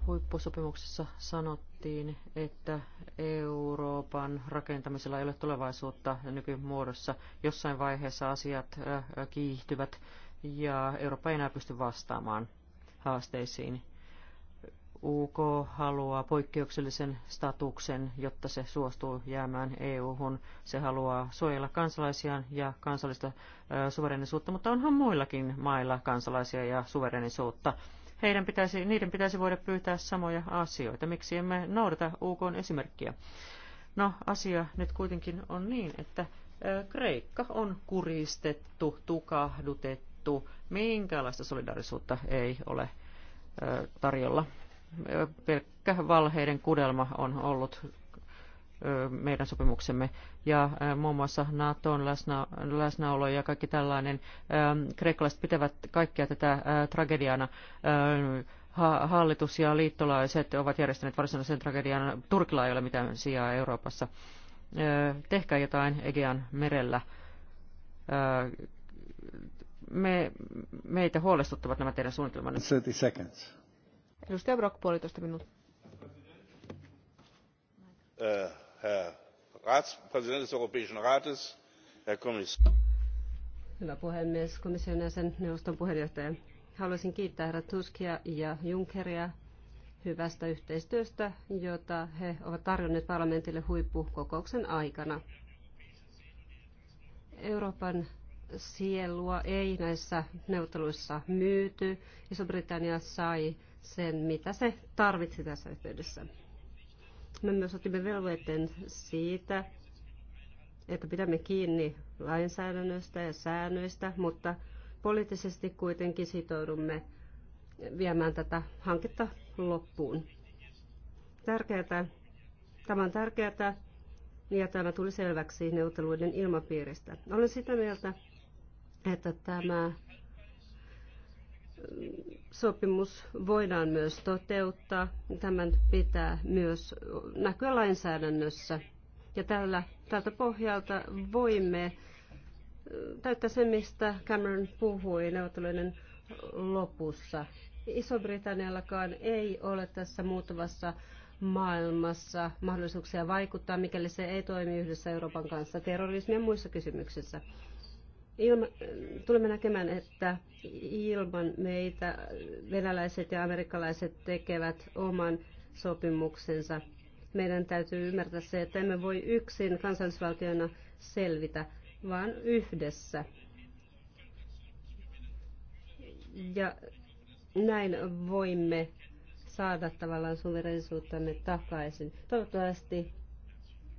huippusopimuksessa sanottiin, että Euroopan rakentamisella ei ole tulevaisuutta nykymuodossa. Jossain vaiheessa asiat kiihtyvät ja Eurooppa ei enää pysty vastaamaan haasteisiin. UK haluaa poikkeuksellisen statuksen, jotta se suostuu jäämään EU-hun. Se haluaa suojella kansalaisiaan ja kansallista suverenisuutta, mutta onhan muillakin mailla kansalaisia ja suverenisuutta heidän pitäisi, niiden pitäisi voida pyytää samoja asioita. Miksi emme noudata UK esimerkkiä? No, asia nyt kuitenkin on niin, että Kreikka on kuristettu, tukahdutettu. Minkäänlaista solidaarisuutta ei ole tarjolla. Pelkkä valheiden kudelma on ollut meidän sopimuksemme. Ja muun muassa NATOn läsnä, läsnäolo ja kaikki tällainen. Kreikkalaiset pitävät kaikkia tätä tragediana hallitus ja liittolaiset ovat järjestäneet varsinaisen tragedian. Turkilla ei ole mitään sijaa Euroopassa. Tehkää jotain Egean merellä. Me, meitä huolestuttavat nämä teidän suunnitelmanne. 30 seconds. Edustaja Brock, puolitoista minuuttia. Uh, herr präsident des europäischen rates herr kommissar hyvä puhemies komission jäsen neuvoston puheenjohtaja haluaisin kiittää herra tuskia ja junckeria hyvästä yhteistyöstä jota he ovat tarjonneet parlamentille huippukokouksen aikana. euroopan sielua ei näissä neuvotteluissa myyty. Iso-Britannia sai sen, mitä se tarvitsi tässä yhteydessä. Me myös otimme velvoitteen siitä, että pidämme kiinni lainsäädännöstä ja säännöistä, mutta poliittisesti kuitenkin sitoudumme viemään tätä hanketta loppuun. Tärkeätä, tämä on tärkeää ja tämä tuli selväksi neuvotteluiden ilmapiiristä. Olen sitä mieltä, että tämä sopimus voidaan myös toteuttaa. Tämän pitää myös näkyä lainsäädännössä. Ja tällä, tältä pohjalta voimme täyttää sen, mistä Cameron puhui neuvotteluiden lopussa. Iso-Britanniallakaan ei ole tässä muutuvassa maailmassa mahdollisuuksia vaikuttaa, mikäli se ei toimi yhdessä Euroopan kanssa terrorismin ja muissa kysymyksissä ilma, tulemme näkemään, että ilman meitä venäläiset ja amerikkalaiset tekevät oman sopimuksensa. Meidän täytyy ymmärtää se, että emme voi yksin kansallisvaltiona selvitä, vaan yhdessä. Ja näin voimme saada tavallaan suverenisuuttamme takaisin. Toivottavasti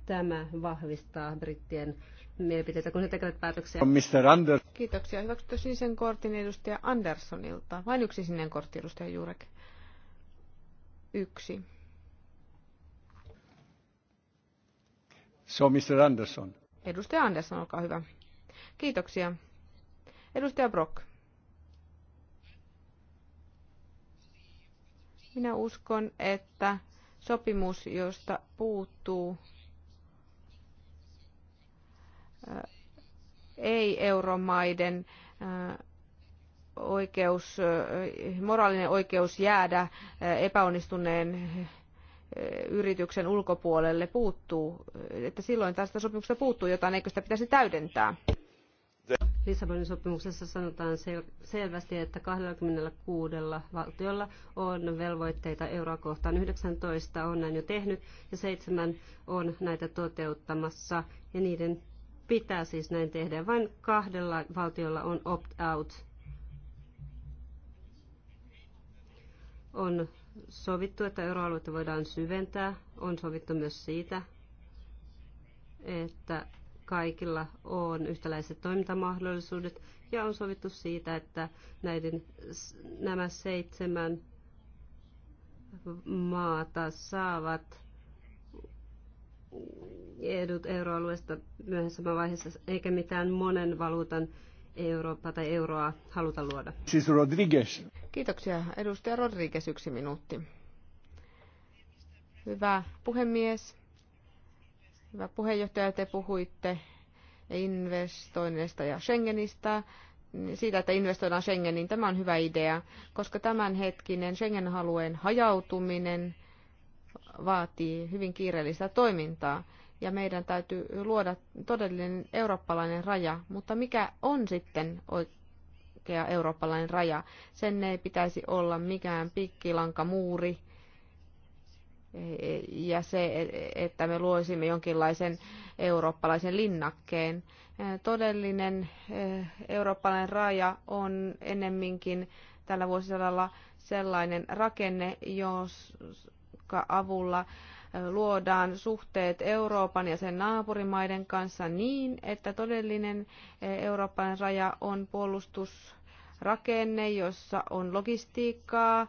tämä vahvistaa brittien mielipiteitä, kun he tekevät päätöksiä. Mr. Anders. Kiitoksia. Hyväksytty sinisen kortin edustaja Anderssonilta. Vain yksi sininen kortti, edustaja Jurek. Yksi. So, Mr. Anderson. Edustaja Andersson, olkaa hyvä. Kiitoksia. Edustaja Brock. Minä uskon, että sopimus, josta puuttuu ei-euromaiden äh, oikeus, äh, moraalinen oikeus jäädä äh, epäonnistuneen yrityksen ulkopuolelle puuttuu, että silloin tästä sopimuksesta puuttuu jotain, eikö sitä pitäisi täydentää? Lissabonin sopimuksessa sanotaan sel- selvästi, että 26 valtiolla on velvoitteita euroa kohtaan. 19 on näin jo tehnyt ja seitsemän on näitä toteuttamassa ja niiden pitää siis näin tehdä. Vain kahdella valtiolla on opt-out. On sovittu, että euroalueita voidaan syventää. On sovittu myös siitä, että kaikilla on yhtäläiset toimintamahdollisuudet ja on sovittu siitä, että näiden, nämä seitsemän maata saavat edut euroalueesta myöhemmässä vaiheessa, eikä mitään monen valuutan Eurooppaa tai euroa haluta luoda. Siis Rodriguez. Kiitoksia. Edustaja Rodriguez, yksi minuutti. Hyvä puhemies. Hyvä puheenjohtaja, te puhuitte investoinneista ja Schengenistä siitä, että investoidaan Schengeniin, tämä on hyvä idea, koska tämänhetkinen Schengen-alueen hajautuminen vaatii hyvin kiireellistä toimintaa ja meidän täytyy luoda todellinen eurooppalainen raja, mutta mikä on sitten oikea eurooppalainen raja? Sen ei pitäisi olla mikään pikkilankamuuri ja se, että me luoisimme jonkinlaisen eurooppalaisen linnakkeen. Todellinen eh, eurooppalainen raja on enemminkin tällä vuosisadalla sellainen rakenne, jos jonka avulla luodaan suhteet Euroopan ja sen naapurimaiden kanssa niin, että todellinen Euroopan raja on puolustusrakenne, jossa on logistiikkaa,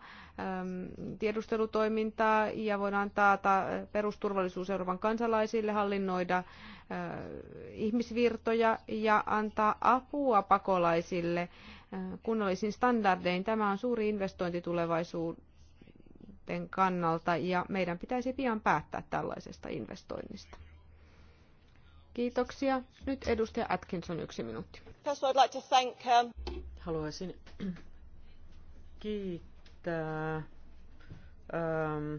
tiedustelutoimintaa ja voidaan taata perusturvallisuus Euroopan kansalaisille, hallinnoida ihmisvirtoja ja antaa apua pakolaisille kunnollisin standardein. Tämä on suuri investointi tulevaisuuteen tavoitteen kannalta ja meidän pitäisi pian päättää tällaisesta investoinnista. Kiitoksia. Nyt edustaja Atkinson yksi minuutti. Um, Haluaisin kiittää ähm,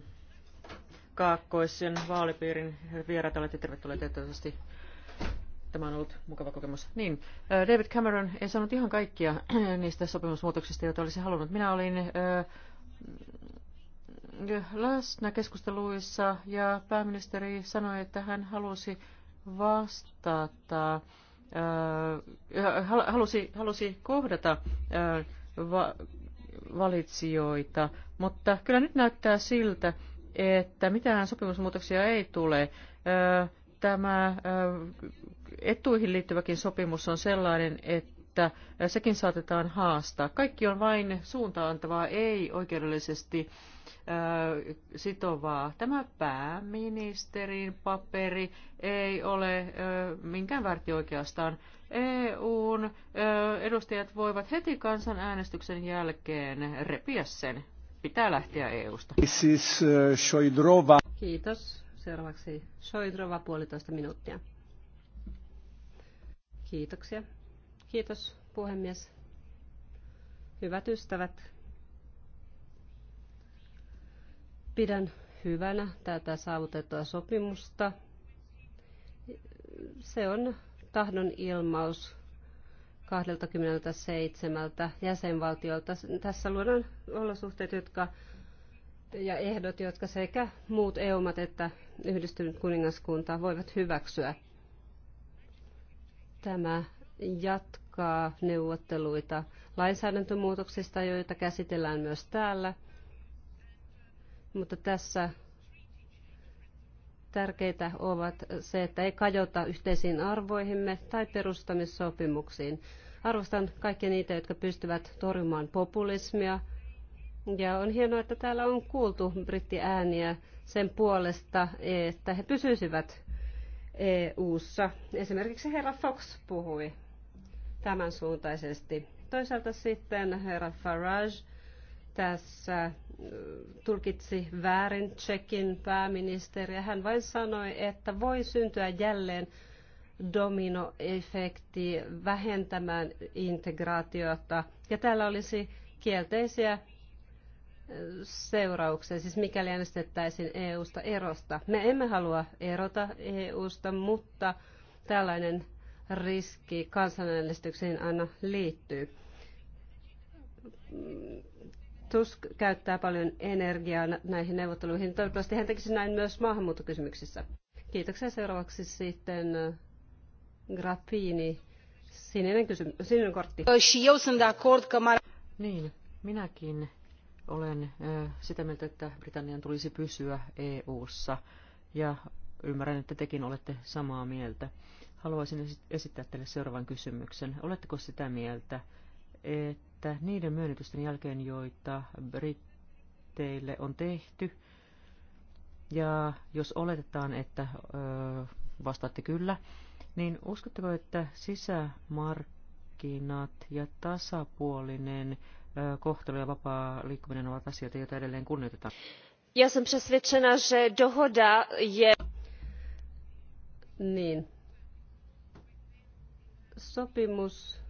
Kaakkoisen vaalipiirin vieraita. Olette tervetulleet tietysti. Tämä on ollut mukava kokemus. Niin, äh, David Cameron ei sanonut ihan kaikkia niistä sopimusmuutoksista, joita olisi halunnut. Minä olin äh, läsnä keskusteluissa ja pääministeri sanoi, että hän halusi vastata, äh, halusi, halusi kohdata äh, valitsijoita, mutta kyllä nyt näyttää siltä, että mitään sopimusmuutoksia ei tule. Äh, tämä etuihin liittyväkin sopimus on sellainen, että sekin saatetaan haastaa. Kaikki on vain suuntaantavaa, ei oikeudellisesti sitovaa. Tämä pääministerin paperi ei ole minkään värti oikeastaan. EUn edustajat voivat heti kansanäänestyksen jälkeen repiä sen. Pitää lähteä EUsta. Mrs. Shoidrova. Kiitos. Seuraavaksi Shoidrova puolitoista minuuttia. Kiitoksia. Kiitos puhemies. Hyvät ystävät, Pidän hyvänä tätä saavutettua sopimusta. Se on tahdon ilmaus 27 jäsenvaltiolta. Tässä luodaan olosuhteet jotka, ja ehdot, jotka sekä muut eu että yhdistynyt kuningaskunta voivat hyväksyä. Tämä jatkaa neuvotteluita lainsäädäntömuutoksista, joita käsitellään myös täällä – mutta tässä tärkeitä ovat se, että ei kajota yhteisiin arvoihimme tai perustamissopimuksiin. Arvostan kaikkia niitä, jotka pystyvät torjumaan populismia. Ja on hienoa, että täällä on kuultu brittiääniä sen puolesta, että he pysyisivät EU-ssa. Esimerkiksi herra Fox puhui tämän suuntaisesti. Toisaalta sitten herra Farage tässä tulkitsi väärin Tsekin pääministeri. Hän vain sanoi, että voi syntyä jälleen dominoefekti vähentämään integraatiota. Ja täällä olisi kielteisiä eh, seurauksia, siis mikäli äänestettäisiin EU-sta erosta. Me emme halua erota EU-sta, mutta tällainen riski kansanäänestykseen aina liittyy Tusk käyttää paljon energiaa näihin neuvotteluihin. Toivottavasti hän tekisi näin myös maahanmuuttokysymyksissä. Kiitoksia. Seuraavaksi sitten äh, grafiini Sininen, kysymys, sininen kortti. Niin, minäkin olen sitä mieltä, että Britannian tulisi pysyä EU-ssa ja ymmärrän, että tekin olette samaa mieltä. Haluaisin esittää teille seuraavan kysymyksen. Oletteko sitä mieltä, että että niiden myönnytysten jälkeen, joita britteille on tehty, ja jos oletetaan, että ö, vastaatte kyllä, niin uskotteko, että sisämarkkinat ja tasapuolinen ö, kohtelu ja vapaa liikkuminen ovat asioita, joita edelleen kunnioitetaan? Ja sen přesvědčena, že dohoda je... Niin. Sopimus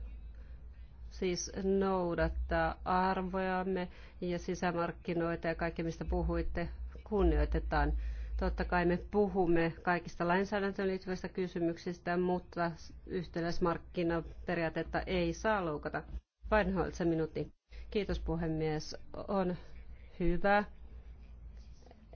siis noudattaa arvojamme ja sisämarkkinoita ja kaikki, mistä puhuitte, kunnioitetaan. Totta kai me puhumme kaikista lainsäädäntöön liittyvistä kysymyksistä, mutta yhtenäismarkkinaperiaatetta ei saa loukata. Weinholz, minuutti. Kiitos puhemies. On hyvä,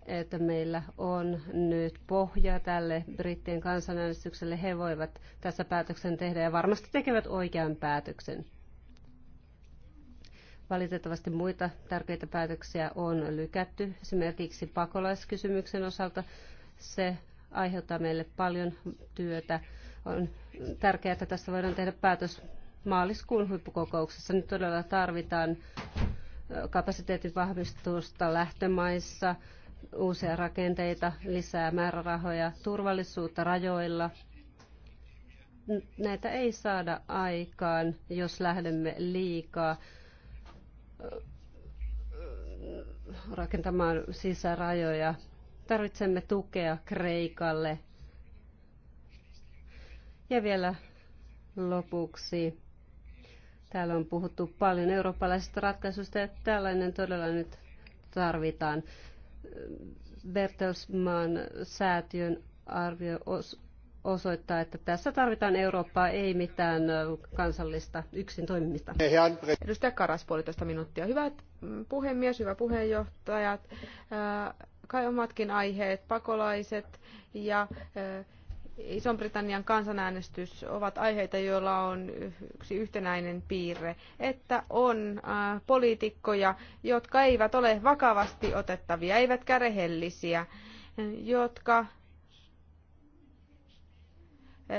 että meillä on nyt pohja tälle brittien kansanäänestykselle. He voivat tässä päätöksen tehdä ja varmasti tekevät oikean päätöksen. Valitettavasti muita tärkeitä päätöksiä on lykätty. Esimerkiksi pakolaiskysymyksen osalta se aiheuttaa meille paljon työtä. On tärkeää, että tässä voidaan tehdä päätös maaliskuun huippukokouksessa. Nyt todella tarvitaan kapasiteetin vahvistusta lähtömaissa, uusia rakenteita, lisää määrärahoja, turvallisuutta rajoilla. Näitä ei saada aikaan, jos lähdemme liikaa rakentamaan sisärajoja. Tarvitsemme tukea Kreikalle. Ja vielä lopuksi. Täällä on puhuttu paljon eurooppalaisista ratkaisuista ja tällainen todella nyt tarvitaan. Bertelsmann säätiön arvio osoittaa, että tässä tarvitaan Eurooppaa, ei mitään kansallista yksin toimimista. Edustaja Karas, puolitoista minuuttia. Hyvät mm, puhemies, hyvä puheenjohtajat, kai omatkin aiheet, pakolaiset ja iso britannian kansanäänestys ovat aiheita, joilla on yksi yhtenäinen piirre, että on äh, poliitikkoja, jotka eivät ole vakavasti otettavia, eivätkä rehellisiä, jotka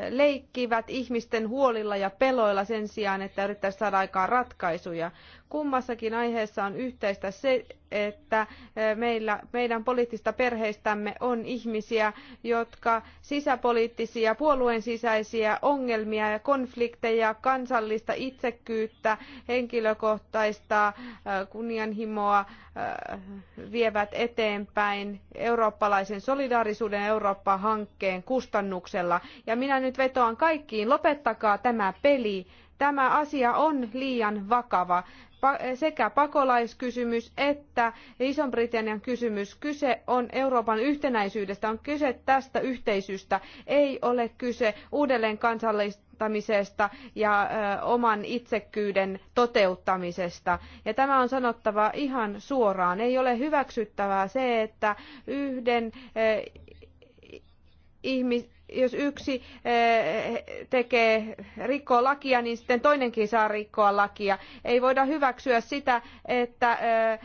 leikkivät ihmisten huolilla ja peloilla sen sijaan, että yrittäisivät saada aikaan ratkaisuja. Kummassakin aiheessa on yhteistä se, että e, meillä, meidän poliittista perheistämme on ihmisiä, jotka sisäpoliittisia, puolueen sisäisiä ongelmia ja konflikteja, kansallista itsekkyyttä, henkilökohtaista e, kunnianhimoa e, vievät eteenpäin eurooppalaisen solidaarisuuden Eurooppa-hankkeen kustannuksella. Ja minä nyt vetoan kaikkiin, lopettakaa tämä peli Tämä asia on liian vakava sekä pakolaiskysymys että Ison-Britannian kysymys. Kyse on Euroopan yhtenäisyydestä, on kyse tästä yhteisöstä, ei ole kyse uudelleen kansallistamisesta ja oman itsekkyyden toteuttamisesta. Ja tämä on sanottava ihan suoraan. Ei ole hyväksyttävää se, että yhden ihmisen jos yksi eh, tekee, rikkoo lakia, niin sitten toinenkin saa rikkoa lakia. Ei voida hyväksyä sitä, että eh,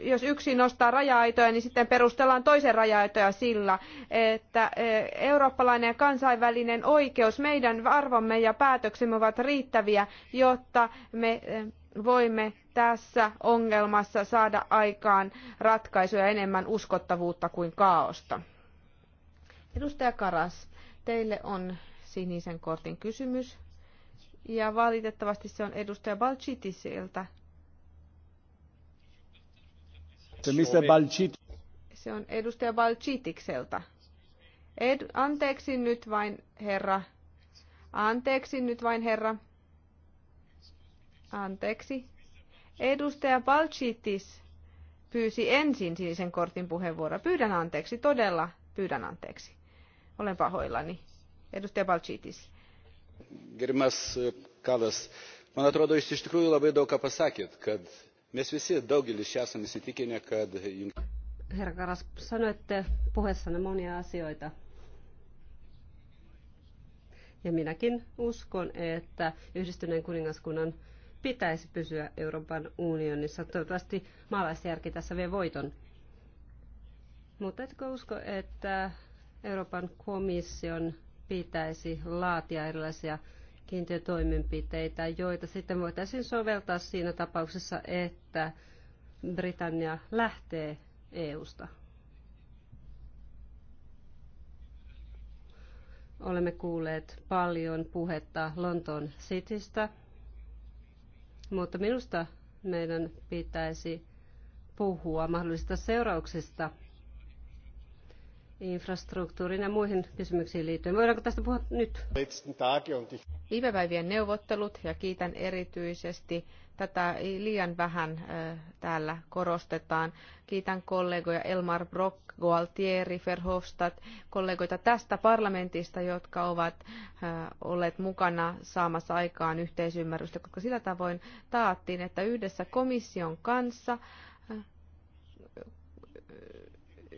jos yksi nostaa raja-aitoja, niin sitten perustellaan toisen raja-aitoja sillä, että eh, eurooppalainen ja kansainvälinen oikeus, meidän arvomme ja päätöksemme ovat riittäviä, jotta me voimme tässä ongelmassa saada aikaan ratkaisuja enemmän uskottavuutta kuin kaaosta. Edustaja Karas, Teille on sinisen kortin kysymys. Ja valitettavasti se on edustaja Balchitisilta. Mistä Balchit? Se on edustaja Balchitikselta. Ed- anteeksi nyt vain, herra. Anteeksi nyt vain, herra. Anteeksi. Edustaja Balchitis pyysi ensin sinisen kortin puheenvuoroa. Pyydän anteeksi, todella pyydän anteeksi. Olen pahoillani. Edustaja Balčytis. Gerimas e, Kalas, man atrodo, jūs iš tikrųjų labai daug ką pasakėt, kad mes visi daugelis čia esame įsitikinę, kad... Herra Karas, sanoitte puheessanne monia asioita. Ja minäkin uskon, että yhdistyneen kuningaskunnan pitäisi pysyä Euroopan unionissa. Toivottavasti maalaisjärki tässä vie voiton. Mutta etkö usko, että Euroopan komission pitäisi laatia erilaisia kiintiötoimenpiteitä, joita sitten voitaisiin soveltaa siinä tapauksessa, että Britannia lähtee EUsta. Olemme kuulleet paljon puhetta Lontoon Citystä, mutta minusta meidän pitäisi puhua mahdollisista seurauksista infrastruktuuriin ja muihin kysymyksiin liittyen. Voidaanko tästä puhua nyt? Viime päivien neuvottelut ja kiitän erityisesti tätä liian vähän täällä korostetaan. Kiitän kollegoja Elmar Brock, Gualtieri, Verhofstadt, kollegoita tästä parlamentista, jotka ovat olleet mukana saamassa aikaan yhteisymmärrystä, koska sillä tavoin taattiin, että yhdessä komission kanssa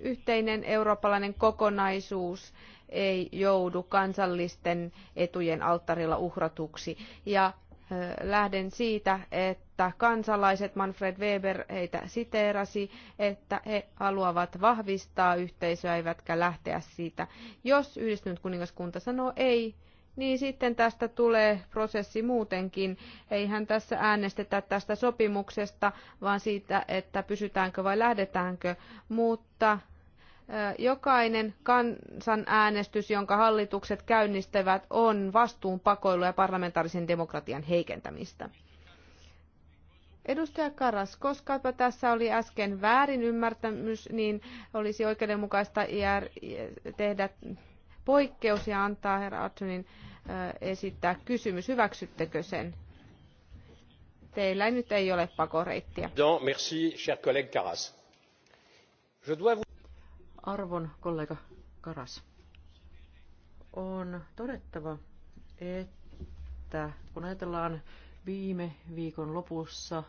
yhteinen eurooppalainen kokonaisuus ei joudu kansallisten etujen alttarilla uhratuksi. Ja lähden siitä, että kansalaiset, Manfred Weber heitä siteerasi, että he haluavat vahvistaa yhteisöä eivätkä lähteä siitä. Jos yhdistynyt kuningaskunta sanoo ei, niin sitten tästä tulee prosessi muutenkin. Eihän tässä äänestetä tästä sopimuksesta, vaan siitä, että pysytäänkö vai lähdetäänkö. Mutta jokainen kansanäänestys, jonka hallitukset käynnistävät, on pakoilu ja parlamentaarisen demokratian heikentämistä. Edustaja Karas, koska tässä oli äsken väärin ymmärtämys, niin olisi oikeudenmukaista tehdä poikkeus ja antaa herra Adsonin esittää kysymys. Hyväksyttekö sen? Teillä nyt ei ole pakoreittiä. Merci, cher collègue Je dois vous... Arvon kollega Karas, on todettava, että kun ajatellaan viime viikon lopussa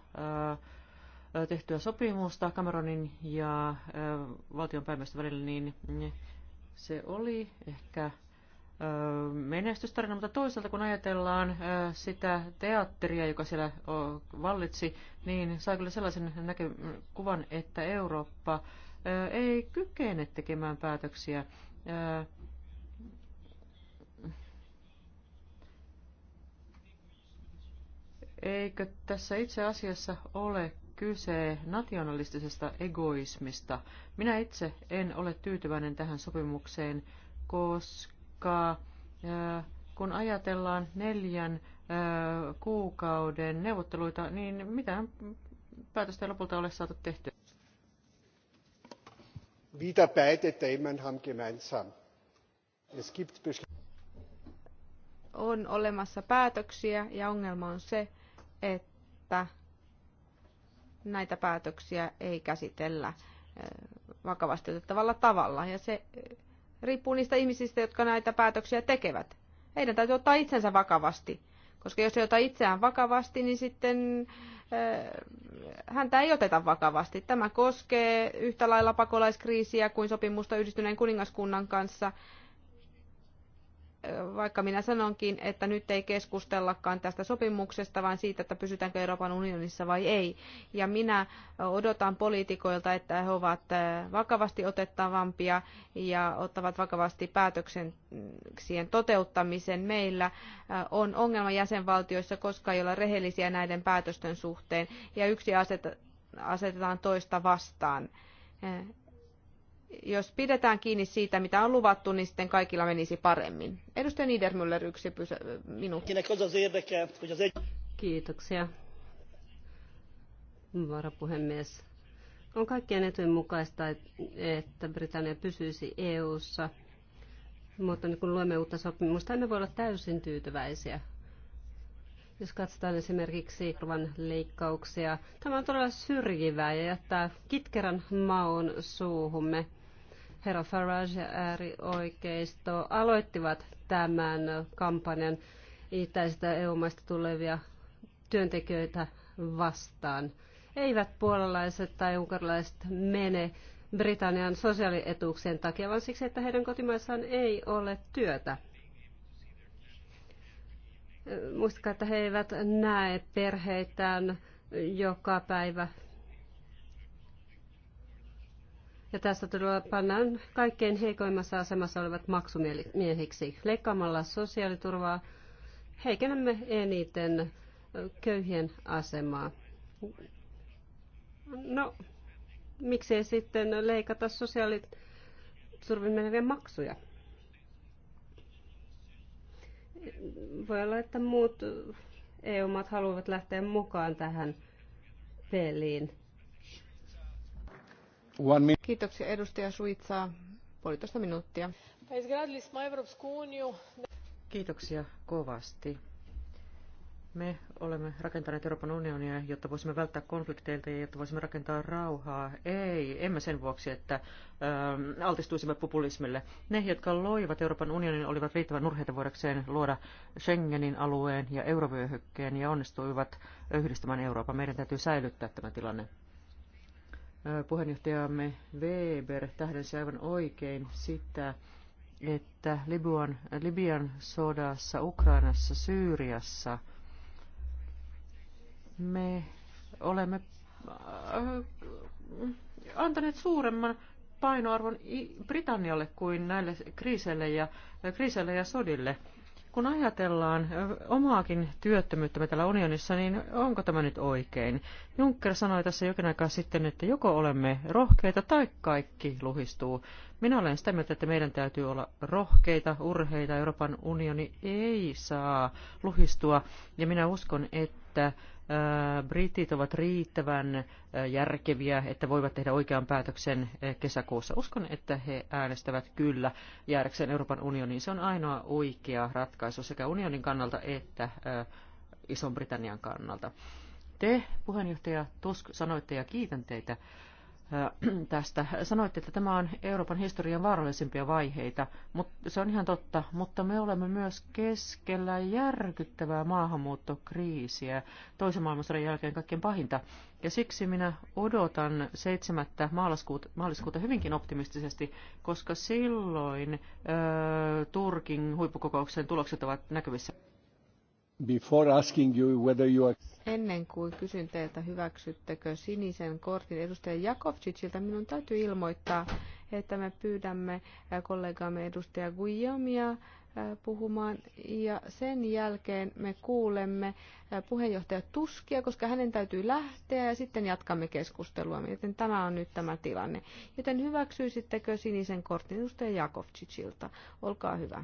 tehtyä sopimusta Cameronin ja valtionpäämiesten välillä, niin se oli ehkä menestystarina, mutta toisaalta kun ajatellaan sitä teatteria, joka siellä vallitsi, niin sai kyllä sellaisen näkökuvan, että Eurooppa ei kykene tekemään päätöksiä. Eikö tässä itse asiassa ole kyse nationalistisesta egoismista. Minä itse en ole tyytyväinen tähän sopimukseen, koska äh, kun ajatellaan neljän äh, kuukauden neuvotteluita, niin mitään päätöstä ei lopulta ole saatu tehtyä. Wieder beide Themen haben gemeinsam. Es gibt on olemassa päätöksiä ja ongelma on se, että näitä päätöksiä ei käsitellä vakavasti otettavalla tavalla. Ja se riippuu niistä ihmisistä, jotka näitä päätöksiä tekevät. Heidän täytyy ottaa itsensä vakavasti, koska jos ei ota itseään vakavasti, niin sitten häntä ei oteta vakavasti. Tämä koskee yhtä lailla pakolaiskriisiä kuin sopimusta yhdistyneen kuningaskunnan kanssa – vaikka minä sanonkin, että nyt ei keskustellakaan tästä sopimuksesta, vaan siitä, että pysytäänkö Euroopan unionissa vai ei. Ja minä odotan poliitikoilta, että he ovat vakavasti otettavampia ja ottavat vakavasti päätöksien toteuttamisen. Meillä on ongelma jäsenvaltioissa, koska ei olla rehellisiä näiden päätösten suhteen, ja yksi asetetaan toista vastaan jos pidetään kiinni siitä, mitä on luvattu, niin sitten kaikilla menisi paremmin. Edustaja Niedermüller, yksi pysä, minuutti. Kiitoksia, varapuhemies. On kaikkien etujen mukaista, että Britannia pysyisi EU:ssa, mutta kun luemme uutta sopimusta, emme voi olla täysin tyytyväisiä. Jos katsotaan esimerkiksi turvan leikkauksia, tämä on todella syrjivää ja jättää kitkerän maun suuhumme. Herra Farage ja äärioikeisto aloittivat tämän kampanjan itäisistä EU-maista tulevia työntekijöitä vastaan. Eivät puolalaiset tai unkarilaiset mene Britannian sosiaalietuuksien takia, vaan siksi, että heidän kotimaissaan ei ole työtä. Muistakaa, että he eivät näe perheitään joka päivä. Ja tässä todella pannaan kaikkein heikoimmassa asemassa olevat maksumiehiksi. Leikkaamalla sosiaaliturvaa heikennämme eniten köyhien asemaa. No, miksei sitten leikata sosiaaliturvin meneviä maksuja? Voi olla, että muut EU-maat haluavat lähteä mukaan tähän peliin. Kiitoksia edustaja Suitsaa. Puolitoista minuuttia. Kiitoksia kovasti. Me olemme rakentaneet Euroopan unionia, jotta voisimme välttää konflikteilta ja jotta voisimme rakentaa rauhaa. Ei, emme sen vuoksi, että ö, ähm, altistuisimme populismille. Ne, jotka loivat Euroopan unionin, olivat riittävän nurheita voidakseen luoda Schengenin alueen ja eurovyöhykkeen ja onnistuivat äh, yhdistämään Euroopan. Meidän täytyy säilyttää tämä tilanne. Äh, puheenjohtajamme Weber tähdensi aivan oikein sitä, että Libyan, Libyan sodassa, Ukrainassa, Syyriassa – me olemme äh, antaneet suuremman painoarvon Britannialle kuin näille kriiseille ja, kriiseille ja sodille. Kun ajatellaan äh, omaakin työttömyyttämme täällä unionissa, niin onko tämä nyt oikein? Juncker sanoi tässä jokin aikaa sitten, että joko olemme rohkeita tai kaikki luhistuu. Minä olen sitä mieltä, että meidän täytyy olla rohkeita, urheita. Euroopan unioni ei saa luhistua. Ja minä uskon, että että äh, britit ovat riittävän äh, järkeviä, että voivat tehdä oikean päätöksen äh, kesäkuussa. Uskon, että he äänestävät kyllä jäädäkseen Euroopan unioniin. Se on ainoa oikea ratkaisu sekä unionin kannalta että Ison-Britannian kannalta. Te, puheenjohtaja Tusk, sanoitte ja kiitän teitä tästä. Sanoitte, että tämä on Euroopan historian vaarallisimpia vaiheita, mutta se on ihan totta, mutta me olemme myös keskellä järkyttävää maahanmuuttokriisiä, toisen maailmansodan jälkeen kaikkein pahinta. Ja siksi minä odotan 7. Maaliskuuta, maaliskuuta hyvinkin optimistisesti, koska silloin ö, Turkin huippukokouksen tulokset ovat näkyvissä. Before asking you whether you are... Ennen kuin kysyn teiltä, hyväksyttekö sinisen kortin edustaja Jakovcicilta, minun täytyy ilmoittaa, että me pyydämme äh, kollegaamme edustaja Guillaumea äh, puhumaan ja sen jälkeen me kuulemme äh, puheenjohtaja Tuskia, koska hänen täytyy lähteä ja sitten jatkamme keskustelua, joten tämä on nyt tämä tilanne. Joten hyväksyisittekö sinisen kortin edustaja Jakovcicilta? Olkaa hyvä.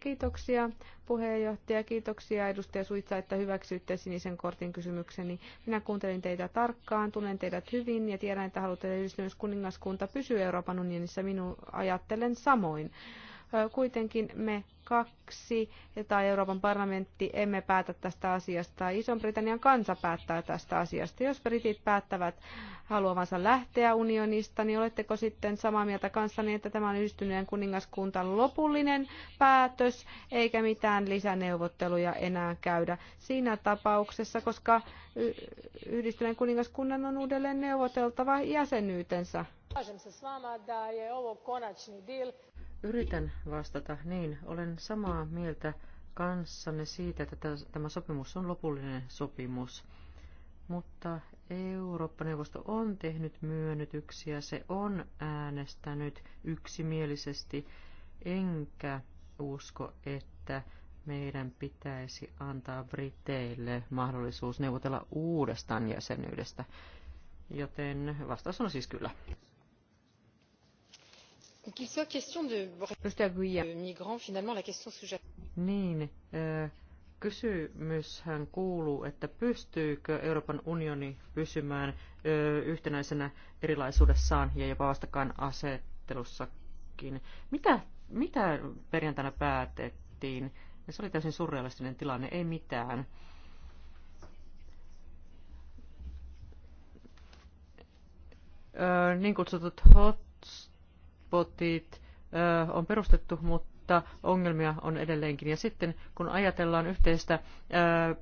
Kiitoksia puheenjohtaja, kiitoksia edustaja Suitsa, että hyväksyitte sinisen kortin kysymykseni. Minä kuuntelin teitä tarkkaan, tunnen teidät hyvin ja tiedän, että haluatte, että yhdistymiskuningaskunta pysyy Euroopan unionissa. Minun ajattelen samoin. Kuitenkin me Kaksi tai Euroopan parlamentti emme päätä tästä asiasta. Ison-Britannian kansa päättää tästä asiasta. Jos britit päättävät haluavansa lähteä unionista, niin oletteko sitten samaa mieltä kanssani, että tämä on yhdistyneen kuningaskuntan lopullinen päätös, eikä mitään lisäneuvotteluja enää käydä siinä tapauksessa, koska yhdistyneen kuningaskunnan on uudelleen neuvoteltava jäsenyytensä. Yritän vastata. Niin, olen samaa mieltä kanssanne siitä, että tämä sopimus on lopullinen sopimus. Mutta Eurooppa-neuvosto on tehnyt myönnytyksiä, se on äänestänyt yksimielisesti, enkä usko, että meidän pitäisi antaa Briteille mahdollisuus neuvotella uudestaan jäsenyydestä. Joten vastaus on siis kyllä. Qu'il soit question de migrants, finalement la question sous Niin, äh, kysymyshän kuuluu, että pystyykö Euroopan unioni pysymään äh, yhtenäisenä erilaisuudessaan ja jopa vastakkainasettelussakin. Mitä, mitä perjantaina päätettiin? Ja Se oli täysin surrealistinen tilanne, ei mitään. Äh, niin kutsutut hot hotspotit on perustettu, mutta mutta ongelmia on edelleenkin. Ja sitten kun ajatellaan yhteistä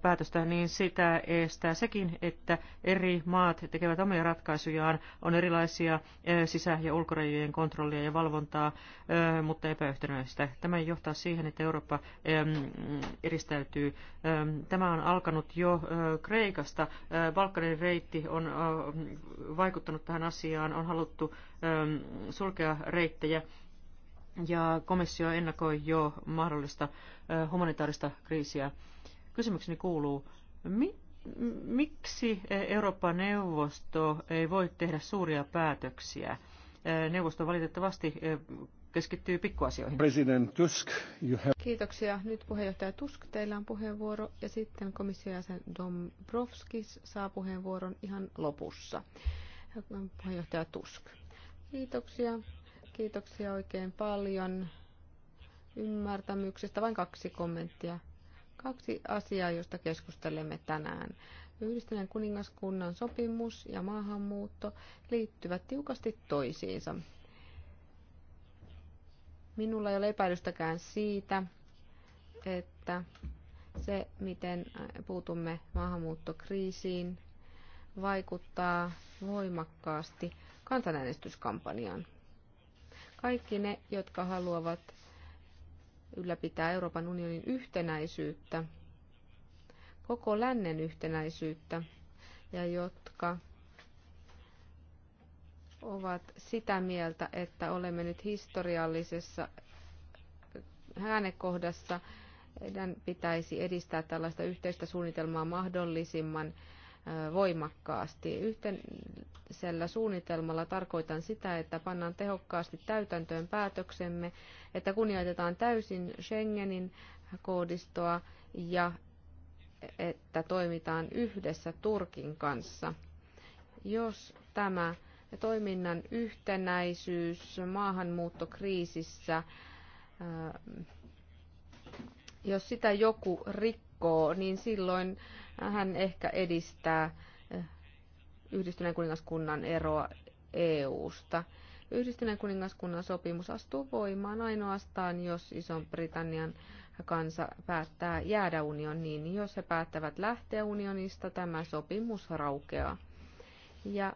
päätöstä, niin sitä estää sekin, että eri maat tekevät omia ratkaisujaan. On erilaisia sisä- ja ulkorajojen kontrollia ja valvontaa, mutta epäyhtenäistä. Tämä johtaa siihen, että Eurooppa eristäytyy. Tämä on alkanut jo Kreikasta. Balkanin reitti on vaikuttanut tähän asiaan. On haluttu sulkea reittejä ja komissio ennakoi jo mahdollista humanitaarista kriisiä. Kysymykseni kuuluu, mi, miksi Euroopan neuvosto ei voi tehdä suuria päätöksiä? Neuvosto valitettavasti keskittyy pikkuasioihin. President Tusk, you have... Kiitoksia. Nyt puheenjohtaja Tusk, teillä on puheenvuoro ja sitten komission jäsen Dombrovskis saa puheenvuoron ihan lopussa. Puheenjohtaja Tusk. Kiitoksia Kiitoksia oikein paljon ymmärtämyksestä. Vain kaksi kommenttia. Kaksi asiaa, joista keskustelemme tänään. Yhdistyneen kuningaskunnan sopimus ja maahanmuutto liittyvät tiukasti toisiinsa. Minulla ei ole epäilystäkään siitä, että se, miten puutumme maahanmuuttokriisiin, vaikuttaa voimakkaasti kansanäänestyskampanjaan kaikki ne, jotka haluavat ylläpitää Euroopan unionin yhtenäisyyttä, koko lännen yhtenäisyyttä ja jotka ovat sitä mieltä, että olemme nyt historiallisessa äänekohdassa. Meidän pitäisi edistää tällaista yhteistä suunnitelmaa mahdollisimman voimakkaasti. Yhteisellä suunnitelmalla tarkoitan sitä, että pannaan tehokkaasti täytäntöön päätöksemme, että kunnioitetaan täysin Schengenin koodistoa ja että toimitaan yhdessä Turkin kanssa. Jos tämä toiminnan yhtenäisyys maahanmuuttokriisissä, jos sitä joku rikkoo, rikkoo, niin silloin hän ehkä edistää eh, yhdistyneen kuningaskunnan eroa EU-sta. Yhdistyneen kuningaskunnan sopimus astuu voimaan ainoastaan, jos Ison-Britannian kansa päättää jäädä unioniin. Jos he päättävät lähteä unionista, tämä sopimus raukeaa. Ja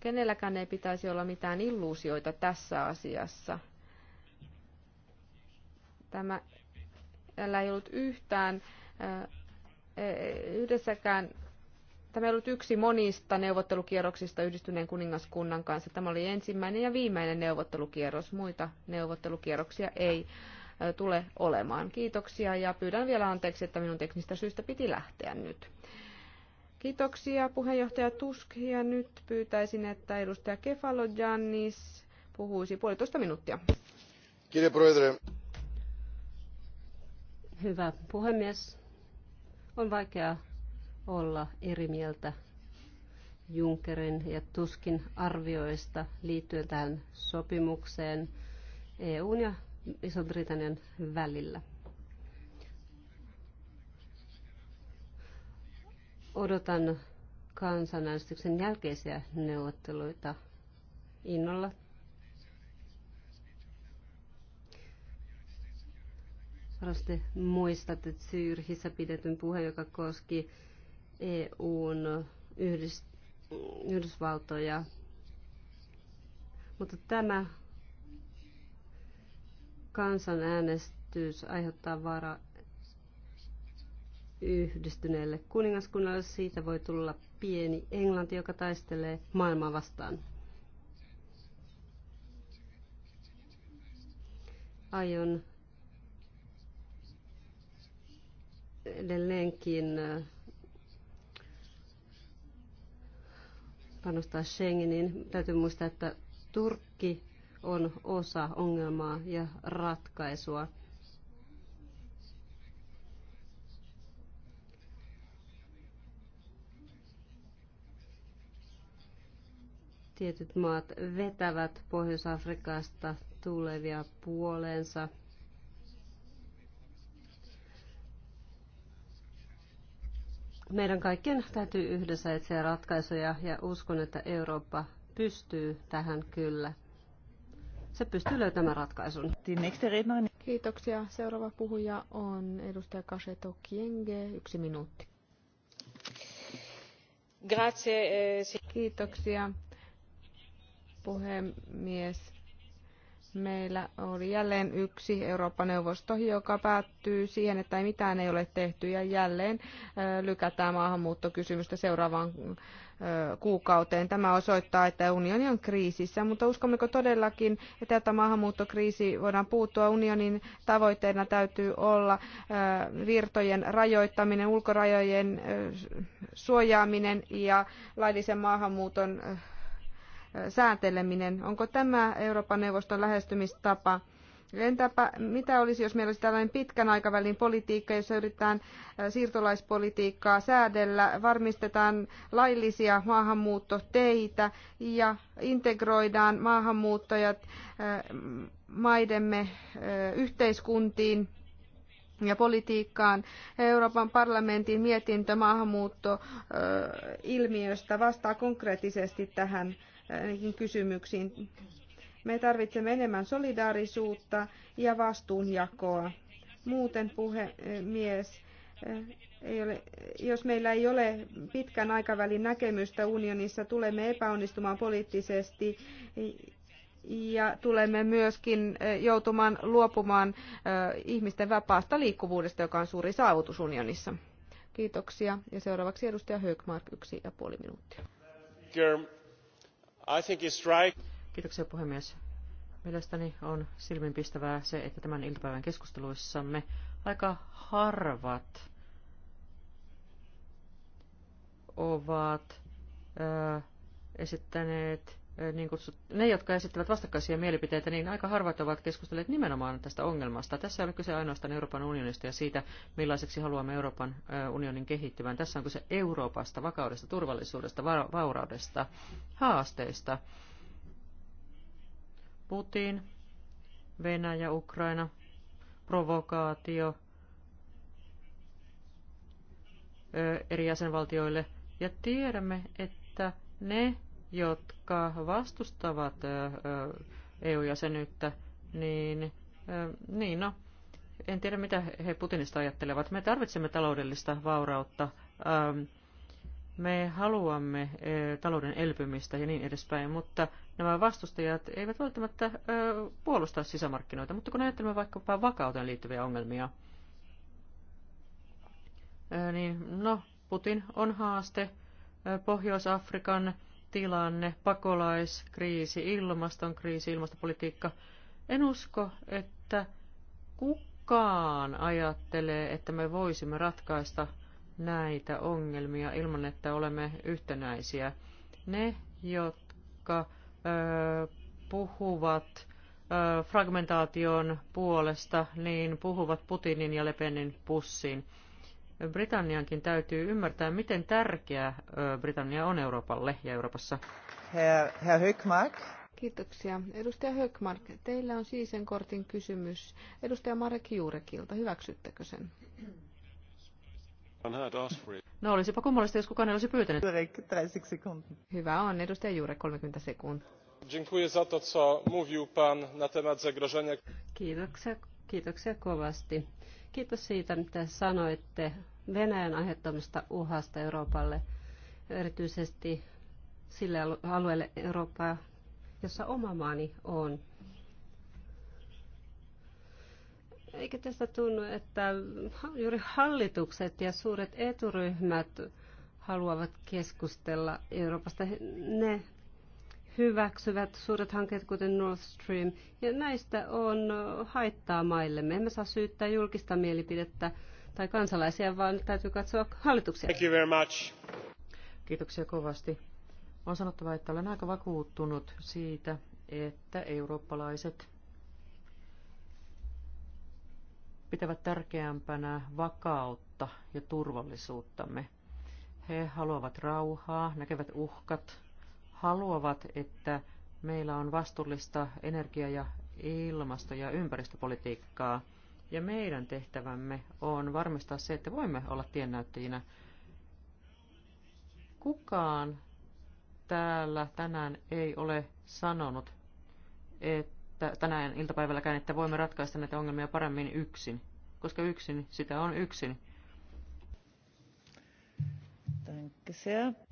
kenelläkään ei pitäisi olla mitään illuusioita tässä asiassa. Tämä meillä ei ollut yhtään e, yhdessäkään Tämä ei ollut yksi monista neuvottelukierroksista yhdistyneen kuningaskunnan kanssa. Tämä oli ensimmäinen ja viimeinen neuvottelukierros. Muita neuvottelukierroksia ei tule olemaan. Kiitoksia ja pyydän vielä anteeksi, että minun teknistä syystä piti lähteä nyt. Kiitoksia puheenjohtaja Tusk ja nyt pyytäisin, että edustaja Jannis puhuisi puolitoista minuuttia. Kiitos, Hyvä puhemies. On vaikea olla eri mieltä Junckerin ja Tuskin arvioista liittyen tähän sopimukseen EUn ja Iso-Britannian välillä. Odotan kansanäänestyksen jälkeisiä neuvotteluita innolla Varmasti muistatte Syyrihissä pidetyn puheen, joka koski EUn Yhdys, Yhdysvaltoja. Mutta tämä kansanäänestys aiheuttaa vaara yhdistyneelle kuningaskunnalle. Siitä voi tulla pieni Englanti, joka taistelee maailmaa vastaan. Aion edelleenkin äh, panostaa Schengeniin. Täytyy muistaa, että Turkki on osa ongelmaa ja ratkaisua. Tietyt maat vetävät Pohjois-Afrikasta tulevia puoleensa – Meidän kaikkien täytyy yhdessä etsiä ratkaisuja ja uskon, että Eurooppa pystyy tähän kyllä. Se pystyy löytämään ratkaisun. Kiitoksia. Seuraava puhuja on edustaja Kaseto Kienge. Yksi minuutti. Grazie. Eh, Kiitoksia, puhemies Meillä oli jälleen yksi Eurooppa-neuvosto, joka päättyy siihen, että ei mitään ei ole tehty ja jälleen lykätään maahanmuuttokysymystä seuraavaan kuukauteen. Tämä osoittaa, että unioni on kriisissä, mutta uskommeko todellakin, että tätä maahanmuuttokriisi voidaan puuttua? Unionin tavoitteena täytyy olla virtojen rajoittaminen, ulkorajojen suojaaminen ja laillisen maahanmuuton sääteleminen. Onko tämä Euroopan neuvoston lähestymistapa? Entäpä mitä olisi, jos meillä olisi tällainen pitkän aikavälin politiikka, jossa yritetään siirtolaispolitiikkaa säädellä, varmistetaan laillisia maahanmuuttoteitä ja integroidaan maahanmuuttajat maidemme yhteiskuntiin ja politiikkaan. Euroopan parlamentin mietintö maahanmuuttoilmiöstä vastaa konkreettisesti tähän näihin kysymyksiin. Me tarvitsemme enemmän solidaarisuutta ja vastuunjakoa. Muuten, puhemies, eh, ei ole, jos meillä ei ole pitkän aikavälin näkemystä unionissa, tulemme epäonnistumaan poliittisesti ja tulemme myöskin eh, joutumaan luopumaan eh, ihmisten vapaasta liikkuvuudesta, joka on suuri saavutus unionissa. Kiitoksia. Ja seuraavaksi edustaja Högmark, yksi ja puoli minuuttia. Kiitoksia puhemies. Mielestäni on silminpistävää se, että tämän iltapäivän keskusteluissamme aika harvat ovat ö, esittäneet niin kutsut, ne, jotka esittävät vastakkaisia mielipiteitä, niin aika harvat ovat keskustelleet nimenomaan tästä ongelmasta. Tässä ei ole kyse ainoastaan Euroopan unionista ja siitä, millaiseksi haluamme Euroopan unionin kehittyvän. Tässä on kyse Euroopasta, vakaudesta, turvallisuudesta, va- vauraudesta, haasteista. Putin, Venäjä, Ukraina, provokaatio eri jäsenvaltioille. Ja tiedämme, että ne jotka vastustavat EU-jäsenyyttä, niin, niin no, en tiedä mitä he Putinista ajattelevat. Me tarvitsemme taloudellista vaurautta, me haluamme talouden elpymistä ja niin edespäin, mutta nämä vastustajat eivät välttämättä puolustaa sisämarkkinoita, mutta kun ajattelemme vaikkapa vakauteen liittyviä ongelmia, niin no, Putin on haaste Pohjois-Afrikan tilanne, pakolaiskriisi, ilmastonkriisi, ilmastopolitiikka. En usko, että kukaan ajattelee, että me voisimme ratkaista näitä ongelmia ilman, että olemme yhtenäisiä. Ne, jotka ö, puhuvat ö, fragmentaation puolesta, niin puhuvat Putinin ja Lepenin pussiin. Britanniankin täytyy ymmärtää, miten tärkeä Britannia on Euroopalle ja Euroopassa. Herr, Herr Höckmark. Kiitoksia. Edustaja Höckmark, teillä on siisen kortin kysymys. Edustaja Marek Juurekilta, hyväksyttekö sen? No olisipa kummallista, jos kukaan ei olisi pyytänyt. Hyvä on, edustaja Juure, 30 sekuntia. Dziękuję za to, co mówił pan na temat zagrożenia. Kiitoksia, kiitoksia kovasti Kiitos siitä, mitä sanoitte Venäjän aiheuttamista uhasta Euroopalle, erityisesti sille alueelle Eurooppaa, jossa oma maani on. Eikä tästä tunnu, että juuri hallitukset ja suuret eturyhmät haluavat keskustella Euroopasta. Ne hyväksyvät suuret hankkeet, kuten Nord Stream, ja näistä on haittaa maille. Me emme saa syyttää julkista mielipidettä tai kansalaisia, vaan täytyy katsoa hallituksia. Thank you very much. Kiitoksia kovasti. On sanottava, että olen aika vakuuttunut siitä, että eurooppalaiset pitävät tärkeämpänä vakautta ja turvallisuuttamme. He haluavat rauhaa, näkevät uhkat, haluavat, että meillä on vastuullista energia- ja ilmasto- ja ympäristöpolitiikkaa. Ja meidän tehtävämme on varmistaa se, että voimme olla tiennäyttäjinä. Kukaan täällä tänään ei ole sanonut, että tänään iltapäivälläkään, että voimme ratkaista näitä ongelmia paremmin yksin, koska yksin sitä on yksin.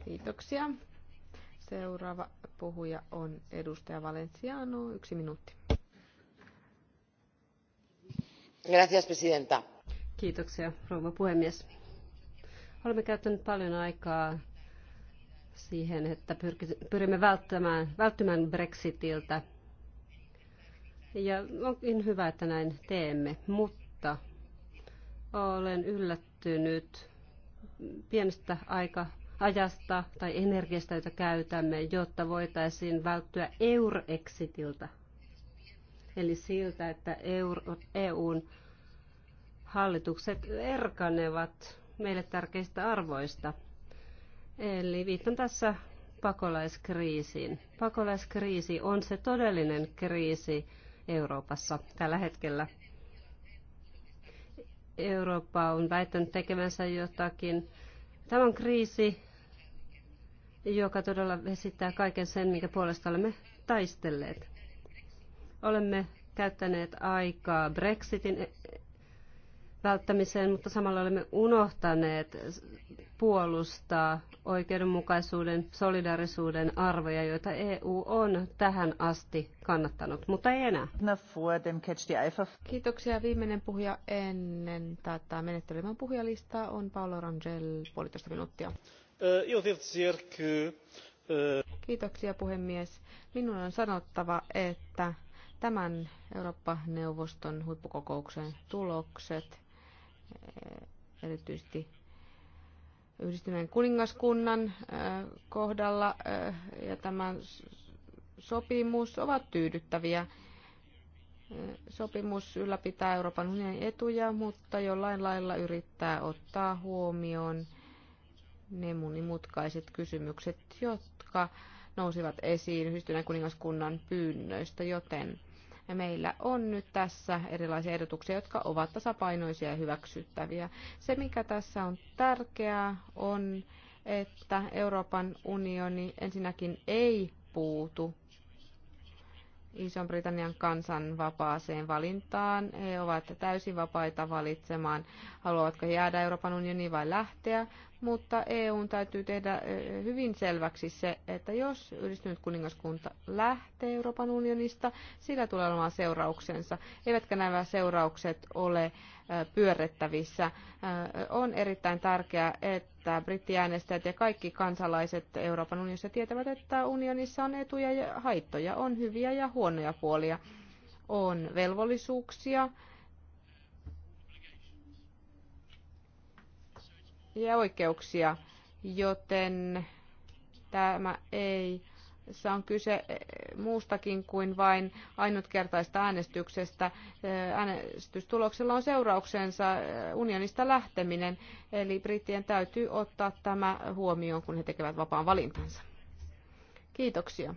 Kiitoksia. Seuraava puhuja on edustaja Valenciano. Yksi minuutti. Gracias, presidenta. Kiitoksia, rouva puhemies. Olemme käyttäneet paljon aikaa siihen, että pyrimme välttämään, välttymään Brexitiltä. Ja onkin hyvä, että näin teemme, mutta olen yllättynyt pienestä aika ajasta tai energiasta, jota käytämme, jotta voitaisiin välttyä euroexitiltä. Eli siltä, että euro, EUn hallitukset erkanevat meille tärkeistä arvoista. Eli viittaan tässä pakolaiskriisiin. Pakolaiskriisi on se todellinen kriisi Euroopassa tällä hetkellä. Eurooppa on väittänyt tekemänsä jotakin. Tämä on kriisi, joka todella esittää kaiken sen, minkä puolesta olemme taistelleet. Olemme käyttäneet aikaa Brexitin välttämiseen, mutta samalla olemme unohtaneet puolustaa oikeudenmukaisuuden, solidarisuuden arvoja, joita EU on tähän asti kannattanut, mutta ei enää. Kiitoksia. Viimeinen puhuja ennen tätä menettelemään puhujalistaa on Paolo Rangel, puolitoista minuuttia. Eh, eh, Kiitoksia puhemies. Minun on sanottava, että tämän Eurooppa-neuvoston huippukokouksen tulokset, eh, erityisesti yhdistyneen kuningaskunnan kohdalla ja tämän sopimus ovat tyydyttäviä. Sopimus ylläpitää Euroopan unionin etuja, mutta jollain lailla yrittää ottaa huomioon ne monimutkaiset kysymykset, jotka nousivat esiin yhdistyneen kuningaskunnan pyynnöistä, joten meillä on nyt tässä erilaisia ehdotuksia, jotka ovat tasapainoisia ja hyväksyttäviä. Se, mikä tässä on tärkeää, on, että Euroopan unioni ensinnäkin ei puutu iso britannian kansan vapaaseen valintaan. He ovat täysin vapaita valitsemaan, haluavatko jäädä Euroopan unioniin vai lähteä, mutta EUn täytyy tehdä hyvin selväksi se, että jos yhdistynyt kuningaskunta lähtee Euroopan unionista, sillä tulee olemaan seurauksensa. Eivätkä nämä seuraukset ole pyörrettävissä. On erittäin tärkeää, että brittiäänestäjät ja kaikki kansalaiset Euroopan unionissa tietävät, että unionissa on etuja ja haittoja, on hyviä ja huonoja puolia, on velvollisuuksia ja oikeuksia, joten tämä ei se on kyse eh, muustakin kuin vain ainutkertaista äänestyksestä. Eh, äänestystuloksella on seurauksensa eh, unionista lähteminen, eli brittien täytyy ottaa tämä huomioon, kun he tekevät vapaan valintansa. Kiitoksia.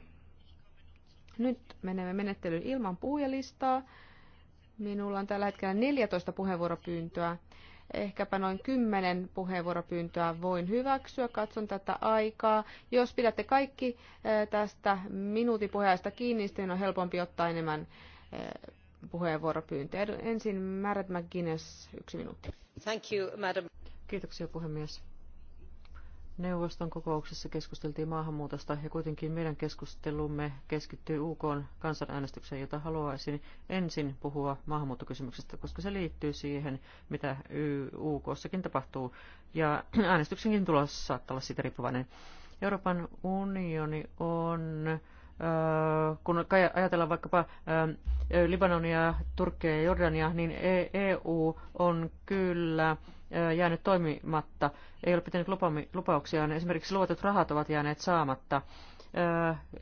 Nyt menemme menettelyyn ilman puhujalistaa. Minulla on tällä hetkellä 14 puheenvuoropyyntöä. Ehkäpä noin kymmenen puheenvuoropyyntöä voin hyväksyä. Katson tätä aikaa. Jos pidätte kaikki tästä minuutin puheesta kiinni, niin on helpompi ottaa enemmän puheenvuoropyyntöjä. Ensin Märet McGuinness, yksi minuutti. Thank you, madam. Kiitoksia puhemies. Neuvoston kokouksessa keskusteltiin maahanmuutosta ja kuitenkin meidän keskustelumme keskittyy UK kansanäänestykseen, jota haluaisin ensin puhua maahanmuuttokysymyksestä, koska se liittyy siihen, mitä UKssakin tapahtuu. Ja äänestyksenkin tulos saattaa olla siitä riippuvainen. Euroopan unioni on, äh, kun ajatellaan vaikkapa äh, Libanonia, Turkkia ja Jordania, niin EU e on kyllä jäänyt toimimatta, ei ole pitänyt lupauksiaan. Niin esimerkiksi luotut rahat ovat jääneet saamatta.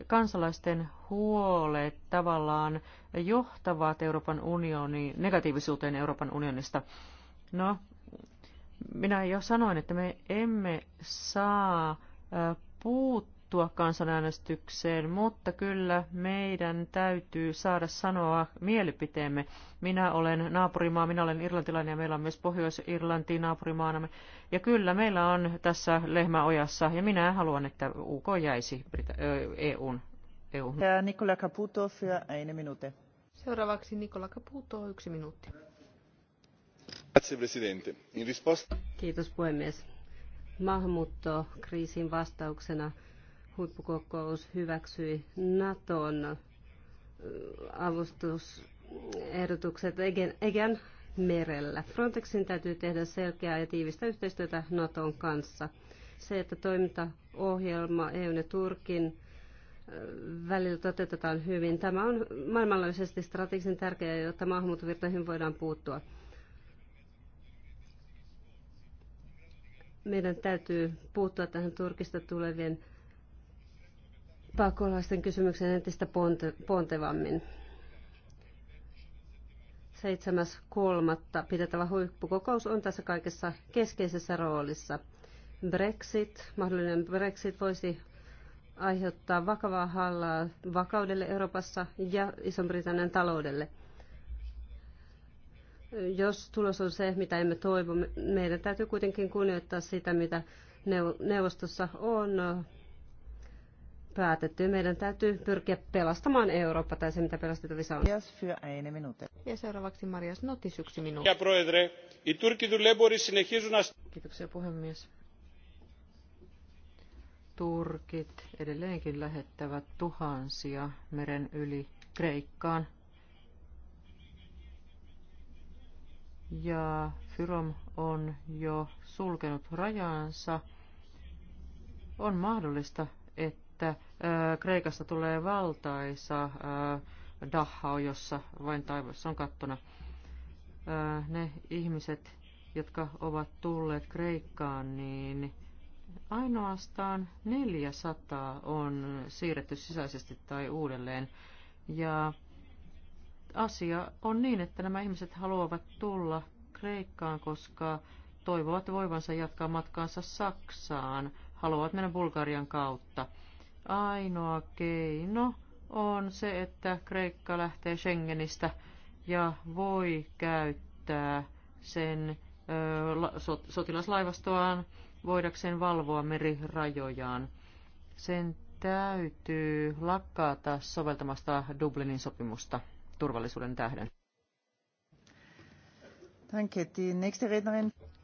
Kansalaisten huolet tavallaan johtavat Euroopan unioni, negatiivisuuteen Euroopan unionista. No, minä jo sanoin, että me emme saa puuttua suostua kansanäänestykseen, mutta kyllä meidän täytyy saada sanoa mielipiteemme. Minä olen naapurimaa, minä olen irlantilainen ja meillä on myös Pohjois-Irlanti naapurimaanamme. Ja kyllä meillä on tässä lehmäojassa ja minä haluan, että UK jäisi Brita- EUn. EU. Nikola Caputo für eine Minute. Seuraavaksi Nikola Caputo, yksi minuutti. Kiitos puhemies maahanmuuttokriisin vastauksena huippukokous hyväksyi Naton avustusehdotukset Egean merellä. Frontexin täytyy tehdä selkeää ja tiivistä yhteistyötä Naton kanssa. Se, että toimintaohjelma EUn ja Turkin välillä toteutetaan hyvin. Tämä on maailmanlaajuisesti strategisen tärkeää, jotta maahanmuuttovirtoihin voidaan puuttua. Meidän täytyy puuttua tähän Turkista tulevien pakolaisten kysymyksen entistä ponte, pontevammin. 7.3. pidettävä huippukokous on tässä kaikessa keskeisessä roolissa. Brexit, mahdollinen Brexit voisi aiheuttaa vakavaa hallaa vakaudelle Euroopassa ja iso britannian taloudelle. Jos tulos on se, mitä emme toivo, meidän täytyy kuitenkin kunnioittaa sitä, mitä neuvostossa on päätetty. Meidän täytyy pyrkiä pelastamaan Eurooppa tai se, mitä pelastettavissa on. Ja seuraavaksi Marias Notis yksi minuutti. Kiitoksia puhemies. Turkit edelleenkin lähettävät tuhansia meren yli Kreikkaan. Ja Fyrom on jo sulkenut rajansa. On mahdollista, että että Kreikasta tulee valtaisa Dachau, jossa vain taivassa on kattona. Ne ihmiset, jotka ovat tulleet Kreikkaan, niin ainoastaan 400 on siirretty sisäisesti tai uudelleen. Ja asia on niin, että nämä ihmiset haluavat tulla Kreikkaan, koska toivovat voivansa jatkaa matkaansa Saksaan, haluavat mennä Bulgarian kautta ainoa keino on se, että Kreikka lähtee Schengenistä ja voi käyttää sen sotilaslaivastoaan voidakseen valvoa merirajojaan. Sen täytyy lakkaata soveltamasta Dublinin sopimusta turvallisuuden tähden.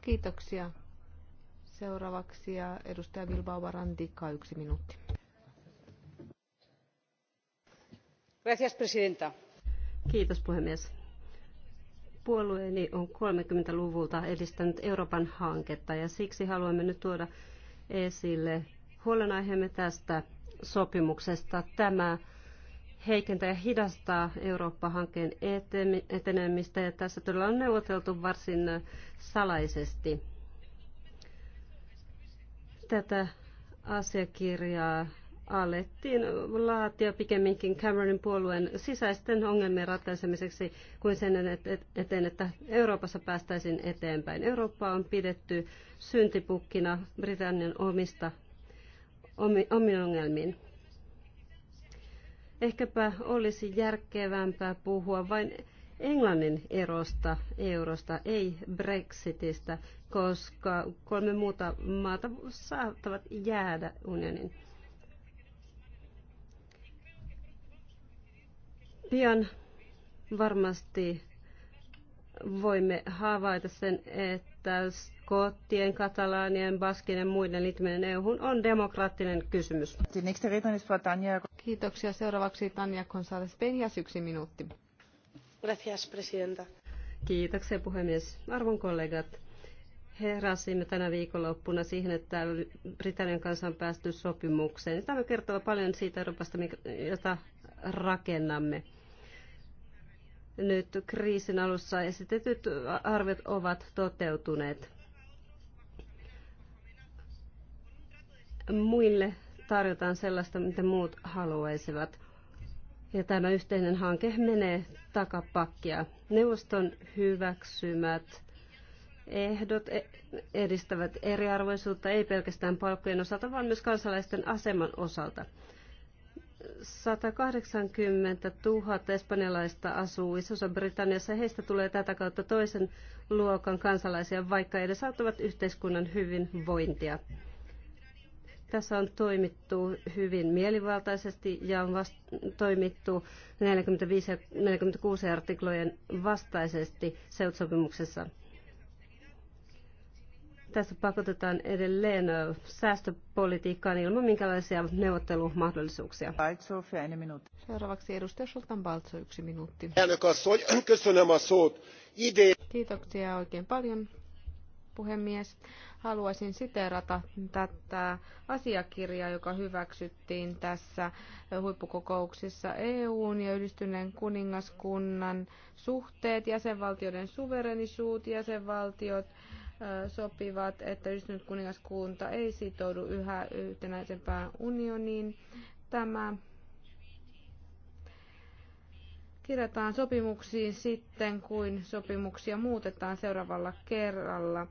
Kiitoksia. Seuraavaksi ja edustaja Bilbao Barantikka, yksi minuutti. arvoisa presidenta. Kiitos puhemies. Puolueeni on 30-luvulta edistänyt Euroopan hanketta ja siksi haluamme nyt tuoda esille huolenaiheemme tästä sopimuksesta. Tämä heikentää ja hidastaa Eurooppa-hankkeen etenemistä ja tässä todella on neuvoteltu varsin salaisesti. Tätä asiakirjaa alettiin laatia pikemminkin Cameronin puolueen sisäisten ongelmien ratkaisemiseksi kuin sen eteen, että Euroopassa päästäisiin eteenpäin. Eurooppa on pidetty syntipukkina Britannian omista omiin ongelmiin. Ehkäpä olisi järkevämpää puhua vain Englannin erosta eurosta, ei Brexitistä, koska kolme muuta maata saattavat jäädä unionin pian varmasti voimme havaita sen, että skottien, katalaanien, baskien ja muiden liittyminen eu on demokraattinen kysymys. Kiitoksia. Seuraavaksi Tanja González Penjas, yksi minuutti. Gracias, presidenta. Kiitoksia puhemies. Arvon kollegat, heräsimme tänä viikonloppuna siihen, että Britannian kanssa on päästy sopimukseen. Tämä kertoo paljon siitä Euroopasta, jota rakennamme nyt kriisin alussa esitetyt arviot ovat toteutuneet. Muille tarjotaan sellaista, mitä muut haluaisivat. Ja tämä yhteinen hanke menee takapakkia. Neuvoston hyväksymät ehdot e- edistävät eriarvoisuutta ei pelkästään palkkojen osalta, vaan myös kansalaisten aseman osalta. 180 000 espanjalaista asuu isossa Britanniassa. Heistä tulee tätä kautta toisen luokan kansalaisia, vaikka edesauttavat yhteiskunnan hyvinvointia. Tässä on toimittu hyvin mielivaltaisesti ja on vast- toimittu 45 ja 46 artiklojen vastaisesti seutsopimuksessa. Tässä pakotetaan edelleen säästöpolitiikkaan ilman minkälaisia neuvottelumahdollisuuksia. Seuraavaksi edustaja Sultan Baltso, yksi minuutti. Kiitoksia oikein paljon, puhemies. Haluaisin siteerata tätä asiakirjaa, joka hyväksyttiin tässä huippukokouksessa EUn ja yhdistyneen kuningaskunnan suhteet, jäsenvaltioiden suverenisuut, jäsenvaltiot sopivat, että yhdistynyt kuningaskunta ei sitoudu yhä yhtenäisempään unioniin. Tämä kirjataan sopimuksiin sitten, kuin sopimuksia muutetaan seuraavalla kerralla.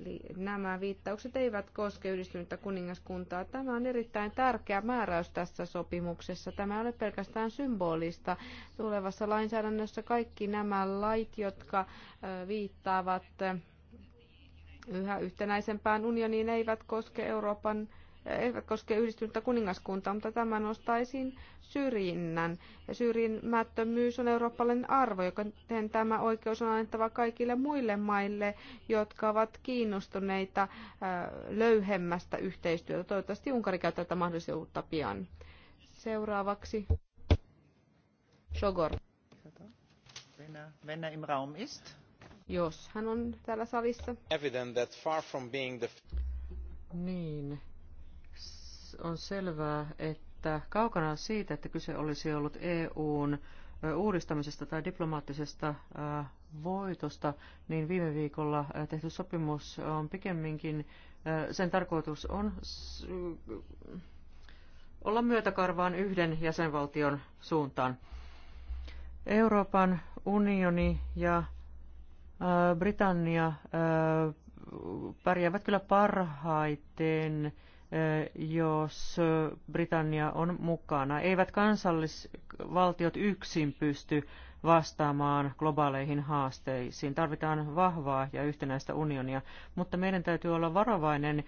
Eli nämä viittaukset eivät koske yhdistynyttä kuningaskuntaa. Tämä on erittäin tärkeä määräys tässä sopimuksessa. Tämä ei ole pelkästään symbolista. Tulevassa lainsäädännössä kaikki nämä lait, jotka viittaavat yhä yhtenäisempään unioniin eivät koske Euroopan eivät koske yhdistynyttä kuningaskuntaa, mutta tämä nostaisin syrjinnän. Ja syrjimättömyys on eurooppalainen arvo, joten tämä oikeus on annettava kaikille muille maille, jotka ovat kiinnostuneita äh, löyhemmästä yhteistyötä. Toivottavasti Unkari käyttää tätä mahdollisuutta pian. Seuraavaksi Sogor. Wenn er, er im Raum ist jos hän on täällä salissa. Niin, on selvää, että kaukana siitä, että kyse olisi ollut EUn uudistamisesta tai diplomaattisesta voitosta, niin viime viikolla tehty sopimus on pikemminkin, sen tarkoitus on olla myötäkarvaan yhden jäsenvaltion suuntaan. Euroopan unioni ja Äh, Britannia äh, pärjäävät kyllä parhaiten, äh, jos Britannia on mukana. Eivät kansallisvaltiot yksin pysty vastaamaan globaaleihin haasteisiin. Tarvitaan vahvaa ja yhtenäistä unionia, mutta meidän täytyy olla varovainen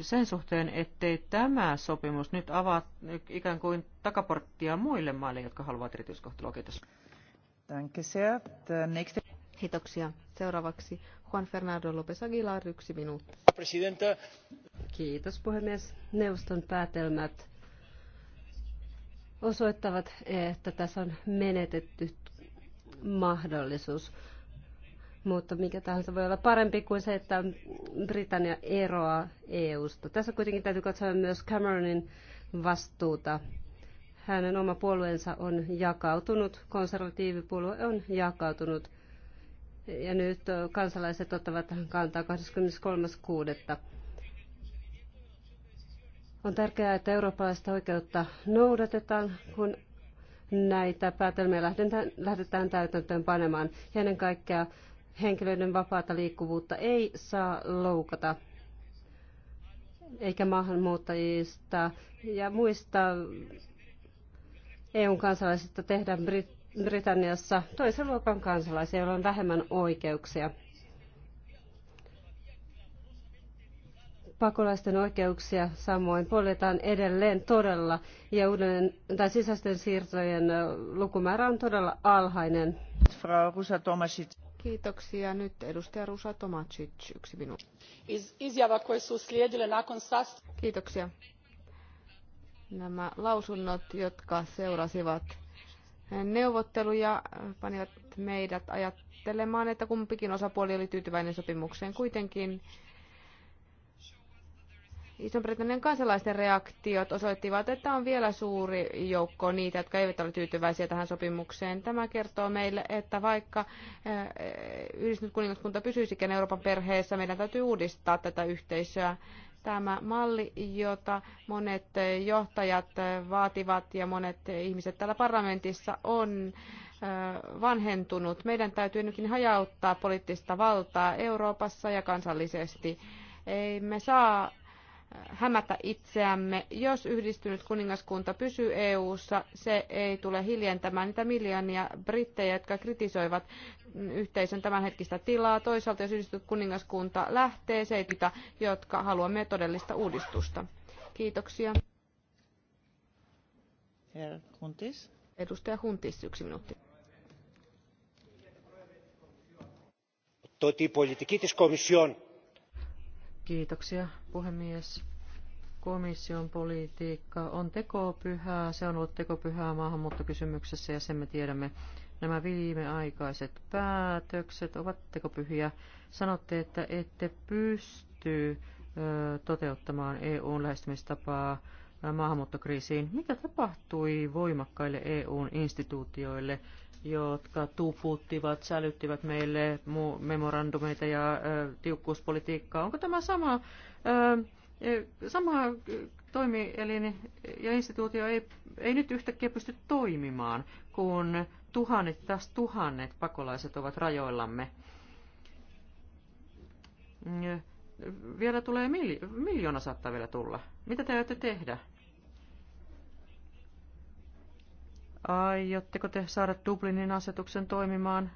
sen suhteen, ettei tämä sopimus nyt avaa ikään kuin takaporttia muille maille, jotka haluavat erityiskohtelua. Kiitos. Kiitoksia. Seuraavaksi Juan Fernando López Aguilar, yksi minuutti. Presidenta. Kiitos puhemies. Neuvoston päätelmät osoittavat, että tässä on menetetty mahdollisuus. Mutta mikä tahansa voi olla parempi kuin se, että Britannia eroaa EU-sta. Tässä kuitenkin täytyy katsoa myös Cameronin vastuuta. Hänen oma puolueensa on jakautunut, konservatiivipuolue on jakautunut – ja nyt kansalaiset ottavat kantaa 23.6. On tärkeää, että eurooppalaista oikeutta noudatetaan, kun näitä päätelmiä lähdetään, täytäntöön panemaan. Ja ennen kaikkea henkilöiden vapaata liikkuvuutta ei saa loukata, eikä maahanmuuttajista ja muista eu kansalaisista tehdä brit- Britanniassa toisen luokan kansalaisia, joilla on vähemmän oikeuksia. Pakolaisten oikeuksia samoin poljetaan edelleen todella ja uuden, tai sisäisten siirtojen lukumäärä on todella alhainen. Frau Rusa Tomasic. Kiitoksia. Nyt edustaja Rusa Tomacic, yksi minuutti. Kiitoksia. Nämä lausunnot, jotka seurasivat neuvotteluja, panivat meidät ajattelemaan, että kumpikin osapuoli oli tyytyväinen sopimukseen. Kuitenkin Iso-Britannian kansalaisten reaktiot osoittivat, että on vielä suuri joukko niitä, jotka eivät ole tyytyväisiä tähän sopimukseen. Tämä kertoo meille, että vaikka eh, yhdistynyt kuningaskunta pysyisikin Euroopan perheessä, meidän täytyy uudistaa tätä yhteisöä Tämä malli, jota monet johtajat vaativat ja monet ihmiset täällä parlamentissa on vanhentunut. Meidän täytyy nytkin hajauttaa poliittista valtaa Euroopassa ja kansallisesti. Ei me saa hämätä itseämme. Jos yhdistynyt kuningaskunta pysyy EU-ssa, se ei tule hiljentämään niitä miljoonia brittejä, jotka kritisoivat yhteisön tämänhetkistä tilaa. Toisaalta jos yhdistynyt kuningaskunta lähtee, se ei tita, jotka haluamme todellista uudistusta. Kiitoksia. Herr Huntis. Edustaja Huntis, yksi minuutti. Το Kiitoksia, puhemies. Komission politiikka on tekopyhää. Se on ollut tekopyhää maahanmuuttokysymyksessä ja sen me tiedämme. Nämä viimeaikaiset päätökset ovat tekopyhiä. Sanotte, että ette pysty toteuttamaan EUn lähestymistapaa maahanmuuttokriisiin. Mitä tapahtui voimakkaille EUn instituutioille jotka tuputtivat, sälyttivät meille memorandumeita ja tiukkuuspolitiikkaa. Onko tämä sama, sama toimielin ja instituutio ei, ei nyt yhtäkkiä pysty toimimaan, kun tuhannet taas tuhannet pakolaiset ovat rajoillamme? Vielä tulee miljoona saattaa vielä tulla. Mitä te aiotte tehdä? Aiotteko te saada Dublinin asetuksen toimimaan?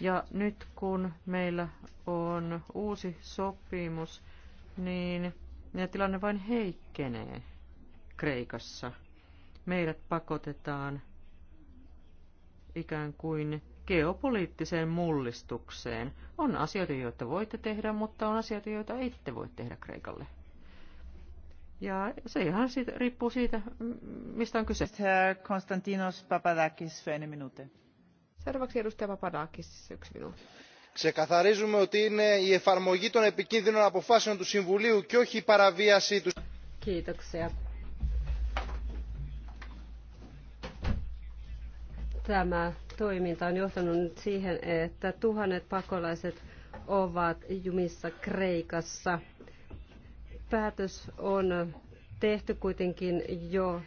Ja nyt kun meillä on uusi sopimus, niin tilanne vain heikkenee Kreikassa. Meidät pakotetaan ikään kuin geopoliittiseen mullistukseen. On asioita, joita voitte tehdä, mutta on asioita, joita ette voi tehdä Kreikalle. Ja se ihan siitä, riippuu siitä, mistä on kyse. Konstantinos Papadakis, yksi minuutti. Seuraavaksi edustaja Papadakis, yksi minuutti. Ξεκαθαρίζουμε ότι είναι η εφαρμογή των επικίνδυνων αποφάσεων του Συμβουλίου και όχι η παραβίασή του. Kiitoksia. Tämä toiminta on johtanut nyt siihen, että tuhannet pakolaiset ovat jumissa Kreikassa – Päätös on tehty kuitenkin jo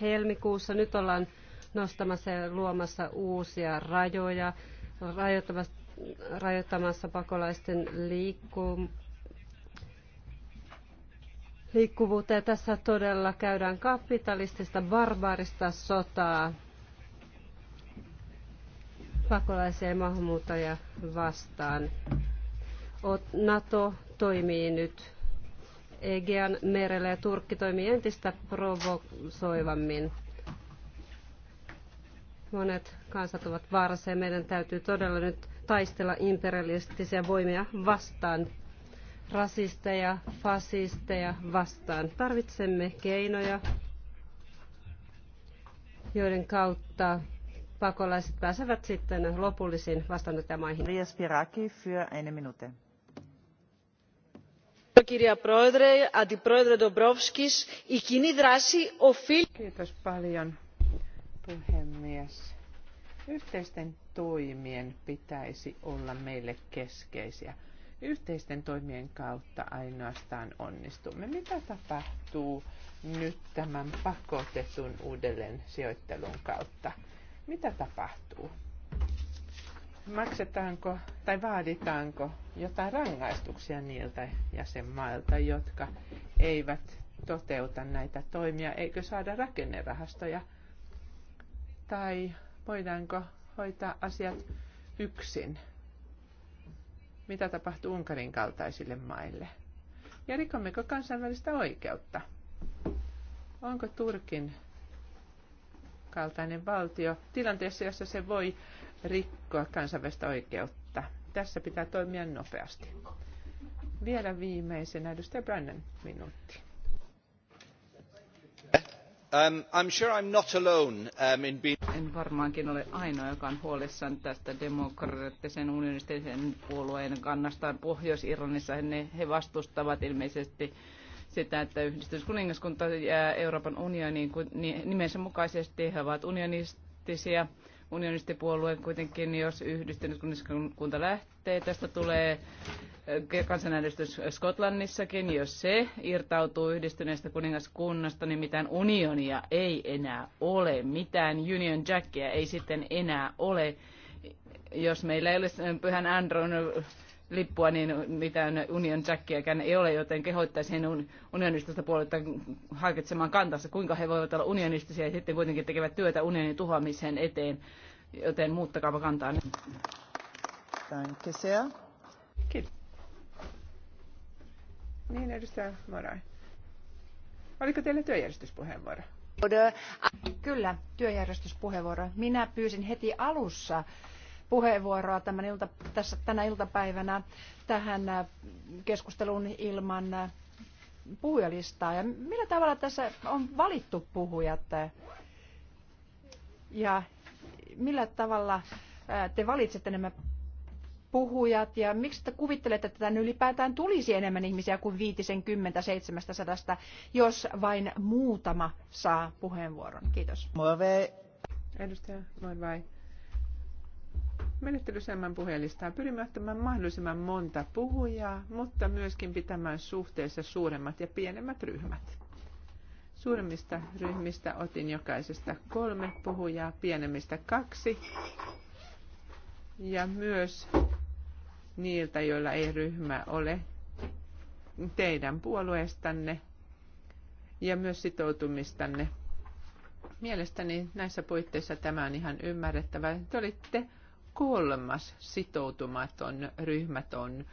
helmikuussa. Nyt ollaan nostamassa ja luomassa uusia rajoja, rajoittamassa, pakolaisten liikku, liikkuvuutta. Ja tässä todella käydään kapitalistista, barbaarista sotaa pakolaisia ja maahanmuuttajia vastaan. NATO toimii nyt Egean merellä ja Turkki toimii entistä provosoivammin. Monet kansat ovat vaarassa ja meidän täytyy todella nyt taistella imperialistisia voimia vastaan, rasisteja, fasisteja vastaan. Tarvitsemme keinoja, joiden kautta pakolaiset pääsevät sitten lopullisiin vastaanottajamaihin. Maria Spiraki für eine Minute. Kirja Proedre, Antiproedre Dobrovskis, η κοινή δράση οφείλει... Kiitos paljon, puhemies. Yhteisten toimien pitäisi olla meille keskeisiä. Yhteisten toimien kautta ainoastaan onnistumme. Mitä tapahtuu nyt tämän pakotetun uudelleen sijoittelun kautta? Mitä tapahtuu? maksetaanko tai vaaditaanko jotain rangaistuksia niiltä jäsenmailta, jotka eivät toteuta näitä toimia? Eikö saada rakennerahastoja? Tai voidaanko hoitaa asiat yksin? Mitä tapahtuu Unkarin kaltaisille maille? Ja rikommeko kansainvälistä oikeutta? Onko Turkin kaltainen valtio tilanteessa, jossa se voi rikkoa kansainvälistä oikeutta. Tässä pitää toimia nopeasti. Vielä viimeisenä edustaja Brennan minuutti. Um, I'm sure I'm not alone, um, in being... En varmaankin ole ainoa, joka on huolissaan tästä demokraattisen unionistisen puolueen kannastaan Pohjois-Irlannissa. He, he vastustavat ilmeisesti sitä, että yhdistyskuningaskunta jää Euroopan unioniin, kun nimensä mukaisesti he ovat unionistisia unionistipuolueen kuitenkin, jos yhdistynyt kunta lähtee, tästä tulee kansanäänestys Skotlannissakin, jos se irtautuu yhdistyneestä kuningaskunnasta, niin mitään unionia ei enää ole, mitään Union Jackia ei sitten enää ole, jos meillä ei ole pyhän Andron lippua, niin mitään union jackiäkään ei ole, joten kehottaisin unionistista puolelta harkitsemaan kantansa, kuinka he voivat olla unionistisia ja sitten kuitenkin tekevät työtä unionin tuhoamiseen eteen, joten muuttakaapa kantaa. Danke Kiitos. Niin, edustaja Morai. Oliko teillä työjärjestyspuheenvuoro? Kyllä, työjärjestyspuheenvuoro. Minä pyysin heti alussa puheenvuoroa tämän ilta, tässä, tänä iltapäivänä tähän äh, keskusteluun ilman äh, puhujalistaa. Ja millä tavalla tässä on valittu puhujat ja millä tavalla äh, te valitsette nämä puhujat ja miksi te kuvittelette, että tänne ylipäätään tulisi enemmän ihmisiä kuin 50 700, jos vain muutama saa puheenvuoron? Kiitos. Morve. Edustaja vai menettelysemmän puhelista, pyrimme ottamaan mahdollisimman monta puhujaa, mutta myöskin pitämään suhteessa suuremmat ja pienemmät ryhmät. Suuremmista ryhmistä otin jokaisesta kolme puhujaa, pienemmistä kaksi. Ja myös niiltä, joilla ei ryhmä ole teidän puolueestanne ja myös sitoutumistanne. Mielestäni näissä puitteissa tämä on ihan ymmärrettävää, Te olitte kolmas sitoutumaton ryhmätön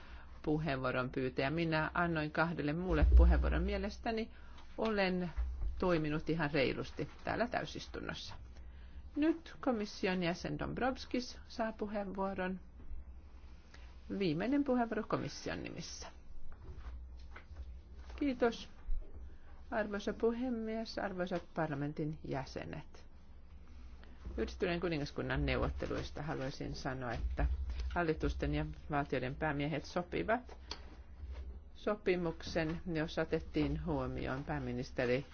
puheenvuoron pyytäjä. Minä annoin kahdelle muulle puheenvuoron. Mielestäni olen toiminut ihan reilusti täällä täysistunnossa. Nyt komission jäsen Dombrovskis saa puheenvuoron. Viimeinen puheenvuoro komission nimissä. Kiitos, arvoisa puhemies, arvoisat parlamentin jäsenet. Yhdistyneen kuningaskunnan neuvotteluista haluaisin sanoa, että hallitusten ja valtioiden päämiehet sopivat sopimuksen, jossa otettiin huomioon pääministeri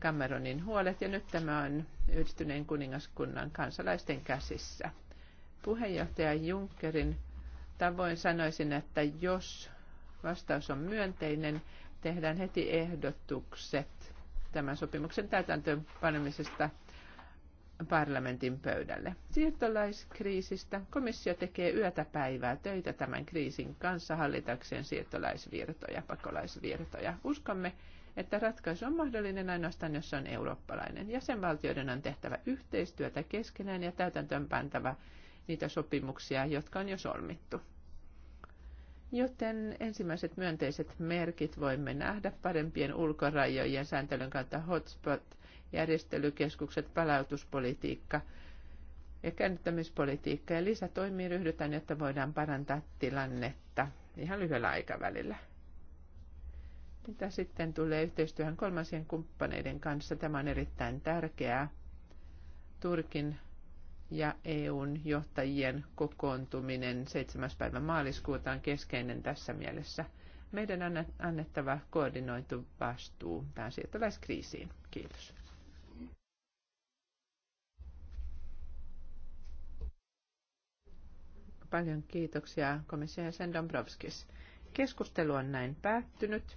Cameronin huolet, ja nyt tämä on yhdistyneen kuningaskunnan kansalaisten käsissä. Puheenjohtaja Junckerin tavoin sanoisin, että jos vastaus on myönteinen, tehdään heti ehdotukset tämän sopimuksen täytäntöönpanemisesta parlamentin pöydälle. Siirtolaiskriisistä komissio tekee yötä päivää töitä tämän kriisin kanssa hallitakseen siirtolaisvirtoja, pakolaisvirtoja. Uskomme, että ratkaisu on mahdollinen ainoastaan, jos se on eurooppalainen. Jäsenvaltioiden on tehtävä yhteistyötä keskenään ja täytäntöönpantava niitä sopimuksia, jotka on jo solmittu. Joten ensimmäiset myönteiset merkit voimme nähdä parempien ulkorajojen sääntelyn kautta hotspot – järjestelykeskukset, palautuspolitiikka ja käännyttämispolitiikka. Ja lisätoimiin ryhdytään, jotta voidaan parantaa tilannetta ihan lyhyellä aikavälillä. Mitä sitten tulee yhteistyöhön kolmansien kumppaneiden kanssa? Tämä on erittäin tärkeää. Turkin ja EUn johtajien kokoontuminen 7. päivä maaliskuuta on keskeinen tässä mielessä. Meidän on annettava koordinoitu vastuu pääsiirtolaiskriisiin. Kiitos. Paljon kiitoksia komissio jäsen Dombrovskis. Keskustelu on näin päättynyt.